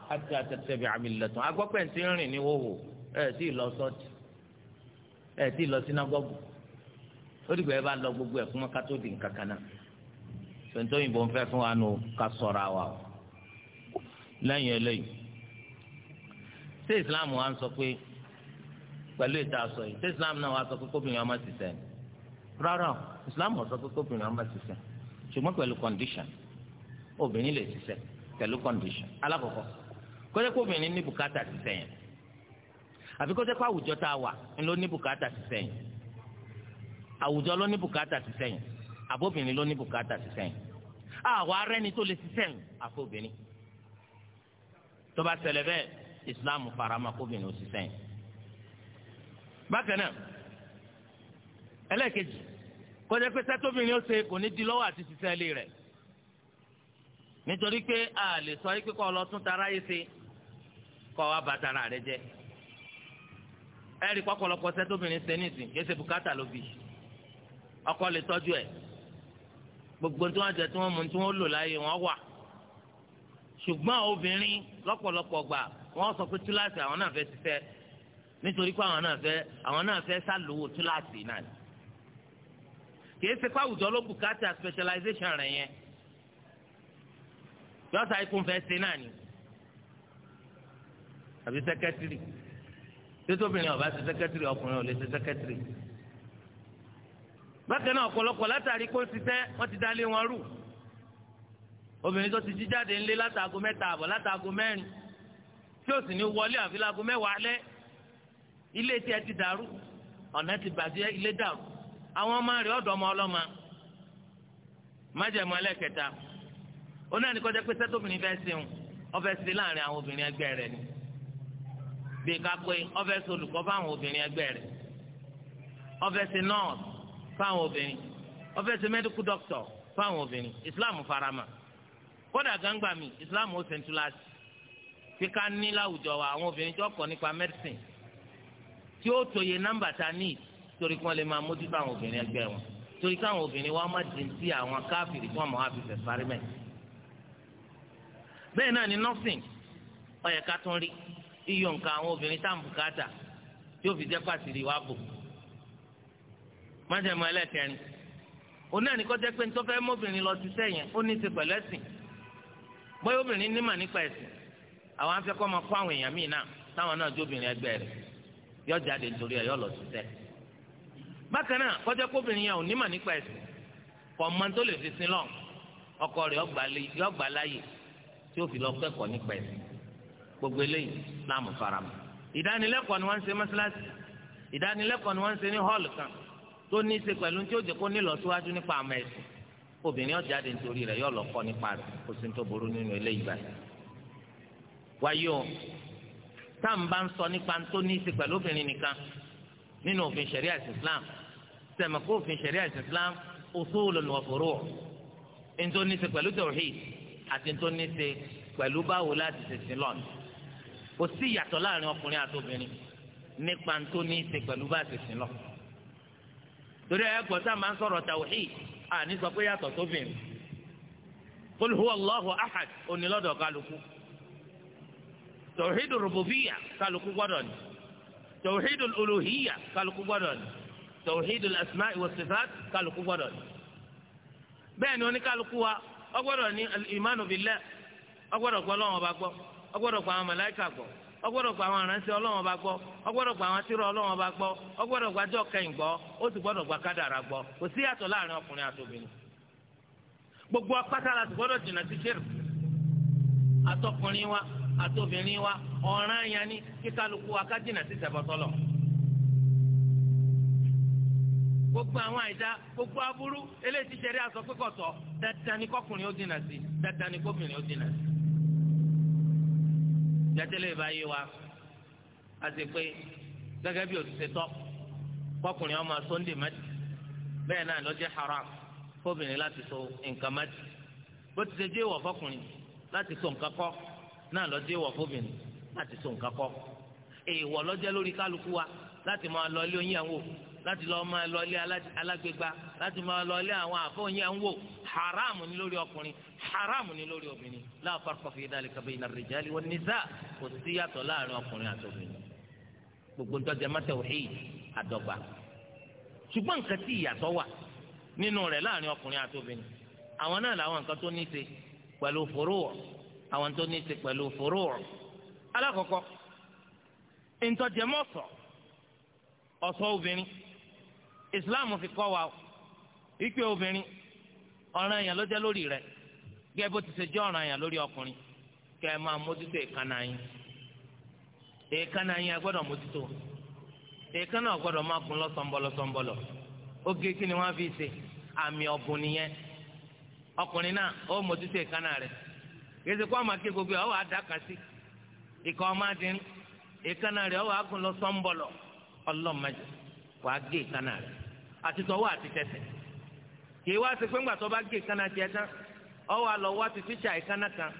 Speaker 1: hatta tattabi'a millatahum agbọ́pẹ̀ ń rìn ní wòwò ẹ̀ tí ì lọ sọ́ọ̀tì ẹ̀ tí ì lọ sínágọ́gù ó dìgbà ẹ bá lọ gbogbo ẹ̀ fún wọn ká di nǹkan kan náà tòǹtòyìnbó fún wa nù ká sọ̀rọ̀ àwa o ṣé islam wa ń sọ pé pẹ̀lú ìta sọ yìí ṣé islam náà wa sọ pé kóbìnrin ọmọ ti sẹ́ni rárá islam ò sọ pé kóbìnrin ọmọ ti sẹ́ni ṣùgbọ́n pẹ̀lú condition obìnrin lè ti sẹ́ pẹ̀lú condition alákọ̀ọ́kọ́ kọ́jẹ́ kó obìnrin ní bùkátà ti sẹ́yìn àfi kọ́jẹ́ kó àwùjọ tá a wà ló ní bùkátà ti sẹ́yìn àwùjọ ló ní bùkátà ti sẹ́yìn àbóbìnrin ló ní bùkátà ti sẹ́yìn àwọn arẹ́ni tó lè ti sẹ́yìn àfọbìnrin tó islam farama kóbìnrin òṣìṣẹ́ yẹn. bákan náà ẹlẹ́ẹ̀kejì kọjá pé sẹ́tóbìnrin ó ṣe kò ní di lọ́wọ́ àti ṣiṣẹ́ ilé rẹ̀ nítorí pé a lè sọ yí pé kọ́ ọlọ́tún tara yìí ṣe kọ́ wa bá tara rẹ̀ jẹ́ ẹ̀rí pọ́pọ́lọpọ́ sẹ́tóbìnrin ṣe nísìn kí ẹ ṣe bùkátà ló bì ọkọ lè tọ́jú ẹ̀ gbogbo tí wọ́n jẹ tí wọ́n mú tí wọ́n lò láàyè wọn wà ṣùgbọ́n obìnrin lọ́pọ̀lọpọ̀ gbà wọ́n sọ pé túláàsì àwọn náà fẹ́ ṣiṣẹ́ nítorí pé àwọn náà fẹ́ àwọn náà fẹ́ sálòwò túláàsì náà ni kì í ṣe pé àwùjọ ló bùkátà specialization rẹ̀ yẹn yọ́sà ikú fẹ́ ṣe náà ni àbí sẹ́kẹ́tìrì títóbìnrin ọba ṣe sẹ́kẹ́tìrì ọkùnrin ò lè ṣe sẹ́kẹ́tìrì bákan náà ọ̀pọ̀lọpọ̀ látàrí kó ṣiṣẹ́ wọ́n ti dálé wọn rú obìnrin tó ti jí jáde ńlé látàgò mẹ́ta àbọ̀ látàgò mẹ́rin tí ó sì ní wọlé àfi láago mẹ́wàá lẹ́ ilé tí ẹ ti dàrú ọ̀nà ti bàjẹ́ ilé dàrú àwọn ọmọ rẹ̀ ọ̀dọ̀ ọmọ ọlọ́mọ májẹ̀mú ẹlẹ́kẹta onáà ní kọjá pé sẹ́tòbìnrin fẹ́ sẹ́wọ̀n ọfẹ́ sí láàrin àwọn obìnrin ẹgbẹ́ rẹ̀ ni bí kakpe ọfẹ́ sí olùkọ́ fáwọn obìnrin ẹgbẹ́ rẹ̀ ọfẹ́ sí nọ́ọ̀sì fáwọn obìnrin ọfẹ́ sí mẹ́díkù dọ́kítọ̀ fáwọn obìnrin ìsìláàmù farama kódà gángba mi ìsìláàmù ó sẹ́ńtúláṣì tí ká ní láwùjọ wa àwọn obìnrin tí wọ́n kọ́ nípa medicine tí ó tòye nọ́mbà ta ní torí kí wọ́n lè máa mójútó àwọn obìnrin ẹgbẹ́ wọn torí káwọn obìnrin wa má dín sí àwọn káfíìrì tí wọ́n mọ̀ wá bẹ́ẹ̀ náà ni nursing ó yẹ ká tún rí iyọ̀ nǹkan àwọn obìnrin tá à ń bùkátà tí ó fi jẹ́ pàṣírí wa bò. májèmọ́ ẹlẹ́kẹrin òun náà ní kó jẹ́ pé ní tó fẹ́ mọ́bìnrin lọ sí sẹ́yìn ó ní í pẹ̀lú ẹ̀sìn bóyá obìnrin nímọ̀ nípa ẹ̀sìn àwọn afẹ́ kọ́ máa kọ́ àwọn èèyàn míì náà táwọn náà jóbìnrin ẹgbẹ́ rẹ̀ yọ jáde nítorí ẹ̀ yọ lọ síṣẹ́. bákan náà kọjá kóbìnrin yẹn ò ní mà nípa ẹ̀sìn kọ́ mọ́ tó lè fi sin lọ ọkọ rẹ̀ yọ gbà láàyè tí ó fi lọ kẹ́kọ̀ọ́ nípa ẹ̀sìn gbogbo eléyìí láàmú faramọ́. ìdánilẹ́kọ̀ọ́ ni wọ́n ń ṣe mọ́ṣáláṣí ìdánilẹ́kọ̀ọ́ ni wọ́n ń ṣe ní hall kan tó ní í ṣe pẹ̀lú tí ó jẹ́ kó nílọ síwájú nípa àmọ́ ẹ̀sìn obìnrin yọ jáde nítorí rẹ̀ yọ lọ wáyé o táwọn bá ń sọ nípa tó ní í ṣe pẹ̀lú obìnrin nìkan nínú òfin ṣẹ̀ríà Islam sẹ̀mọ̀ kó òfin ṣẹ̀ríà Islam usulun wa furu' ntó ní í ṣe pẹ̀lú tauhid àti ntó ní í ṣe pẹ̀lú báwo láti ṣèṣin lọ́nà kò sí ìyàtọ̀ láàrin ọkùnrin àti obìnrin nípa ntó ní í ṣe pẹ̀lú bá ṣèṣin lọ. torí ẹ gbọ́ tá a máa ń sọ̀rọ̀ tauhid àní sọ pé yàtọ̀ tóbìnrin qul huwa Allahu ahad onílọ́dọ̀ kálukú. tawhidul rububiyya kálukú gbọ́dọ̀ ni tawhidul uluhiyya kálukú gbọ́dọ̀ ni gbọdọ asma'i wa sifat asma gbọ́dọ̀ ni. gbọdọ ni oníkálukú wa ọgbọ́dọ̀ ní al-imanu billah ọgbọ́dọ̀ gbọ́ Ọlọ́run gba gba ọba gba gba àtòbìnrin wa ọ̀ràn yẹn ni kíkálukú wa ká jìnnà sí sẹ̀bọ̀tọ́lọ̀ gbogbo àwọn àìdá gbogbo aburú eléyìí ti ṣẹ̀rí aṣọ pẹ́kọ̀tọ̀ dandan ni kọkùnrin ó dínà sí dandan ni kọkùnrin ó dínà sí. jẹ́tẹ́lẹ̀ ìbáyé wa a ti pé gẹ́gẹ́ bí òṣìṣẹ́ tọ́ kọkùnrin ọmọ sunday mẹ́tì bẹ́ẹ̀ náà ló jẹ́ haram fóbìnrin láti so nǹkan mẹ́tì bó ti ṣe jẹ́ ìwọ̀ fọkùnrin láti so nǹkan kọ́ náà lọ́ọ́ dé wọ̀ fóbìnrin láti so nǹkan kọ́ èèwọ̀ lọ́jẹ́ lórí kálukú wa láti máa lọ ilé oyin ẹ̀wò láti lọ́ọ́ máa lọ ilé alágbègbà láti máa lọ ilé àwọn àfọ oyin ẹ̀wò haram ni lórí ọkùnrin haram ni lórí obìnrin la farqa fi dhalika bayna ar-rijali wan-nisa kò sí yàtọ̀ láàrin ọkùnrin àti obìnrin gbogbo ntọ́jà má tawhid àdọ́gba ṣùgbọ́n nǹkan tí ìyàtọ̀ wà nínú rẹ̀ láàrin ọkùnrin àti obìnrin àwọn náà làwọn nǹkan tó ní í ṣe pẹ̀lú furu' àwọn tó ní í ṣe pẹ̀lú furu' alákọ̀ọ́kọ́ ntọ́jẹmọ́sọ obìnrin islam fi kọ́ wa wípé obìnrin ọ̀ràn lori ló jẹ́ lórí gẹ́gẹ́ bó ti ṣe jẹ́ ọ̀ràn yẹn lórí ọkùnrin kẹ́ ẹ máa mójútó èékánná yín èékánná yín a gbọ́dọ̀ mójútó èékánná a gbọ́dọ̀ máa oge kí ni wọ́n fi ṣe àmì ọ̀bùn nìyẹn ọkùnrin náà ó mójútó èékánná rẹ̀ kèsì kó àmà ké gbogbo ọwọ àdàkàsí ìkọ ọmọ adìrín ìkànnà rẹ ọwọ àgùn lọ sọmbọlọ ọlọmọdé wà á gé ìkànnà rẹ àti àti wá sí tó bá gé ìkànnà tiẹ̀ tán ọwọ wá ti fíṣà ìkànnà kan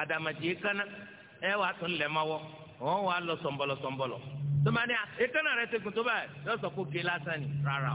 Speaker 1: àdàmàjì ìkànnà ẹ wàá tún lọ sọmbọlọ sọmbọlọ ìkànnà rẹ ti gùn tó báyìí yọ kó gé lásán ni rárá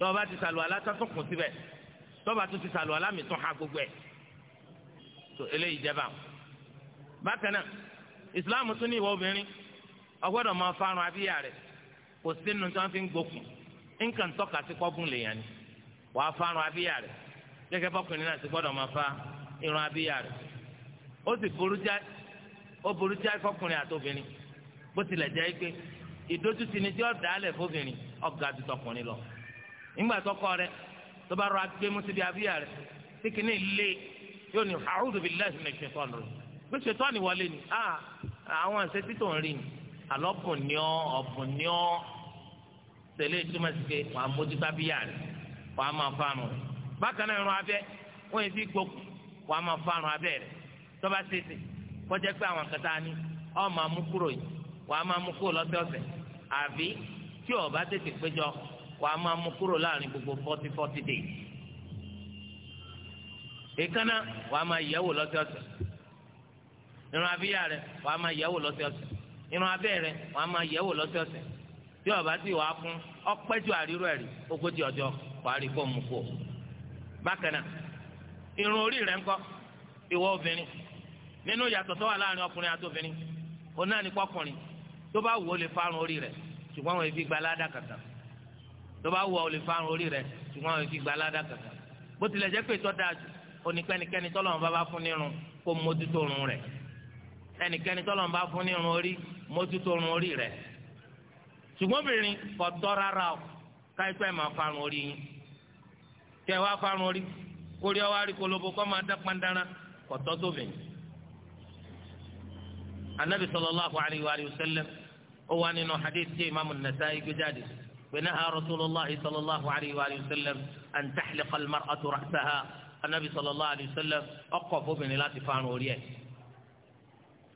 Speaker 1: tọ́wọ́ bá ti sàlùwàlá tán tó kùn síbẹ̀ tọ́wọ́ bá tún ti sàlùwàlá mi tún ha gbogbo ẹ̀ tó eléyìí jẹba bákan náà ìsìláàmù tún ní ìwọ obìnrin ó gbọ́dọ̀ máa farun abíyá rẹ̀ kò sínú tí wọ́n fi ń gbókùn nǹkan tọ́ka sí kọ́gùn lèèyàn ni wàá farun abíyá rẹ̀ gẹ́gẹ́ bọ́kùnrin náà ti gbọ́dọ̀ máa fa irun abíyá rẹ̀ ó sì burú jáì ó burú jáì fọkùnrin àtobìnrin bó tilẹ̀ jẹ́ pé ìdójútì ni tí ó dàálẹ̀ fóbìnrin ọ̀gá àti tọkùnrin lọ nígbà tọkọ rẹ tó bá rọ agbémú síbi abíyá rẹ tí kìíní lé yóò ní a'udhu billahi minash shaitani rẹ bí ṣètọ́ ni wọlé ni ah, àwọn ẹ̀sẹ̀ títò ń rìn àlọ́kùn ni ọ́ ọ̀bùn ni ọ́ tẹ̀lé ìtumọ̀ sí pé wàá mójútó abíyá rẹ wàá máa fárun rẹ bákan náà irun abẹ́ wọ́n yẹn ti gbókùn wàá máa fárun abẹ́ rẹ tó bá ṣèṣe kọjá pé àwọn kẹta ni ọ́ máa mú kúrò yìí wàá máa mú kúrò lọ́sọ̀ọ̀sẹ̀ àbí tí ó wàá máa mú kúrò láàrin gbogbo forty forty days èékánná wàá máa yẹ̀wò lọ́sọ̀ọ̀sẹ̀ irun abíyá rẹ wàá máa yẹ̀wò lọ́sọ̀ọ̀sẹ̀ irun abẹ́ rẹ wàá máa yẹ̀wò lọ́sọ̀ọ̀sẹ̀ tí ọba tí wàá kún ọpẹ́jù àrírò ẹ̀rí ogójì ọjọ́ wàá kó mú kú o bákan náà irun orí rẹ ńkọ́ ìwọ obìnrin nínú ìyàtọ̀ tó wà láàrin ọkùnrin àti obìnrin òun náà ní kọkùnrin tó bá wù ó rẹ ṣùgbọ́n gba tó bá wù ọ lè fárun orí rẹ ṣùgbọ́n àwọn ìfigbà aládàá kankan bó tilẹ̀ jẹ́ pé tọ́ dáa jù oníkẹ́nikẹ́ni tọ́lọ́run bá bá fún nírun kó mójútó run rẹ̀ ẹnikẹ́ni tọ́lọ́run bá fún nírun orí mójútó run orí rẹ̀ ṣùgbọ́n obìnrin kò tọ́ rárá o káyipẹ́ máa fárun orí yín kẹ́ wá fárun orí kórí ọwọ́ àríkòlóbó kọ́ máa dá pandara kò tọ́ sóbìn. anabi sallallahu alayhi wa sallam ó wà nínú hadith tí imaamu Nasa'i gbé jáde sí ونهى رسول الله صلى الله عليه وآله وسلم أن تحلق المرأة رأسها النبي صلى الله عليه وسلم أقف من لا تفعل وليه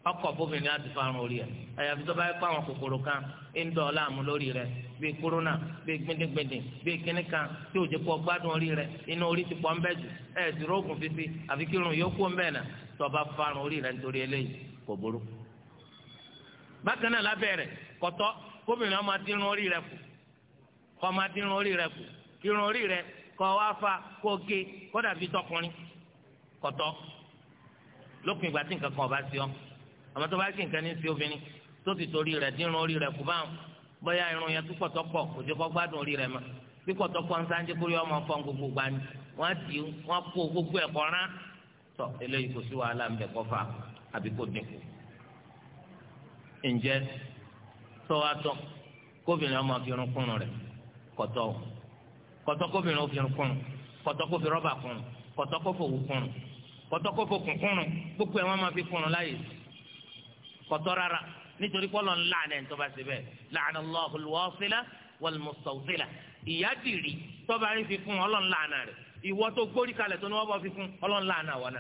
Speaker 1: أقف من لا تفعل وليه أي في دبي قام كوكورو كان إن دولا ملوري ره bí kúrúnà bí gbẹdẹgbẹdẹ bí kíníkà tí ò jẹ kó gbádùn orí rẹ inú orí ti pọ̀ ń bẹ́ jù ẹ̀ sì rógùn fífi àfi kírun yóò kú ń bẹ́ẹ̀ nà tọba farun orí rẹ nítorí eléyìí kò burú. bákan náà lábẹ́ rẹ̀ kọ́tọ́ gómìnà máa ti rún orí rẹ kù kọ́ máa dín irun orí rẹ kù irun orí rẹ kọ́ wá fa kó gé kó dàbí tọkùnrin kọ̀tọ́ lópin ìgbà tí nǹkan kan ọba sí ọ àmọ́ tó bá sí nǹkan ní sí obìnrin tó ti torí rẹ dín irun orí rẹ kù báwọn bóyá irun yẹn tó pọ̀tọ́ pọ̀ kò jẹ́ kó gbádùn orí rẹ mọ́ bí pọ̀tọ́ pọ̀ ń sáńjẹ́ kórè ọmọ fọ́n gbogbo gbà ní wọ́n ti wọ́n kó gbogbo ẹ̀kọ́ rán tọ́ eléyìí kò sí wàhálà ń bẹ̀ kọ́ fa àbí kò dínkù. ǹjẹ́ tọ́wọ́ atọ́ kóbìnrin ọmọ fi irun rẹ̀ kọ̀tọ́ kọ̀tọ́ kóbìnrin òfin kùn kọ̀tọ́ kófin rọ́bà kùn kọ̀tọ́ kófòwò kùn kọ̀tọ́ kófòkùn kùn gbogbo ẹ̀ wọ́n máa fi kùn láyè kọ̀tọ́ rárá nítorí pé Ọlọ́run láàánẹ̀ ń tọ́ba síbẹ̀ láàánẹ̀ Allahul wasila wal mustawsila ìyá dìrì tọ́ba rí fi kún Ọlọ́run láàánà rẹ̀ ìwọ tó gbórí kalẹ̀ tó ní wọ́n bọ́ fi kún Ọlọ́run láàánà wọn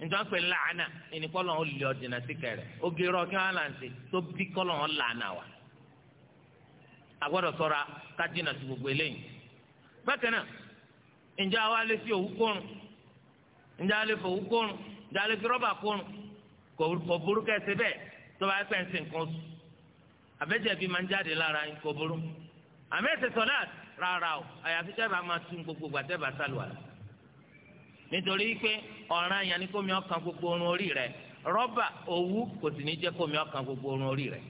Speaker 1: nítorí pé láàánà ìní pé ó lè ọ̀dìnà sí kẹrẹ̀ ó gé irọ́ kí wọ́n á tó bí kọ́ Ọlọ́run wa agbọ́dọ̀ ṣọ́ra ká jìnnà sí gbogbo eléyìí bákan náà ǹjẹ́ àwa lè fi òwú kórun ǹjẹ́ àwa lè fi òwú kórun ǹjẹ́ àwa lè fi rọ́bà kórun kò burú kẹsẹ̀ bẹ́ẹ̀ tó bá pẹ́ ń sin nǹkan oṣù àbẹ́jẹ́ bí máa ń jáde lára yín kò burú àmẹ́ ẹ̀sẹ̀ sọ̀lá rárá o àyàfi tẹ́ bá máa tún gbogbo gbàtẹ́ bá sálùwà nítorí pé ọ̀ràn yẹn ọkàn gbogbo orun orí rẹ̀ rọ́bà òwú kò sì ní jẹ́ kómi ọkàn gbogbo orun orí rẹ̀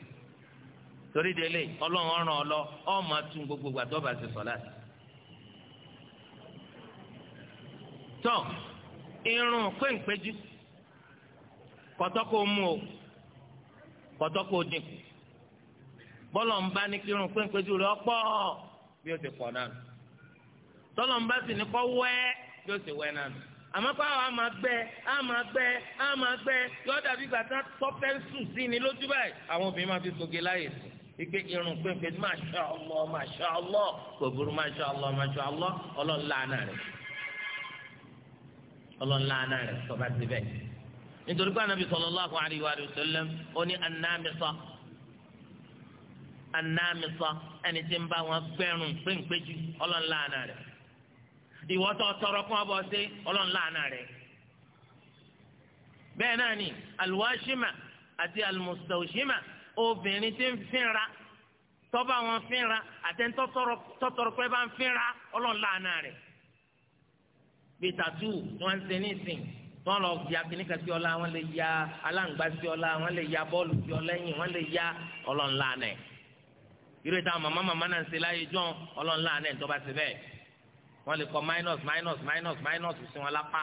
Speaker 1: torí délé ọlọ́run ọ̀ràn ọlọ ọmọ tún gbogbo gbàtọ́ bá ṣe sọ̀lá sí. tọ́ irun péńpéjú kọ́tọ́ kó mú o kọ́tọ́ kó dínkù bọ́lọ̀ ń bá ní kí irun péńpéjú rẹ̀ ọ̀pọ̀ bí ó ti pọ̀ náà tọ́lọ̀ ń bá sì ní kọ́ wẹ́ bí ó ti wẹ́ náà àmọ́ pé àwọn àmà gbẹ àmà gbẹ àmà gbẹ yọ̀ọ́ dàbí gbàtà tọ́pẹ́ sùn sí ni lójú báyìí àwọn obìnrin máa fi soge láyè sí ipe irun pépé masha allah masha allah kò burú masha allah masha allah ọlọ́run làánà rẹ̀ ọlọ́run làánà rẹ̀ tọ́ba ti bẹ̀. nítorí pé anabi sallallahu alaihi wa sallam ó ní anámísọ anámísọ ẹni tí ń bá wọn gbẹrun péńpéjú ọlọ́run làánà rẹ̀ ìwọ́tọ̀ tọrọ fún ọbọ̀ sí ọlọ́run làánà rẹ̀ bẹ́ẹ̀ náà ni alwashima àti almustawshima obìnrin tí ń fínra tọ́ba wọn fínra àtẹ̀ntọ́ tọ́tọ́rọ pé bá ń fínra ọlọ́run láàánú rẹ̀ bíi tàtú wọn ń ṣe ní ìsìn wọn lọ ya kìnnìkan sí ọlá wọn lè ya aláǹgbá sí ọlá wọn lè ya bọ́ọ̀lù sí ọlẹ́yìn wọn lè ya ọlọ́run láàánú rẹ̀ irú táwọn màmá màmá náà ń ṣe láyé jọ́ ọlọ́run láàánú ẹ̀ tó bá ṣe bẹ́ẹ̀ wọ́n lè kọ minus minus minus minus sí wọn lápá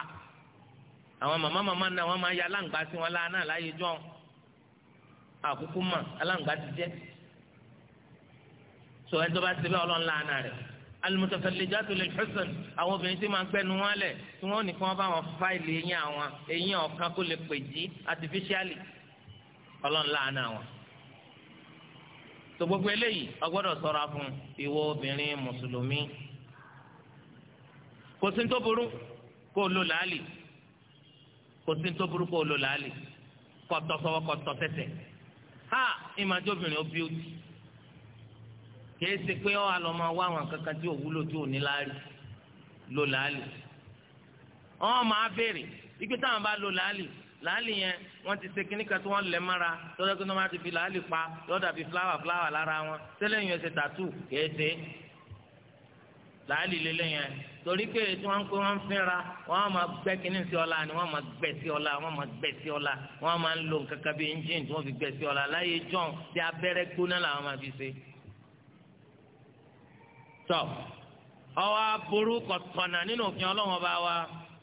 Speaker 1: àwọn màmá màmá náà wọ́n máa ya aláǹgbá sí wọn láàánú láyé jọ́ àkókò mà aláǹgbá ti jẹ́ sọ ẹni tó bá ti bẹ́ẹ̀ ọlọ́run láàánà rẹ̀ alimutafẹlẹjàtò lè fẹsẹn àwọn obìnrin tí máa ń gbẹnu wọn lẹ tí wọn ní kí wọn bá wọn fáìlì eyín àwọn eyín ọ̀kan kó lè pè jí artificially ọlọ́run láàánà wọn tó gbogbo eléyìí ọgbọ́dọ̀ ṣọ́ra fún ìwọ obìnrin mùsùlùmí kò sí tó burú kó lò láàlì kò sí tó burú kó lò láàlì kó o tọ́ sọ́wọ́ ha ìmàjọbìnrin ó bí ó ti kìí ṣe pé ọ àlọ́ máa wá àwọn kankan tí ò wúlò tí ò ní láàrí lò láàlì ọ máa béèrè ipe táwọn bá lò láàlì láàlì yẹn wọ́n ti ṣe kíníkà tí wọ́n lẹ̀ mára lọ́dọ̀ kí wọ́n máa ti fi láàlì pa lọ́dọ̀ àfi fúláwà fúláwà lára wọn tẹ́lẹ̀ yẹn ṣe tàtù kìí ṣe láàlì lélẹ̀ yẹn torí pé tí wọ́n ń pé wọ́n ń fínra wọ́n á máa gbẹ́ kínní sí ọ̀la ni wọ́n máa gbẹ́ sí ọ̀la wọ́n máa gbẹ́ sí ọ̀la wọ́n máa ń lo nǹkan kan bíi engine tí wọ́n fi gbẹ́ sí ọ̀la láyé john tí abẹ́rẹ́ gbóná làwọn máa fi ṣe. tọ́ ọwọ́ aburú kọ̀tọ̀nà nínú òfin ọlọ́wọ́n bá wa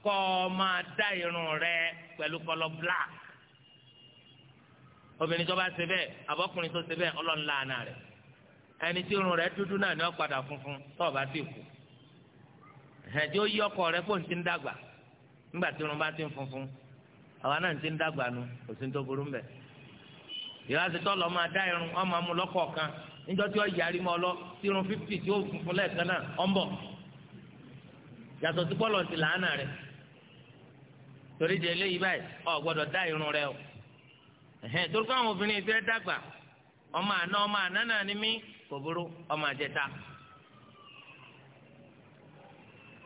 Speaker 1: kọ́ ọ máa dá irun rẹ pẹ̀lú kọlọ black obìnrin tó bá ṣe bẹ́ẹ̀ àbọ̀kùnrin tó ṣe bẹ́ẹ̀ ọlọ́run láàánà rẹ̀ ẹni tí irun rẹ̀ dúdú náà ni ó padà funfun tó bá ti kú ẹ̀jẹ̀ ó yí ọkọ rẹ fóun ti ń dàgbà nígbà tí irun bá ti ń funfun àwa náà ti ń dàgbà nu kò sí ní tó burú mbẹ ìyá ti tọ́ máa dá irun máa mú kan níjọ́ tí ó yàrí mọ́ lọ tí irun tí ó funfun náà ń yàtọ̀ sí bọ́ọ̀lù torí de eléyìí báyìí ọ̀ gbọ́dọ̀ dá irun rẹ o torí káwọn obìnrin ìfẹ́ dàgbà ọmọ àná ọmọ àná náà ni mí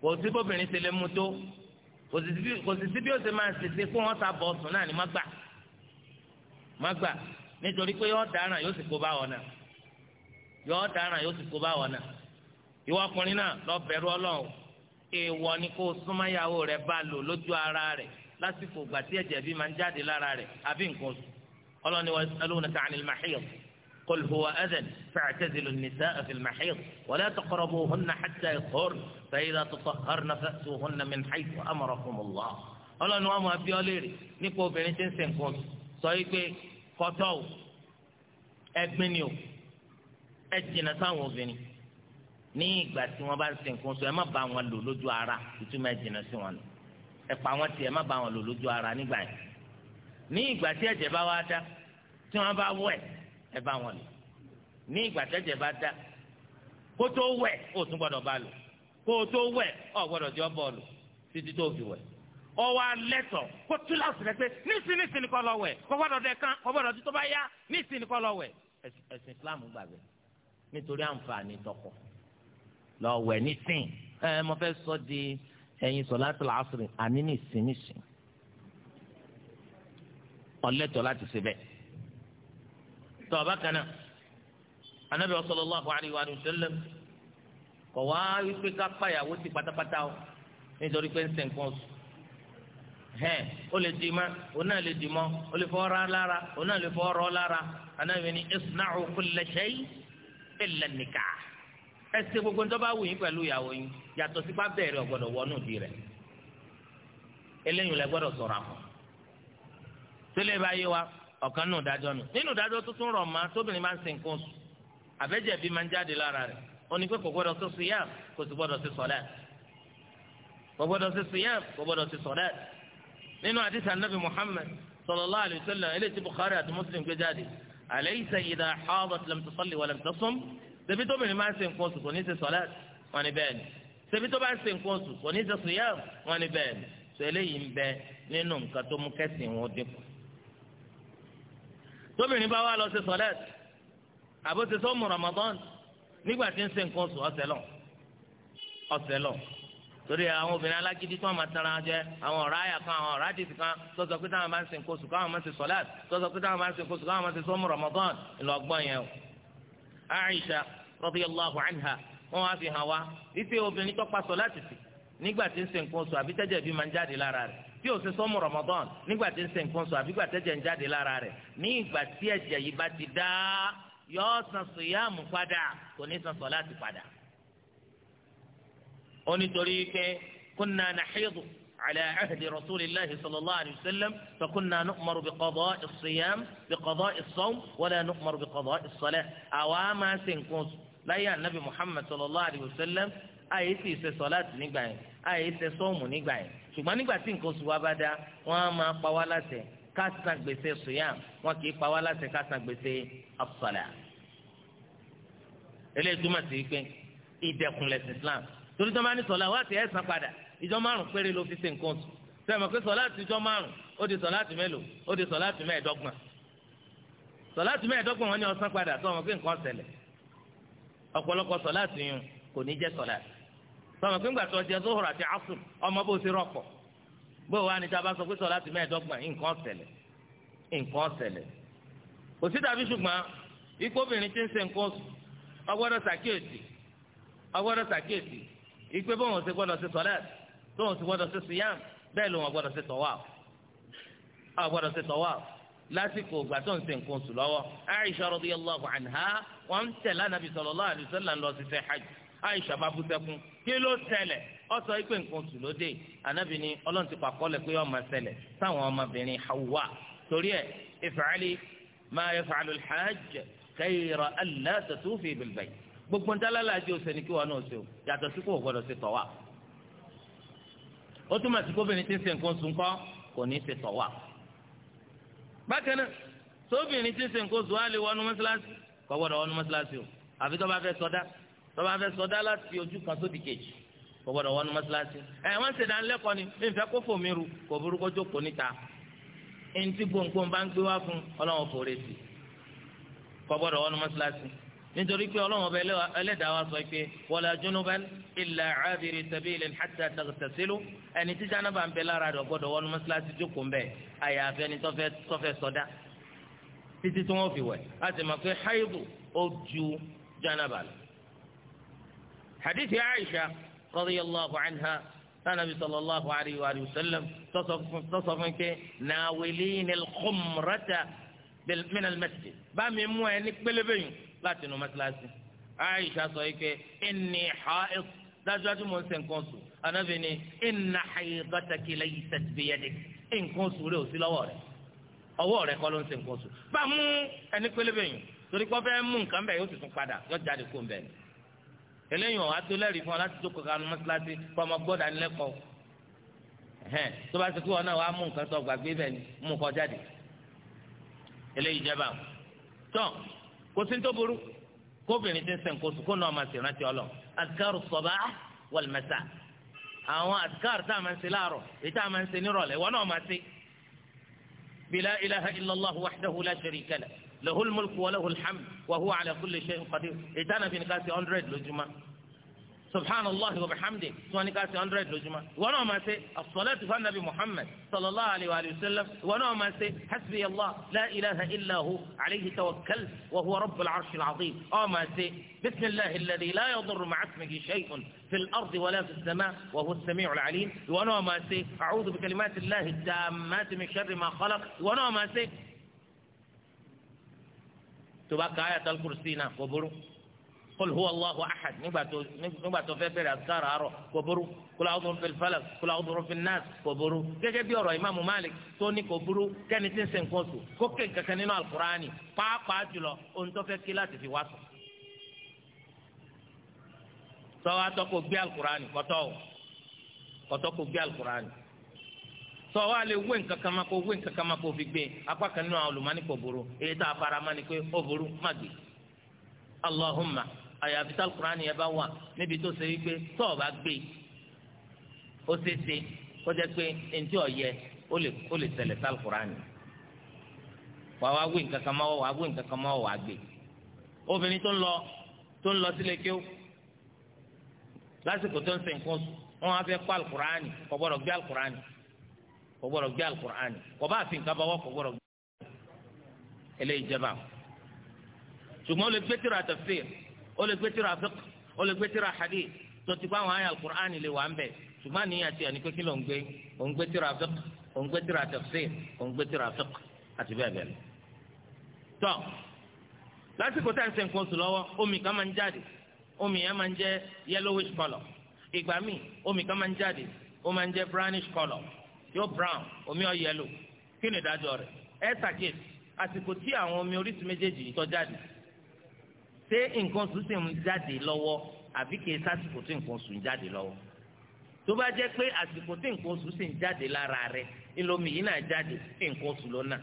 Speaker 1: kò sí bóbìnrin ṣe lè mú tó kò sì sí bí ó ṣe máa ṣèṣe kó wọn sá bọ̀ sùn náà ni má gbà má gbà nítorí pé yọ ọ̀daràn yóò sì kó bá wọn náà yọ ọ̀daràn yóò sì kó bá wọn náà ìwọ ọkùnrin náà lọ bẹ̀rù Ọlọ́run èèwọ̀ ni kó súnmọ́yàwó rẹ̀ bá lò lójú ara rẹ̀ lásìkò ìgbà tí ẹ̀jẹ̀ bí máa ń jáde lára rẹ̀ àbí nǹkan oṣù ọlọ́ni wa ẹlòmínà káàní ìmáhìyàn قل هو أذن فاعتزلوا النساء في المحيض ولا تقربوهن حتى يطهرن فإذا تطهرن فأتوهن من حيث أمركم الله ọlọ́run ni wọ́n máa bí ọ léèrè nípa obìnrin tí ń ṣe nǹkan oṣù sọ yìí pé kọ́tọ́ o ẹgbin ni o ẹ jìnnà sáwọn obìnrin ní ìgbà tí wọ́n bá ń ṣe nǹkan oṣù ẹ má bá wọn lò lójú ara ìtumọ̀ ẹ jìnnà sí wọn nù ẹ pa wọn tì ẹ má bá wọn lò lójú ara nígbà yẹn ní ìgbà tí ẹ̀jẹ̀ bá wá dá tí wọ́n bá wọ̀ ẹ̀ ẹ bá wọn lò ní ìgbà tẹ́jẹ̀ bá dá kó tó wẹ̀ ó tún gbọ́dọ̀ bá lò kó tó wẹ̀ ó gbọ́dọ̀ jọ bọ́ọ̀lù títí tó fi wẹ̀ ọwọ́ alẹ́tọ̀ kó tún láti rẹ pé nísìnyí nísìnyí kọ́ lọ wẹ̀ kó gbọ́dọ̀ dẹ kán kó gbọ́dọ̀ títọ́ bá yá nísìnyí kọ́ lọ wẹ̀ ẹ̀sìn Islam gbàgbé nítorí àǹfààní tọkọ lọ wẹ̀ nísìn ẹ mo fẹ́ sọ di ẹ̀yin sọ̀láàtì làásìrì àní nísìn nísìn ọlẹ́tọ̀ láti ṣe bẹ́ẹ̀ tọ́ ọba kan náà anabi sallallahu alayhi wa sallam kọ̀ wá wípé ká pàyàwó sí pátápátá o nítorí pé ń sẹ̀ nǹkan oṣù hẹ́n ó lè dì mọ́ ó náà lè dì mọ́ ó lè fọ́ ra lára ó náà lè fọ́ rọ́ lára anabi ni isna'u kulla shay illa nikah ẹ ṣe gbogbo ń tọ́ba wù pẹ̀lú ìyàwó yín yàtọ̀ sípá bẹ̀rẹ̀ ọ̀gbọ́dọ̀ wọnú ìdí rẹ̀ eléyìí lẹ gbọ́dọ̀ sọ̀rọ̀ àpọ̀ sílẹ̀ bá yé wa ọ̀kan nù dájọ́ nù nínú dájọ́ tuntun rọ̀ ma tóbìnrin máa ń sin nǹkan oṣù àbẹ́jẹ̀ bí máa ń jáde lára rẹ̀ ó ní pé kò gbọ́dọ̀ sí siyam kò sì gbọ́dọ̀ sí sọ̀lá kò gbọ́dọ̀ sí siyam kò gbọ́dọ̀ sí sọ̀lá nínú àdìsá nàbì Muhammad sallallahu alayhi wa sallam eléyìí tí Bukhari àti Muslim gbé jáde alaysa idha hadat lam tusalli wa lam tasum ṣebí tóbìnrin máa ń sin nǹkan oṣù kò ní ṣe sọ̀lá wọn ni bẹ́ẹ̀ ni ṣebí tó bá ń sin nǹkan oṣù kò ní ṣe siyam wọn ni bẹ́ẹ̀ ni ṣe eléyìí ń bẹ nínú nǹkan tó mú kẹ́sìn wọn dínkù tóbìnrin bá wà lọ sí sọlẹt àbóṣe sọmù Ramadan nígbà tí ń ṣe nǹkan oṣù ọsẹ lọ ọsẹ lọ torí àwọn obìnrin alágídí tí wọn máa tẹran jẹ àwọn ọ̀rá àyà kan àwọn ọ̀rá àdìsí kan tọ́sọ pé táwọn máa ń ṣe nǹkan oṣù káwọn máa ń ṣe sọlẹt tọ́sọ pé táwọn máa ń ṣe nǹkan oṣù káwọn máa ń ṣe sọmù Ramadan ìlọgbọ́n yẹn o. Aisha radiyallahu anha wọn wá fi hàn wá wípé obìnrin tó pa sọlẹt sí nígbà tí ń ṣe nǹkan oṣù àbí tẹ́jẹ̀ bí máa ń jáde lára rẹ̀ tí o ṣe sọmọ Ramadan nígbà tí ń ṣe nǹkan sọ àbí gbà tẹ́jẹ̀ ń jáde lára rẹ̀ ní ìgbà tí ẹ̀jẹ̀ yìí bá ti dá yọ san sùyàmù padà kò ní san sọ láti padà. ó nítorí pé kunna nahidu ala ahdi rasulillahi sallallahu alayhi wa sallam fa kunna nu'maru bi qada'i as bi qada'i as-sawm wala bi qada'i as àwa máa ṣe nǹkan láyé anabi muhammad sallallahu alayhi wa sallam àyè sì ṣe sọláàtì nígbà yẹn àyè ṣe sọ́ọ̀mù nígbà yẹn ṣùgbọ́n nígbà tí nǹkan oṣù wa bá dá wọ́n á máa pa wá láṣẹ ká san gbèsè sùyàm wọn kì í pa wá láṣẹ ká gbèsè àfọlà. eléyìí túmọ̀ sí pé ìdẹ̀kùn lẹ̀sìn Islam torí tó máa ní sọlá wá sí ẹ̀sán padà ìjọ márùn péré ló fi ṣe nǹkan oṣù sẹ́mi pé sọlá ti jọ márùn ó di sọlá ti mélòó ó di sọlá ti mẹ́ẹ̀ẹ́dọ́gbọ̀n sọlá ti mẹ́ẹ̀ẹ́dọ́gbọ̀n sọmọ pé ńgbà tó jẹ zohor àti asur ọmọ bó ti rọpò bó wà ní tábà sọ pé sọ láti mẹ́ẹ̀ẹ́dọ́gbọ̀n nǹkan ọ̀sẹ̀lẹ̀ nǹkan ọ̀sẹ̀lẹ̀ kò tàbí ṣùgbọ́n ikú obìnrin ti ń ṣe nǹkan oṣù ọgbọ́dọ̀ ṣàkíyèsí ọgbọ́dọ̀ ṣàkíyèsí ikú bóun ṣe siyam kí ló ṣẹlẹ̀ ó sọ pé nǹkan oṣù ló dé ànábì ni ọlọ́run ti pàkọ́lẹ̀ pé ọmọ ṣẹlẹ̀ sáwọn ọmọbìnrin Hawa torí ẹ̀ if'ali ma yaf'alu al-hajj khayra alla tatufi bil-bayt gbogbo ntálálàájì ọ̀sẹ̀ ni kí wọn náà ṣe o yàtọ̀ sí kò gbọdọ̀ ṣe tọ̀wà ó túmọ̀ sí kóbìnrin tí ń ṣe nǹkan oṣù ńkọ́ kò ní ṣe tọ̀wà bákan náà sóbìnrin tí ń ṣe nǹkan oṣù wa lè wọnú mọ́ṣáláṣí kò gbọdọ̀ wọnú mọ́ṣáláṣí o àfi tó bá fẹ́ sọdá tọ́ba fẹ́ sọdá láti ojú kan sódì kejì kò gbọ́dọ̀ wọnú mọ́sálásí ẹ wọ́n ń ṣèdá ńlẹ́kọ̀ọ́ ni mi fẹ́ kó fòmí ru kò burúkú jókòó níta ẹni tí gbòǹgbòǹ bá ń gbé wá fún ọlọ́run fòrè sí kò gbọ́dọ̀ wọnú mọ́sálásí nítorí pé ọlọ́run ọba ẹlẹ́dàá wa sọ pé wala junuban illa abiri sabilin hatta tagtasilu ẹni tí jánábà ń bẹ lára rẹ̀ gbọ́dọ̀ wọnú mọ́sálásí jókòó ń bẹ̀ àyàfi ẹni tọ́fẹ́ sọdá títí tí wọ́n fi wẹ̀ láti mọ̀ pé haidu ó ju jánábà lọ hadithi aisha radiyallahu anha anabi sallallahu alayhi wa sallam sọsọ fún ike nawilini al-khumrata min al-masjid bá mi mú ẹ ní pélébé yìí láti nu mọ́sálásí aisha sọ ike inni haid dájúdájú mo ń ṣe nǹkan oṣù anabi ni inna haidataki laysat biyadik nǹkan oṣù rẹ ò sí lọ́wọ́ rẹ ọwọ́ rẹ kọ́ ló ń ṣe nǹkan oṣù bá mú ẹni pélébé yìí torí pé ọ fẹ́ mú nǹkan bẹ́ẹ̀ yóò sì tún padà yóò jáde kó bẹ́ẹ̀ ni eléyìí wọn adólẹ́rìí fún ọ láti tó kọ̀ọ̀kan nu mọ́sálásí kó ọmọ gbọ́dọ̀ nílẹ́kọ̀ọ́ ẹ̀hẹ́n tó bá ti kú ọ náà wàá mú nǹkan tó gbàgbé bẹ́ẹ̀ ni mú kọ́ jáde eléyìí jẹba tán kò sí tó burú kóbìnrin ti ń sẹ̀ nǹkan oṣù kó náà máa ṣèrántí ọlọ azkaru sọba wal àwọn azkaru tá a máa ń ṣe láàárọ̀ èyí tá a máa ń ṣe nírọ̀lẹ́ wọn náà máa ṣe bila ilaha illallah wahdahu la sharika lahu له الملك وله الحمد وهو على كل شيء قدير ايتانا في نقاس 100 لجمع سبحان الله وبحمده سواني كاس 100 لجمع ونو ما سي الصلاة فالنبي محمد صلى الله عليه وآله وسلم ونو ما سي حسبي الله لا إله إلا هو عليه توكل وهو رب العرش العظيم او ما سي بسم الله الذي لا يضر مع اسمه شيء في الأرض ولا في السماء وهو السميع العليم ونو ما سي أعوذ بكلمات الله التامات من شر ما خلق ونو ما سي tó bá ka ayatul kursi náà kò burú kul huwa allahu ahad nígbà tó nígbà tó fẹ́ bẹ̀rẹ̀ asukara arọ kò burú kul a'udhu fil falaq kul a'udhu fin nas kò burú gẹ́gẹ́ bí ọ̀rọ̀ imaamu malik tó ní kò burú kẹ́ni tí ń sìn kó so kó kẹ́ kankan nínú alukurani pàápàá jùlọ ohun tó fẹ́ kí láti fi wá sọ. wa tọ́ kò gbé alukurani kọ́tọ́ kò gbé alukurani sọ wa lè wé nǹkan kan máa kó wé nǹkan kan máa kó fi gbé apá kan nínú àwọn olùmọ́ni kò èyí tá a fara mọ́ ni pé ó burú má gbé Allahumma àyàfi tá alukur'ani yẹn bá wà níbi tó ṣe wípé tó o bá gbé ó ṣe é ṣe kó jẹ́ pé ntí ọ̀yẹ ó lè tẹ̀lé tá alukur'ani wà wá wé nǹkan kan máa wà wé nǹkan kan máa wà gbé obìnrin tó ń lọ tó ń lọ sílé kéw lásìkò tó ń ṣe nǹkan wọn á fẹ́ kó alukur'ani kò kò gbọ́dọ̀ gbé alukur'an kò bá àfin kaba wọ́ kò gbọ́dọ̀ gbé eléyìí jẹba ṣùgbọ́n ó lè gbé tírà tafsir ó lè gbé tírà fiqh ó lè gbé tírà hadith tó ti bá àwọn ayé alukur'an lè wà ń bẹ̀ ṣùgbọ́n àníyàn ti àní pé kí ló ń gbé ó ń gbé tírà fiqh ó ń gbé tírà tafsir ó ń gbé tírà fiqh àti bẹ́ẹ̀ bẹ́ẹ̀ lọ. tọ́ lásìkò tá à nǹkan oṣù lọ́wọ́ omi kan máa ń jáde omi yẹn máa ń jẹ́ yellowish colour ìgbà míì omi kan máa ń jáde ó máa ń jẹ́ brownish colour yóò brown omi ọ yellow kí ni ìdájọ́ rẹ̀ ẹ ṣàkíyèsí àsìkò tí àwọn omi oríṣi méjèèjì yìí tó jáde ṣé nǹkan oṣù sì ń jáde lọ́wọ́ àbí kì í sásìkò tí nǹkan oṣù ń jáde lọ́wọ́ tó bá jẹ́ pé àsìkò tí nǹkan oṣù sì ń jáde lára rẹ̀ ńlọmi yìí náà jáde sí nǹkan oṣù lọ́nà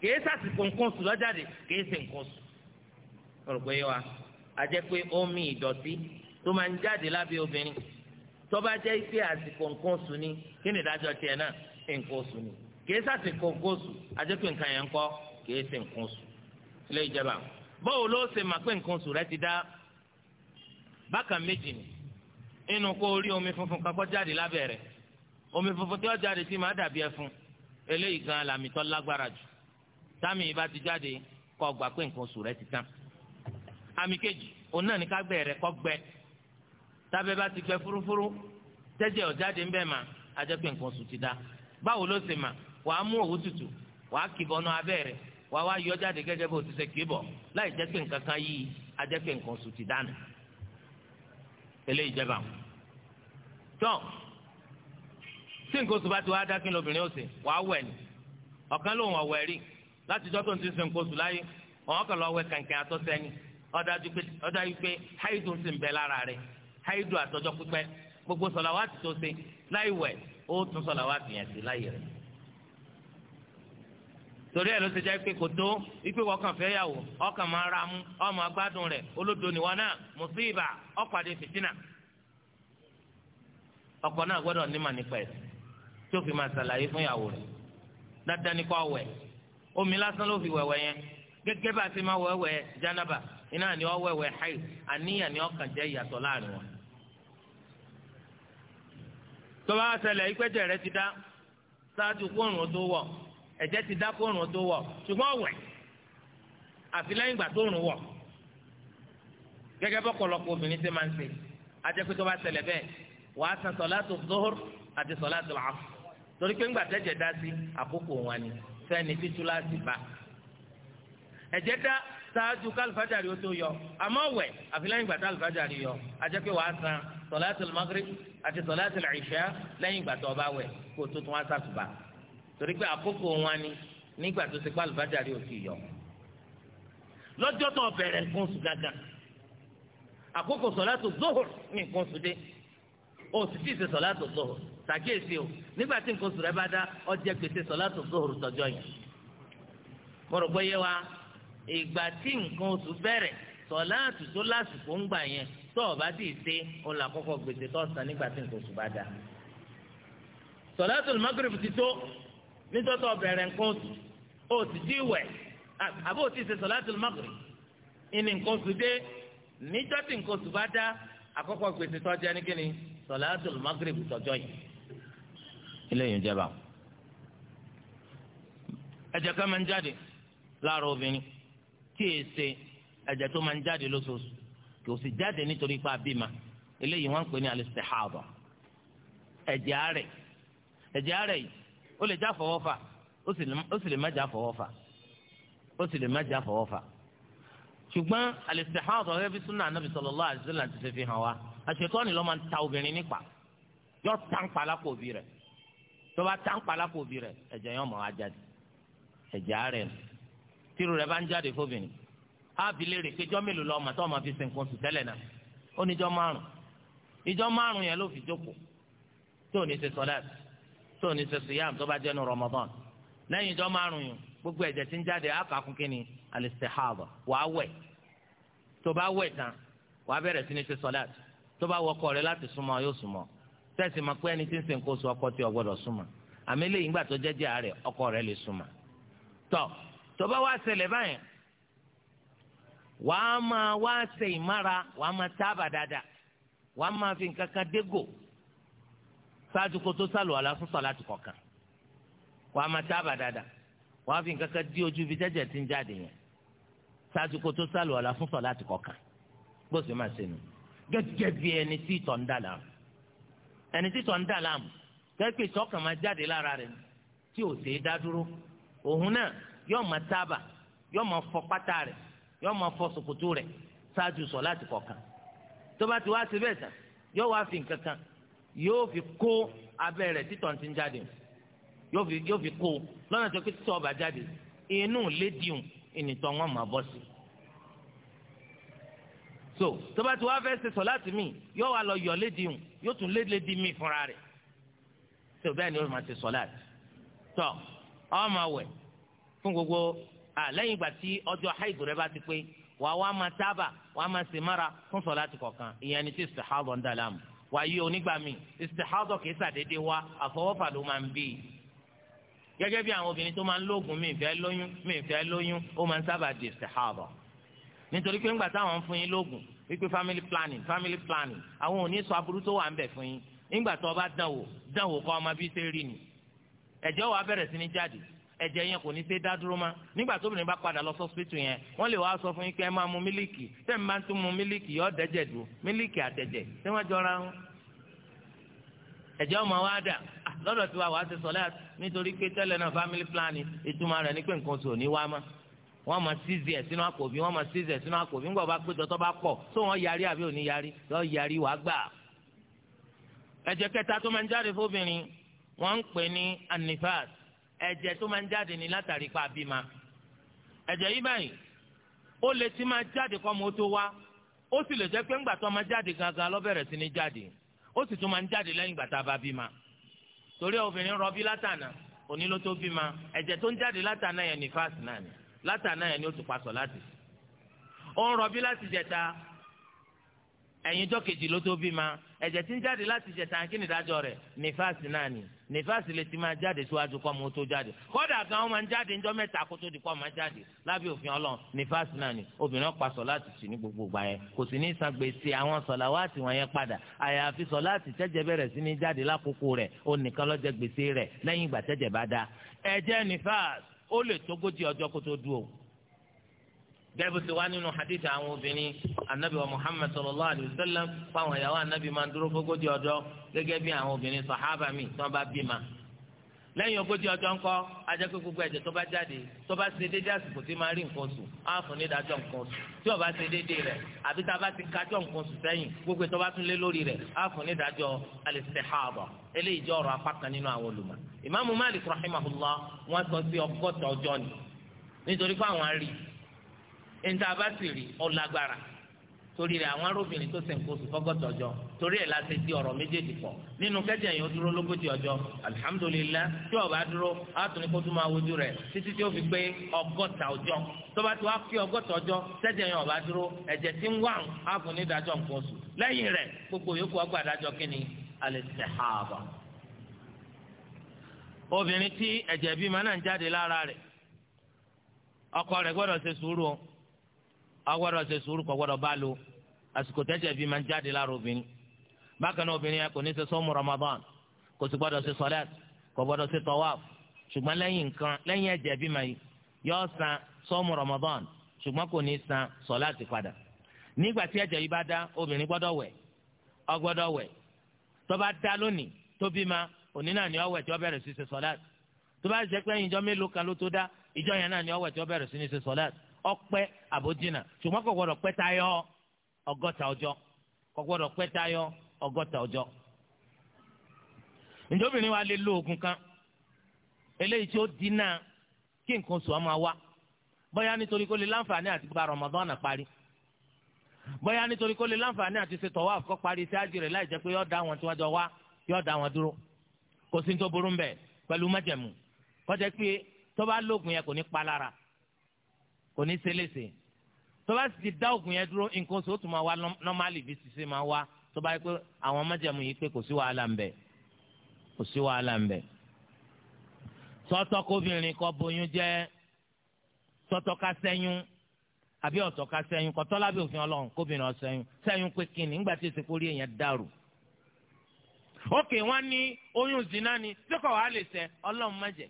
Speaker 1: kì í sásìkò nǹkan oṣù lọ́jáde kì í ṣe nǹkan oṣù ọ̀rọ̀ wa a jẹ́ pé omi ìdọ̀tí tó máa ń jáde lábẹ́ obìnrin tọ́ba jẹ́ pé àsìkò nǹkan oṣù ni kí ni ìdájọ́ tiẹ̀ náà nǹkan oṣù ni kìí sàsìkò nǹkan oṣù àjẹpé nǹkan yẹn ń kọ́ kìí ṣe nǹkan oṣù ilé ìjọba báwo ló ṣe mà pé nǹkan oṣù rẹ ti dá bákan méjì ni inú kó rí omi funfun kan kọ́ jáde lábẹ́ rẹ̀ omi funfun tí ó jáde sí máa dàbí ẹfun eléyìí gan làmì tó lágbára jù tàmì ìbá ti jáde kọ́ gbà pé nǹkan oṣù rẹ ti tán àmì kejì òun náà ní ká gbẹ kọ́ gbẹ tábẹ́ bá ti gbẹ fúrúfúrú tẹ́jẹ̀ ọ̀jáde ńbẹ́ ma ajẹ́pẹ́ nǹkan oṣù ti dá báwo ló ṣe mà wàá mú òwú tutù wàá kìbọnú abẹ́ rẹ̀ wàá wá yọ jáde gẹ́gẹ́ bó ti ṣe kìbọ̀ láì jẹ́ pé nǹkan kan yìí ajẹ́pẹ́ nǹkan oṣù ti dánù eléyìí jẹba tán tí nǹkan oṣù bá ti wá dákín lóbìnrin ọ̀sẹ̀ wàá wẹ̀ ni ọ̀kan lòun ọ̀wẹ̀ rí láti jọ́ tó ń ti sin nǹkan oṣù láyé ọ̀hún kan lọ́ọ́ wẹ̀ kàǹkàn haidu àtọjọ́ pípẹ́ gbogbo sọ̀làwátì tó ṣe láì wẹ̀ ó tún sọ̀làwátì yẹn sí láyè rẹ̀ torí ẹ̀ ló ṣe jẹ́ pé kò tó wípé wọ́n kàn fẹ́ yàwó ọkàn máa ra agbádùn olódo náà fìtínà ọkọ náà gbọ́dọ̀ nímà nípa ẹ̀ tí ó fi máa ṣàlàyé fún dáadáa ní kó omi lásán ló fi wẹ̀wẹ̀ yẹn gẹ́gẹ́ bá a ti máa iná ni àníyàn tọ́ba ṣẹlẹ̀ ìpẹ́jẹ̀ rẹ ti dá ṣáájú kóòrùn tó wọ̀ ẹ̀jẹ̀ ti dá kóòrùn tó wọ̀ ṣùgbọ́n ọ̀wẹ̀ àfi lẹ́yìn ìgbà tó rùn wọ̀ gẹ́gẹ́ bọ́pọ̀lọpọ̀ obìnrin ṣe máa ń ṣe ajẹ́pẹ́ tọ́ba ṣẹlẹ̀ bẹ́ẹ̀ wàá san sọ̀láàtò dọ́hùr àti sọ̀láàtò àfọ̀ torí pé ńgbà tẹ́jẹ̀ dá sí àkókò wọn ni fẹ́ni títú láti bá ẹ̀jẹ̀ dá ṣáájú kálífàjárì ó tó yọ àmọ́ wẹ̀ àfi lẹ́yìn ìgbà tá àlífàjárì yọ ajẹ́pẹ́ wàá san sọ̀láàtò magrib àti sọláàtì làìṣá lẹ́yìn ìgbà tó o bá wẹ̀ kó o tó tún wá sàtúbà torí pé àkókò wọn ni nígbà tó ti pàlù bàjàre òsì yọ lọ́jọ́ tó bẹ̀rẹ̀ nǹkan oṣù gàgà àkókò sọláàtì zohor ní nǹkan oṣù dé o sì ti ṣe sọláàtì zohor ṣàkíyèsí o nígbà tí nǹkan oṣù rẹ bá dá ọjẹ gbèsè sọláàtì zohor tọjọ yẹn mo rò gbọ́ yé wa ìgbà tí nǹkan oṣù bẹ̀rẹ̀ sọláàtù tó lásìkò ń gbà yẹn tó o bá ti ṣe o là kọ́kọ́ gbèsè tó san nígbà tí nǹkan oṣù bá dà sọláàtù magrib ti tó nítorí tó bẹ̀rẹ̀ nǹkan oṣù o ti di wẹ̀ àbó ti ṣe sọláàtù magrib ìní nǹkan oṣù dé níjọ́ tí nǹkan oṣù bá dà àkọ́kọ́ gbèsè tó jẹ́ ní kíni sọláàtù magrib tọjọ́ yìí ilé yìí jẹba ẹ̀jẹ̀ ká ń jáde láàárọ̀ obìnrin tí èsè. ẹ̀jẹ̀ tó máa ń jáde lóṣooṣù kò sì jáde nítorí pé abímọ eléyìí wọ́n ń pè ní alistihada ẹ̀jẹ̀ àárẹ̀ ẹ̀jẹ̀ àárẹ̀ yìí ó lè já fọwọ́fà ó sì lè má já fọwọ́fà ó sì lè má já fọwọ́fà ṣùgbọ́n alistihada ọ̀rẹ́ fi hàn wá ta obìnrin nípa yọ táǹpà lápò rẹ̀ tó bá táǹpà ábìlẹ̀ rẹ̀ péjọ́ mélòó lọ ọmọ tó ọmọ fi sìnkún sùn tẹ́lẹ̀ náà ó níjọ́ márùn ìjọ́ márùn yẹn ló fi jókòó tó ní ṣe sọlẹ́t tó ní ṣe siyam tó bá jẹ́ nu Ramadan lẹ́yìn ìjọ́ márùn yìí gbogbo ẹ̀jẹ̀ tí ń jáde àkàkùn kínní alistihaba wàá wẹ̀ tó bá wẹ̀ tán wàá bẹ̀rẹ̀ sí ní ṣe sọlẹ́t tó bá wọ ọkọ rẹ̀ láti súnmọ́ yóò súnmọ́ tẹ̀sí ma pé ẹni tí ń sìn kó so ọkọ tí ọ gbọ́dọ̀ súnmọ́ àmì lẹ́yìn ìgbà tó jẹ́jẹ́ rẹ̀ ọkọ rẹ̀ lè súnmọ́ tọ́ tó bá wá ṣẹlẹ̀ báyìí wàá máa wá ṣe ìmára wàá máa tábà dáadáa wàá máa fi nǹkan kan dégò ṣáàtú kó tó sálò àlá fún sọláàtì kọ̀ọ̀kan wàá máa tábà dáadáa wàá fi nǹkan kan dí ojú ibi jẹ́jẹ́ tí ń jáde yẹn ṣáàtú kó tó sálò àlá fún sọláàtì kọ̀ọ̀kan bó sì máa ṣe nù gẹ́gẹ́ bí ẹni tí ìtọ̀ ń dà láàmú ẹni tí ìtọ̀ ń dà láàmú gẹ́gẹ́ ìtọ́kàn máa jáde lára rẹ̀ tí ò sì dá dúró òun náà yóò máa tábà yóò máa fọ pátá rẹ̀ yóò máa fọ ṣòkòtò rẹ̀ ṣáájú sọ láti kọ̀ọ̀kan tó bá ti wá sí bẹ́ẹ̀ tán yóò wá fi nǹkan kan yóò fi kó abẹ́ rẹ̀ títọ̀ ti ń jáde yóò fi yóò fi kó lọ́nà tó kí títọ̀ ọba jáde inú lédiùn ìnìtọ̀ wọn máa bọ́ sí. so tó bá ti wá fẹ́ ṣe sọ láti mí yóò wá lọ yọ lédiùn yóò tún lé lédi mí fúnra rẹ̀ tó bẹ́ẹ̀ ni ó máa ṣe sọ láti tọ́ ọ máa wẹ̀ fún gbogbo lẹ́yìn ìgbà tí ọjọ́ haidu rẹ bá ti pé wàá wá máa tábà wàá máa ṣe mára fún sọ̀láàtì kọ̀ọ̀kan ìyẹn ni tí istihadọ̀ ń dà láàmú wàyí onígbà mi istihadọ̀ kìí sàdédé wá àfọwọ́fà ló máa ń bí i gẹ́gẹ́ bí àwọn obìnrin tó máa ń lóògùn mi ìfẹ́ lóyún mi ìfẹ́ lóyún ó máa ń sábà di istihadọ̀ nítorí pé ńgbà táwọn ń fún yín lóògùn wípé family planning family planning àwọn ò ní sọ aburú tó wà ń bẹ̀ fún yín ńgbà tó o bá dánwò dánwò kọ́ ọmọ bí ṣe ẹ̀jẹ̀ wàá bẹ̀rẹ̀ sí ní jáde ẹ̀jẹ̀ yẹn kò ní ṣe dá dúró ma nígbà tóbìnrin bá padà lọ sọ́sìpìtì yẹn wọ́n lè wá sọ fún yín pé ẹ máa mu mílíkì tẹ́ ẹ máa tún mu mílíkì yọ dẹ́jẹ̀ dùn mílíkì àtẹ̀jẹ̀ tí wọ́n jọra wọn. ẹ̀jẹ̀ ọmọ wa dà ah, lọ́dọ̀ tí wa wàá ti sọ̀lẹ́ nítorí pé tẹ́lẹ̀ náà family planning ìtumọ̀ rẹ̀ ní pé nǹkan oṣù ò ní wá mọ́ wọ́n máa ṣíìzì ẹ̀ sínú àkòbí wọ́n máa ṣíìzì ẹ̀ sínú àkòbí ńgbà bá pé dọ́tọ́ bá pọ̀ tó wọ́n yarí àbí òní yarí yọ yarí wàá gbà. ẹ̀jẹ̀ kẹta tó máa ń jáde fóbìnrin wọ́n ń pè ní anifas ẹ̀jẹ̀ tó máa ń jáde ní látàrí pa bímọ ẹ̀jẹ̀ yìí báyìí ó lè ti máa jáde kọ́ ọmọ tó wá ó sì lè jẹ́ pé ńgbà tó máa jáde gangan ló bẹ̀rẹ̀ sí ní jáde ó sì tún máa ń jáde lẹ́yìn ìgbà tá a bá bímọ torí obìnrin rọbí látànà òní ló tó bímọ ẹ̀jẹ̀ tó ń jáde látànà yẹn ní fásitì náà ni látànà yẹn ni ó tún pasọ̀ láti ó ń rọbí láti jẹta ẹ̀yin ọjọ́ kejì ló tó bí ma ẹ̀jẹ̀ tí ń jáde láti jẹ̀ta kí ni ìdájọ́ rẹ̀ nífàsì náà ni nífàsì lè ti máa jáde síwájú kọ́ ọmọ tó jáde kódà gan ọmọ ń jáde ńjọ́ mẹ́ta kó tó di kọ́ ọmọ jáde lábẹ́ òfin ọlọ́run nífàsì náà ni obìnrin pa sọ láti sí ní gbogbo ìgbà yẹn kò sì ní san gbèsè àwọn sọ̀lá wá sí wọn yẹn padà àyàfi sọ láti tẹ́jẹ̀ bẹ̀rẹ̀ sí ní jáde lákòókò rẹ̀ ó nìkan ló gbèsè rẹ̀ lẹ́yìn ìgbà tẹ́jẹ̀ bá dá ẹ̀jẹ̀ nífàsì ó lè tógójì ọjọ́ kó tó dúró gẹ́gẹ́ bó ti wá nínú hadith àwọn obìnrin anabi wa muhammad sallallahu alayhi wa sallam fáwọn ìyàwó anabi máa ń dúró fógójì ọjọ́ gẹ́gẹ́ bí àwọn obìnrin sàhábà mi tí wọ́n bá bímọ. lẹ́yìn ogójì ọjọ́ ńkọ́ ajẹ́ pé gbogbo ẹ̀jẹ̀ tó bá jáde tó bá ṣe déédéé àsìkò tí máa rí nǹkan oṣù á fún ní ìdájọ́ nǹkan oṣù tí ó bá ṣe déédéé rẹ̀ àbí tá a bá ti kájọ́ nǹkan oṣù sẹ́yìn gbogbo tó tún lé lórí níta bá sì rí ọlágbára torí rẹ̀ àwọn arúbìnrin tó sì ń kó fọ́gọ́tọ̀ ọjọ́ torí ẹ̀ láti di ọ̀rọ̀ méjèèjì pọ̀ nínú kẹ́jẹ́ yẹn ó dúró lógójì ọjọ́ alihamudulilayi tí ó dúró àtúní kó tó máa wojú títí tí ó fi pé ọgọ́ta ọjọ́ tó bá ti wá ọgọ́ta ọjọ́ kẹ́jẹ́ yẹn ó dúró ẹ̀jẹ̀ tí ń wà ọgbọ́dọ̀ ṣe sùúrù kò gbọ́dọ̀ bá lò àsìkò tẹ́jẹ̀ bí máa ń jáde lára obìnrin bákan náà obìnrin yẹn kò ní ṣe sọ́mu Ramadan kò sì gbọ́dọ̀ ṣe sọ́lẹ́t kò gbọ́dọ̀ ṣe tọ́wáf ṣùgbọ́n lẹ́yìn nǹkan lẹ́yìn ẹ̀jẹ̀ bí máa yọ san sọ́mu Ramadan ṣùgbọ́n kò ní san sọ́lẹ́t padà nígbà tí ẹ̀jẹ̀ yìí bá dá obìnrin gbọ́dọ̀ wẹ̀ ó gbọ́dọ̀ wẹ̀ tó bá dá lónìí tó bí ma òní náà ni ó wẹ̀ tí ó bẹ̀rẹ̀ sí ṣe sọ́lẹ́t tó bá ṣe pé ìjọ mélòó kan ló tó dá ìjọ yẹn náà ni ó wẹ̀ tí ó bẹ̀rẹ̀ sí ní ṣe sọ́lẹ́t ọpẹ àbójìnà ṣùgbọ́n kò gbọdọ̀ pẹ́ tayọ ọgọ́ta ọjọ́ kò gbọdọ̀ pẹ́ tayọ ọgọ́ta ọjọ́. ǹjẹ́ wa lè lo oògùn kan eléyìí tí ó dínà kí nǹkan oṣù ọmọ wa bóyá nítorí kó lè láǹfààní àti gba Ramadan parí bóyá nítorí kó lè láǹfààní àti ṣe tawaf kó parí sí àjì láì pé da wọn tí jọ da wọn dúró kò sí ní tó burú pé tó bá kò ní ṣeléṣe tó bá sì ti dá òògùn yẹn dúró nǹkan oṣù ó tún máa wá nọ́málì bí ṣiṣẹ́ máa wá tó bá yẹ pé àwọn májàmú yìí pé kò sí wàhálà ń bẹ kò sí wàhálà ń bẹ. sọ́tọ̀ kóbìnrin kọ́ boyún jẹ́ sọ́tọ̀ ká sẹ́yún àbí ọ̀tọ̀ ká sẹ́yún kọ́tọ́ òfin ọlọ́run kóbìnrin ó sẹ́yún pé kíni nígbà tí èsì kórìí èèyàn dàrú. ókè wọn ní oyún zina ni tí kò wá lè ṣẹ ọlọ́run má jẹ́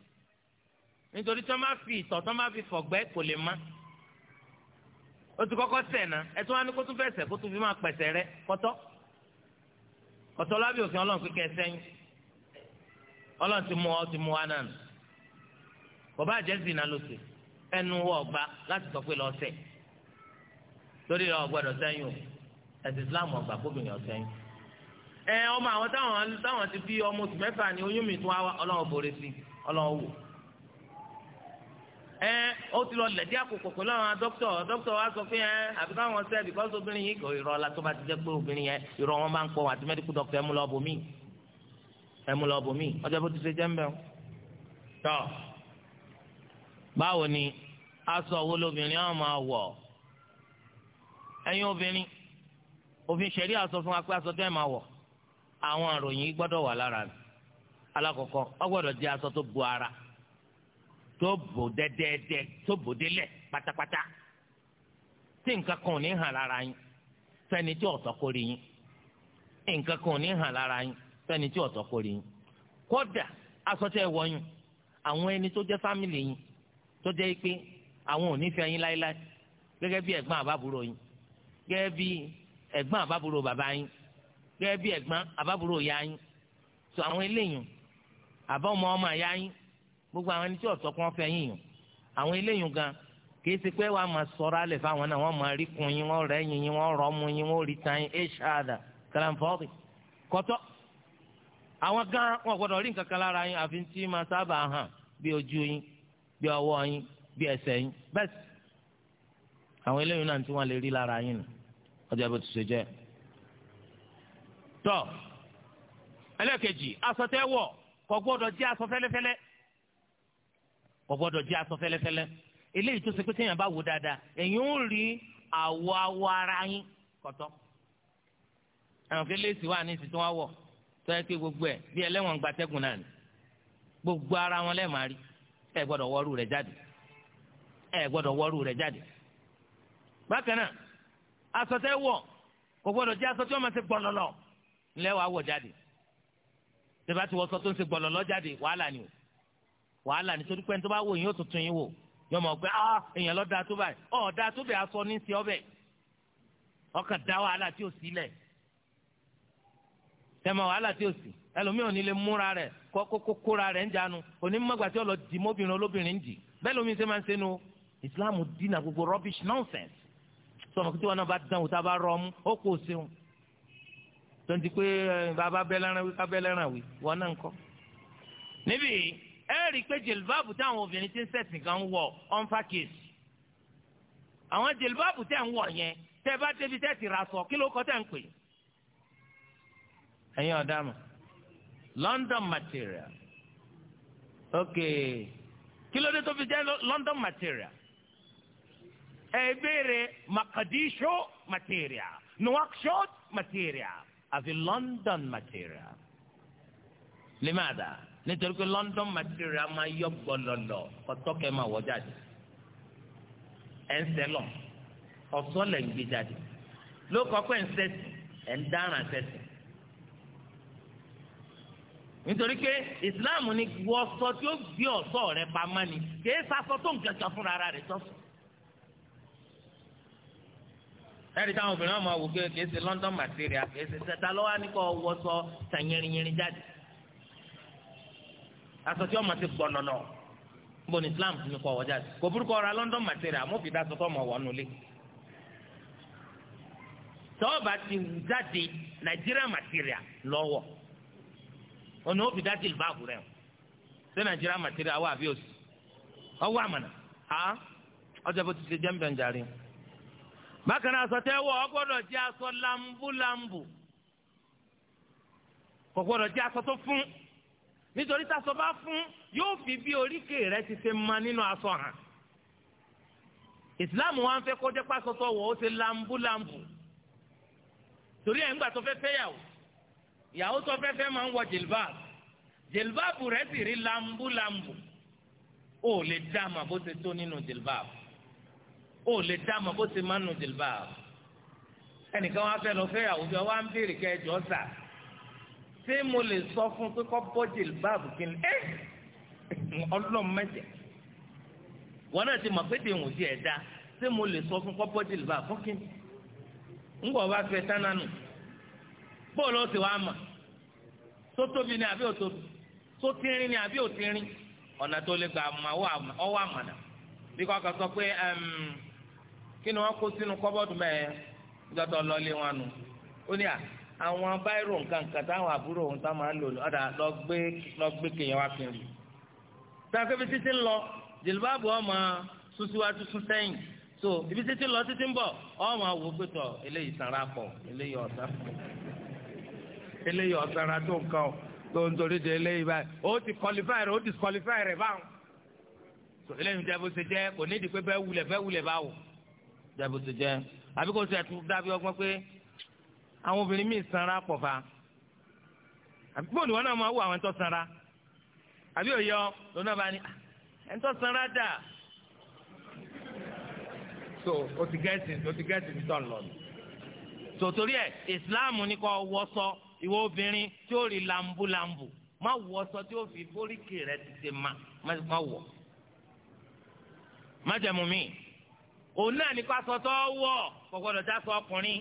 Speaker 1: nítorí tí má fi ìtọ̀ tí má fi fọ̀gbẹ́ kò lè má o ti kọ́kọ́ ṣẹ̀ náà ẹ tún wá ní kó tún fẹ́ ṣẹ̀ kó tún fi máa pẹ̀sẹ̀ rẹ kọ́tọ́ kọ́tọ́ lábẹ́ òfin ọlọ́run kíkẹ́ sẹ́yìn ọlọ́run ti mú ọ ti mú wa náà nù bàbá àjẹsìn náà ló ṣe ẹnu wọ ọgbà láti sọ pé lọ ṣẹ̀ torí ọ gbọ́dọ̀ sẹ́yìn o ẹ̀sìn Islam ọgbà kóbìnrin ọ̀sẹ́yìn ẹ ọmọ àwọn táwọn táwọn ti bí ọmọ oṣù mẹ́fà ni oyún mi tún wá ọlọ́run borí sí ọlọ́run wò ẹ ó ti lọ lẹ̀dí àkókò pẹ̀lú àwọn dókítọ̀ dókítọ̀ wa sọ pé ẹ àbí káwọn sẹ́ bìkọ́sì obìnrin yìí kò irọ́ la tó bá ti jẹ́ pé obìnrin yẹn irọ́ wọn bá ń pọ̀ àti mẹ́díkù dókítọ̀ ẹ mú lọ bòmí ẹ mú lọ bòmí ọjọ́ bó ti ṣe jẹ́ ń bẹ̀ ọ́. tọ́ báwo ni aṣọ wo lobìnrin àwọn máa wọ̀ ẹ̀yin obìnrin òfin ṣẹ̀rí aṣọ fún wa pé aṣọ tẹ́ máa wọ̀ àwọn àròyìn gbọ́dọ̀ wà lára rẹ̀ alákọ̀ọ́kọ́ ó gbọ́dọ̀ jẹ́ aṣọ tó bu ara tó bò dẹ́dẹ́dẹ́ tó bò délẹ̀ pátápátá tí nǹkan kan ò ní hàn lára yín fẹ́ni tí ọ̀tọ̀ kò rí yín nǹkan kan ò ní hàn lára yín fẹ́ni tí ọ̀tọ̀ kò rí yín kódà aṣọ tẹ́ ẹ wọ̀ yín àwọn ẹni tó jẹ́ fámìlì yín tó jẹ́ pé àwọn ò ní fẹ́ yín láéláé gẹ́gẹ́ bí ẹ̀gbọ́n àbábúrò yín gẹ́gẹ́ bí ẹ̀gbọ́n àbábúrò bàbá yín gẹ́gẹ́ bí ẹ̀gbọ́n àbábúrò ìyá yín tó àwọn eléyìí àbá ọmọ ọmọ ìyá yín gbogbo àwọn ẹni tí ọ̀sọ́ kan fẹ́ yìnyín àwọn eléyìí gan kì í ṣe pé wàá máa sọ̀rọ̀ alẹ̀ fáwọn náà wọ́n máa rí kun yín wọ́n rẹ̀ yín yín wọ́n rọ̀ mu yín wọ́n rí tan yín ẹ̀ṣá kàlàǹfọ́ọ̀kì kọ́tọ́ àwọn gan wọn gbọ́dọ̀ rí nǹkan kan lára yín àfi tí máa sábà hàn bí ojú yín bí ọwọ́ yín bí ẹsẹ̀ yín àwọn eléyìí náà kò gbọ́dọ̀ jẹ́ aṣọ fẹ́lẹ́fẹ́lẹ́ eléyìí tó ṣe pé téèyàn bá wò dáadáa èyàn ó rí àwọ̀ awọ ara yín kọ̀tọ́ àwọn fẹlẹ́sì wà ní ìsìn tí tó yẹ kí gbogbo ẹ̀ bí ẹlẹ́wọ̀n gbatẹ́gùn náà ni gbogbo ara wọn lẹ́ẹ̀ma rí ẹ gbọ́dọ̀ wọ́ọ́rù rẹ̀ jáde ẹ gbọ́dọ̀ wọ́ọ́rù rẹ̀ jáde bákan náà aṣọ tẹ́ wọ̀ kò gbọ́dọ̀ jẹ́ aṣọ tí wọ́n máa ṣe gbọ̀lọ̀lọ̀ ńlẹ́ wàá wọ̀ jáde tẹ́bá ti wọ́ aṣọ tó ń ṣe gbọ̀lọ̀lọ̀ jáde wàhálà ni o wàhálà nítorí pé ní tó bá wò yín ó tuntun yín wò yọmọ pé ah èèyàn lọ da tó báyìí ọ da tó bẹ aṣọ ní ti ọbẹ ọkàn da wàhálà tí ò sílẹ̀ tẹmọ wàhálà tí ò sí ẹlòmíì ò ní lè múra rẹ̀ kókó kóra rẹ̀ ń jánu òní mọgbà tí ó lọ dì mọbìnrin olóbìnrin dì bẹ́ẹ̀ lómi ṣe máa ń sẹnu ìsìláàmù dínà gbogbo rubbish nonsense sọmọ kí tí wọn náà bá dán òtá bá rọ ọmú ó kò ṣeun tonti pé eh, bàbá bẹ́ẹ̀ lẹ́ràn wí ká bẹ́ẹ̀ lẹ́ràn wí wọn náà ń kọ́ níbí ẹ rí i pé jìlbáàbù táwọn obìnrin ti ń ṣẹ̀sìn gan ń wọ̀ ọ̀n fàkèsì àwọn jìlbáàbù tẹ̀ ń wọ̀ yẹn tẹ́ bá débi tẹ́ ti ra sọ kí ló kọ́ tẹ̀ ń pè. ẹ̀yin ọ̀dà mọ̀ London material ok kí ló dé tó fi jẹ́ London material ẹ béèrè Makadisho material Nouakchott material àfi London material lè nítorí pé London material máa yọ gbọlọlọ ọtọkẹ máa wọ jáde ẹnsẹlọ ọsọ lẹ ń gbé jáde ló kọkọ ẹnsẹsì ẹndáràn sẹsì nítorí pé Islam ní wọsọ tí ó gbé ọ̀ṣọ́ rẹ̀ pamọ́ ni kì í sasọ tó ń gẹgẹ fúnra ara rẹ̀ sọsọ ẹ̀rí táwọn obìnrin ọmọ àwùjọ kìí ṣe London material kìí ṣe ṣẹta lọ́wọ́ ní kò wọ́sọ tàn yẹrinyẹrin jáde aṣọ tí ọmọ ti gbọ nọnà níbo ni Islam ti ní kọ ọwọ jáde kò burúkọ ọra London material mo fi dáṣọ tọmọ wọ nulẹ tọọba ti jáde Nigeria material lọwọ. ọ̀nà ó fi dá jìlbá àbúrẹ́ o ṣé Nigeria material wà àbí òsì ọwọ́ àmàna ha ọjọ́ bó ti ṣe jẹ́ ń bẹ̀ ń jarí bákan náà aṣọ tẹ wọ ọ gbọdọ jẹ́ aṣọ lambúlambù kò gbọ́dọ̀ jẹ́ aṣọ tó fún nítorí tásọ bá fún yóò fi bí oríkèé rẹ ti ṣe ma nínú aṣọ hàn islam wa ń fẹ́ kọjá pásọtọ wọ ó ṣe lambúlambù torí ẹ̀ ń gbà tó fẹ́ fẹ́yàwó ìyàwó tó fẹ́ fẹ́ máa ń wọ jìlbáàbù jìlbáàbù rẹ sì rí lambúlambù ó lè dá àmà bó ṣe tó nínú jìlbáàbù ó lè dá àmà bó ṣe má nínú jìlbáàbù ẹnìkan wá fẹ́ lọ fẹ́yàwó bí wọ́n ń béèrè kẹjọ sáà ṣé mo lè sọ fún pé kọ́ bọ́jì báàbù kí n ẹ́ eh! ọlọ́run mẹ́jẹ̀ wọn náà ti mọ̀ pé tèmi ò sí ẹ̀ dá ṣé mo lè sọ fún kọ́ bọ́jì báàbù kí n ńgbọ̀ bá fẹ́ tánánu bóòlù ó ti wá tó tóbi ni àbí òtóbi tó tínrín ni àbí òtínrín ọ̀nà tó lè gbà mà ọwọ́ àmàlà bí kò kà sọ pé kí ni wọ́n kó sínú kọ́bọ́ọ̀dù mẹ́ẹ̀ẹ́ gbọ́dọ̀ lọ́lé wọn nù ó ní à àwọn báírò nǹkan kan táwọn àbúrò òun tá máa ń lò ọ̀dà lọ gbé lọ gbé kéèyàn wá fi rí tàbí ibi títí ń lọ jìlbáàbù ọmọ súnṣíwájú sún sẹ́yìn so ibi títí ń lọ títí ń bọ̀ ọmọ àwò pẹ̀tọ̀ eléyìí sanra pọ̀ eléyìí ọ̀sán eléyìí ọ̀sán ra tó nǹkan o tó ń torí de eléyìí báyìí ó ti qualify rẹ̀ ó disqualify rẹ̀ báwọn so eléyìí jẹ́ bó ṣe jẹ́ kò ní ìdí pé bẹ́ẹ̀ wulẹ̀ bẹ́ẹ̀ wulẹ̀ báwò jẹ́ bó ṣe jẹ́ àbí kò ṣe ẹ̀tún dábí ọgbọ́n pé àwọn obìnrin míì sanra pọ̀ fa àbí bóòlù wọn náà máa wọ àwọn ẹ̀ńtọ́ sanra àbí òye ọ lọ́nà bá ní ah, ẹ̀ńtọ́ sanra dà so o ti gẹ̀ẹ́sì o ti gẹ̀ẹ́sì ti tọ̀ lọ nù tòtòrí ẹ̀ ìsìláàmù ni kò wọṣọ ìwọ obìnrin tí ó rí lambúlambù má wọṣọ tí ó fi bóríkì rẹ ti ṣe má má wọ má jẹ mú mi òun náà ní kó aṣọ tó wọ kò gbọdọ̀ já sọ ọkùnrin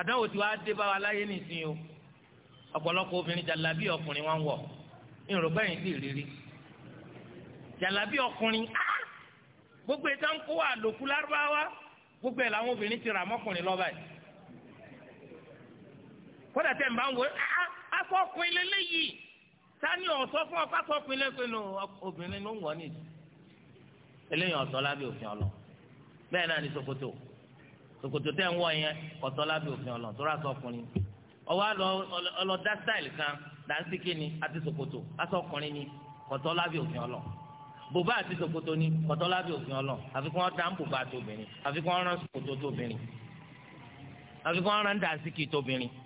Speaker 1: àdánwò tí wàá dé bá wa láyé nìsín o ọ̀pọ̀lọpọ̀ obìnrin jàlábí ọkùnrin wọn wọ̀ ìrọ̀bá yìí sì rírí jàlábí ọkùnrin ah! gbogbo ìta ń kó wa lárúbáwá gbogbo ẹ̀ làwọn obìnrin ti rà mọ́kùnrin lọ́ba yìí kódà tẹ̀ ń bá ń wọ ah! afọkùnrin lélẹ́yìí sani ọ̀sọ́ fún ọkọ afọkùnrin lẹ́sìn nù obìnrin ló ń wọ̀ nìyí eléyìí ọ̀sọ́ lábẹ́ òfin ọlọ bẹ́ẹ̀ náà ní ṣòkòtò ṣòkòtò tẹ́ ń wọ̀ yẹn kọ̀tọ́ lábẹ́ òfin ọ̀lọ́ tó rà sọkùnrin ọwọ́ àlọ́ ọlọ́dá style kan dànsíkì ni àti ṣòkòtò asọkùnrin ni kọ̀tọ́ lábẹ́ òfin ọ̀lọ́ bùbá àti ṣòkòtò ni kọ̀tọ́ lábẹ́ òfin ọ̀lọ́ àfikún ọ̀dà ń bùbá tóbìnrin àfikún ọ̀ràn ṣòkòtò tóbìnrin àfikún ọ̀ràn dànsíkì tóbìnrin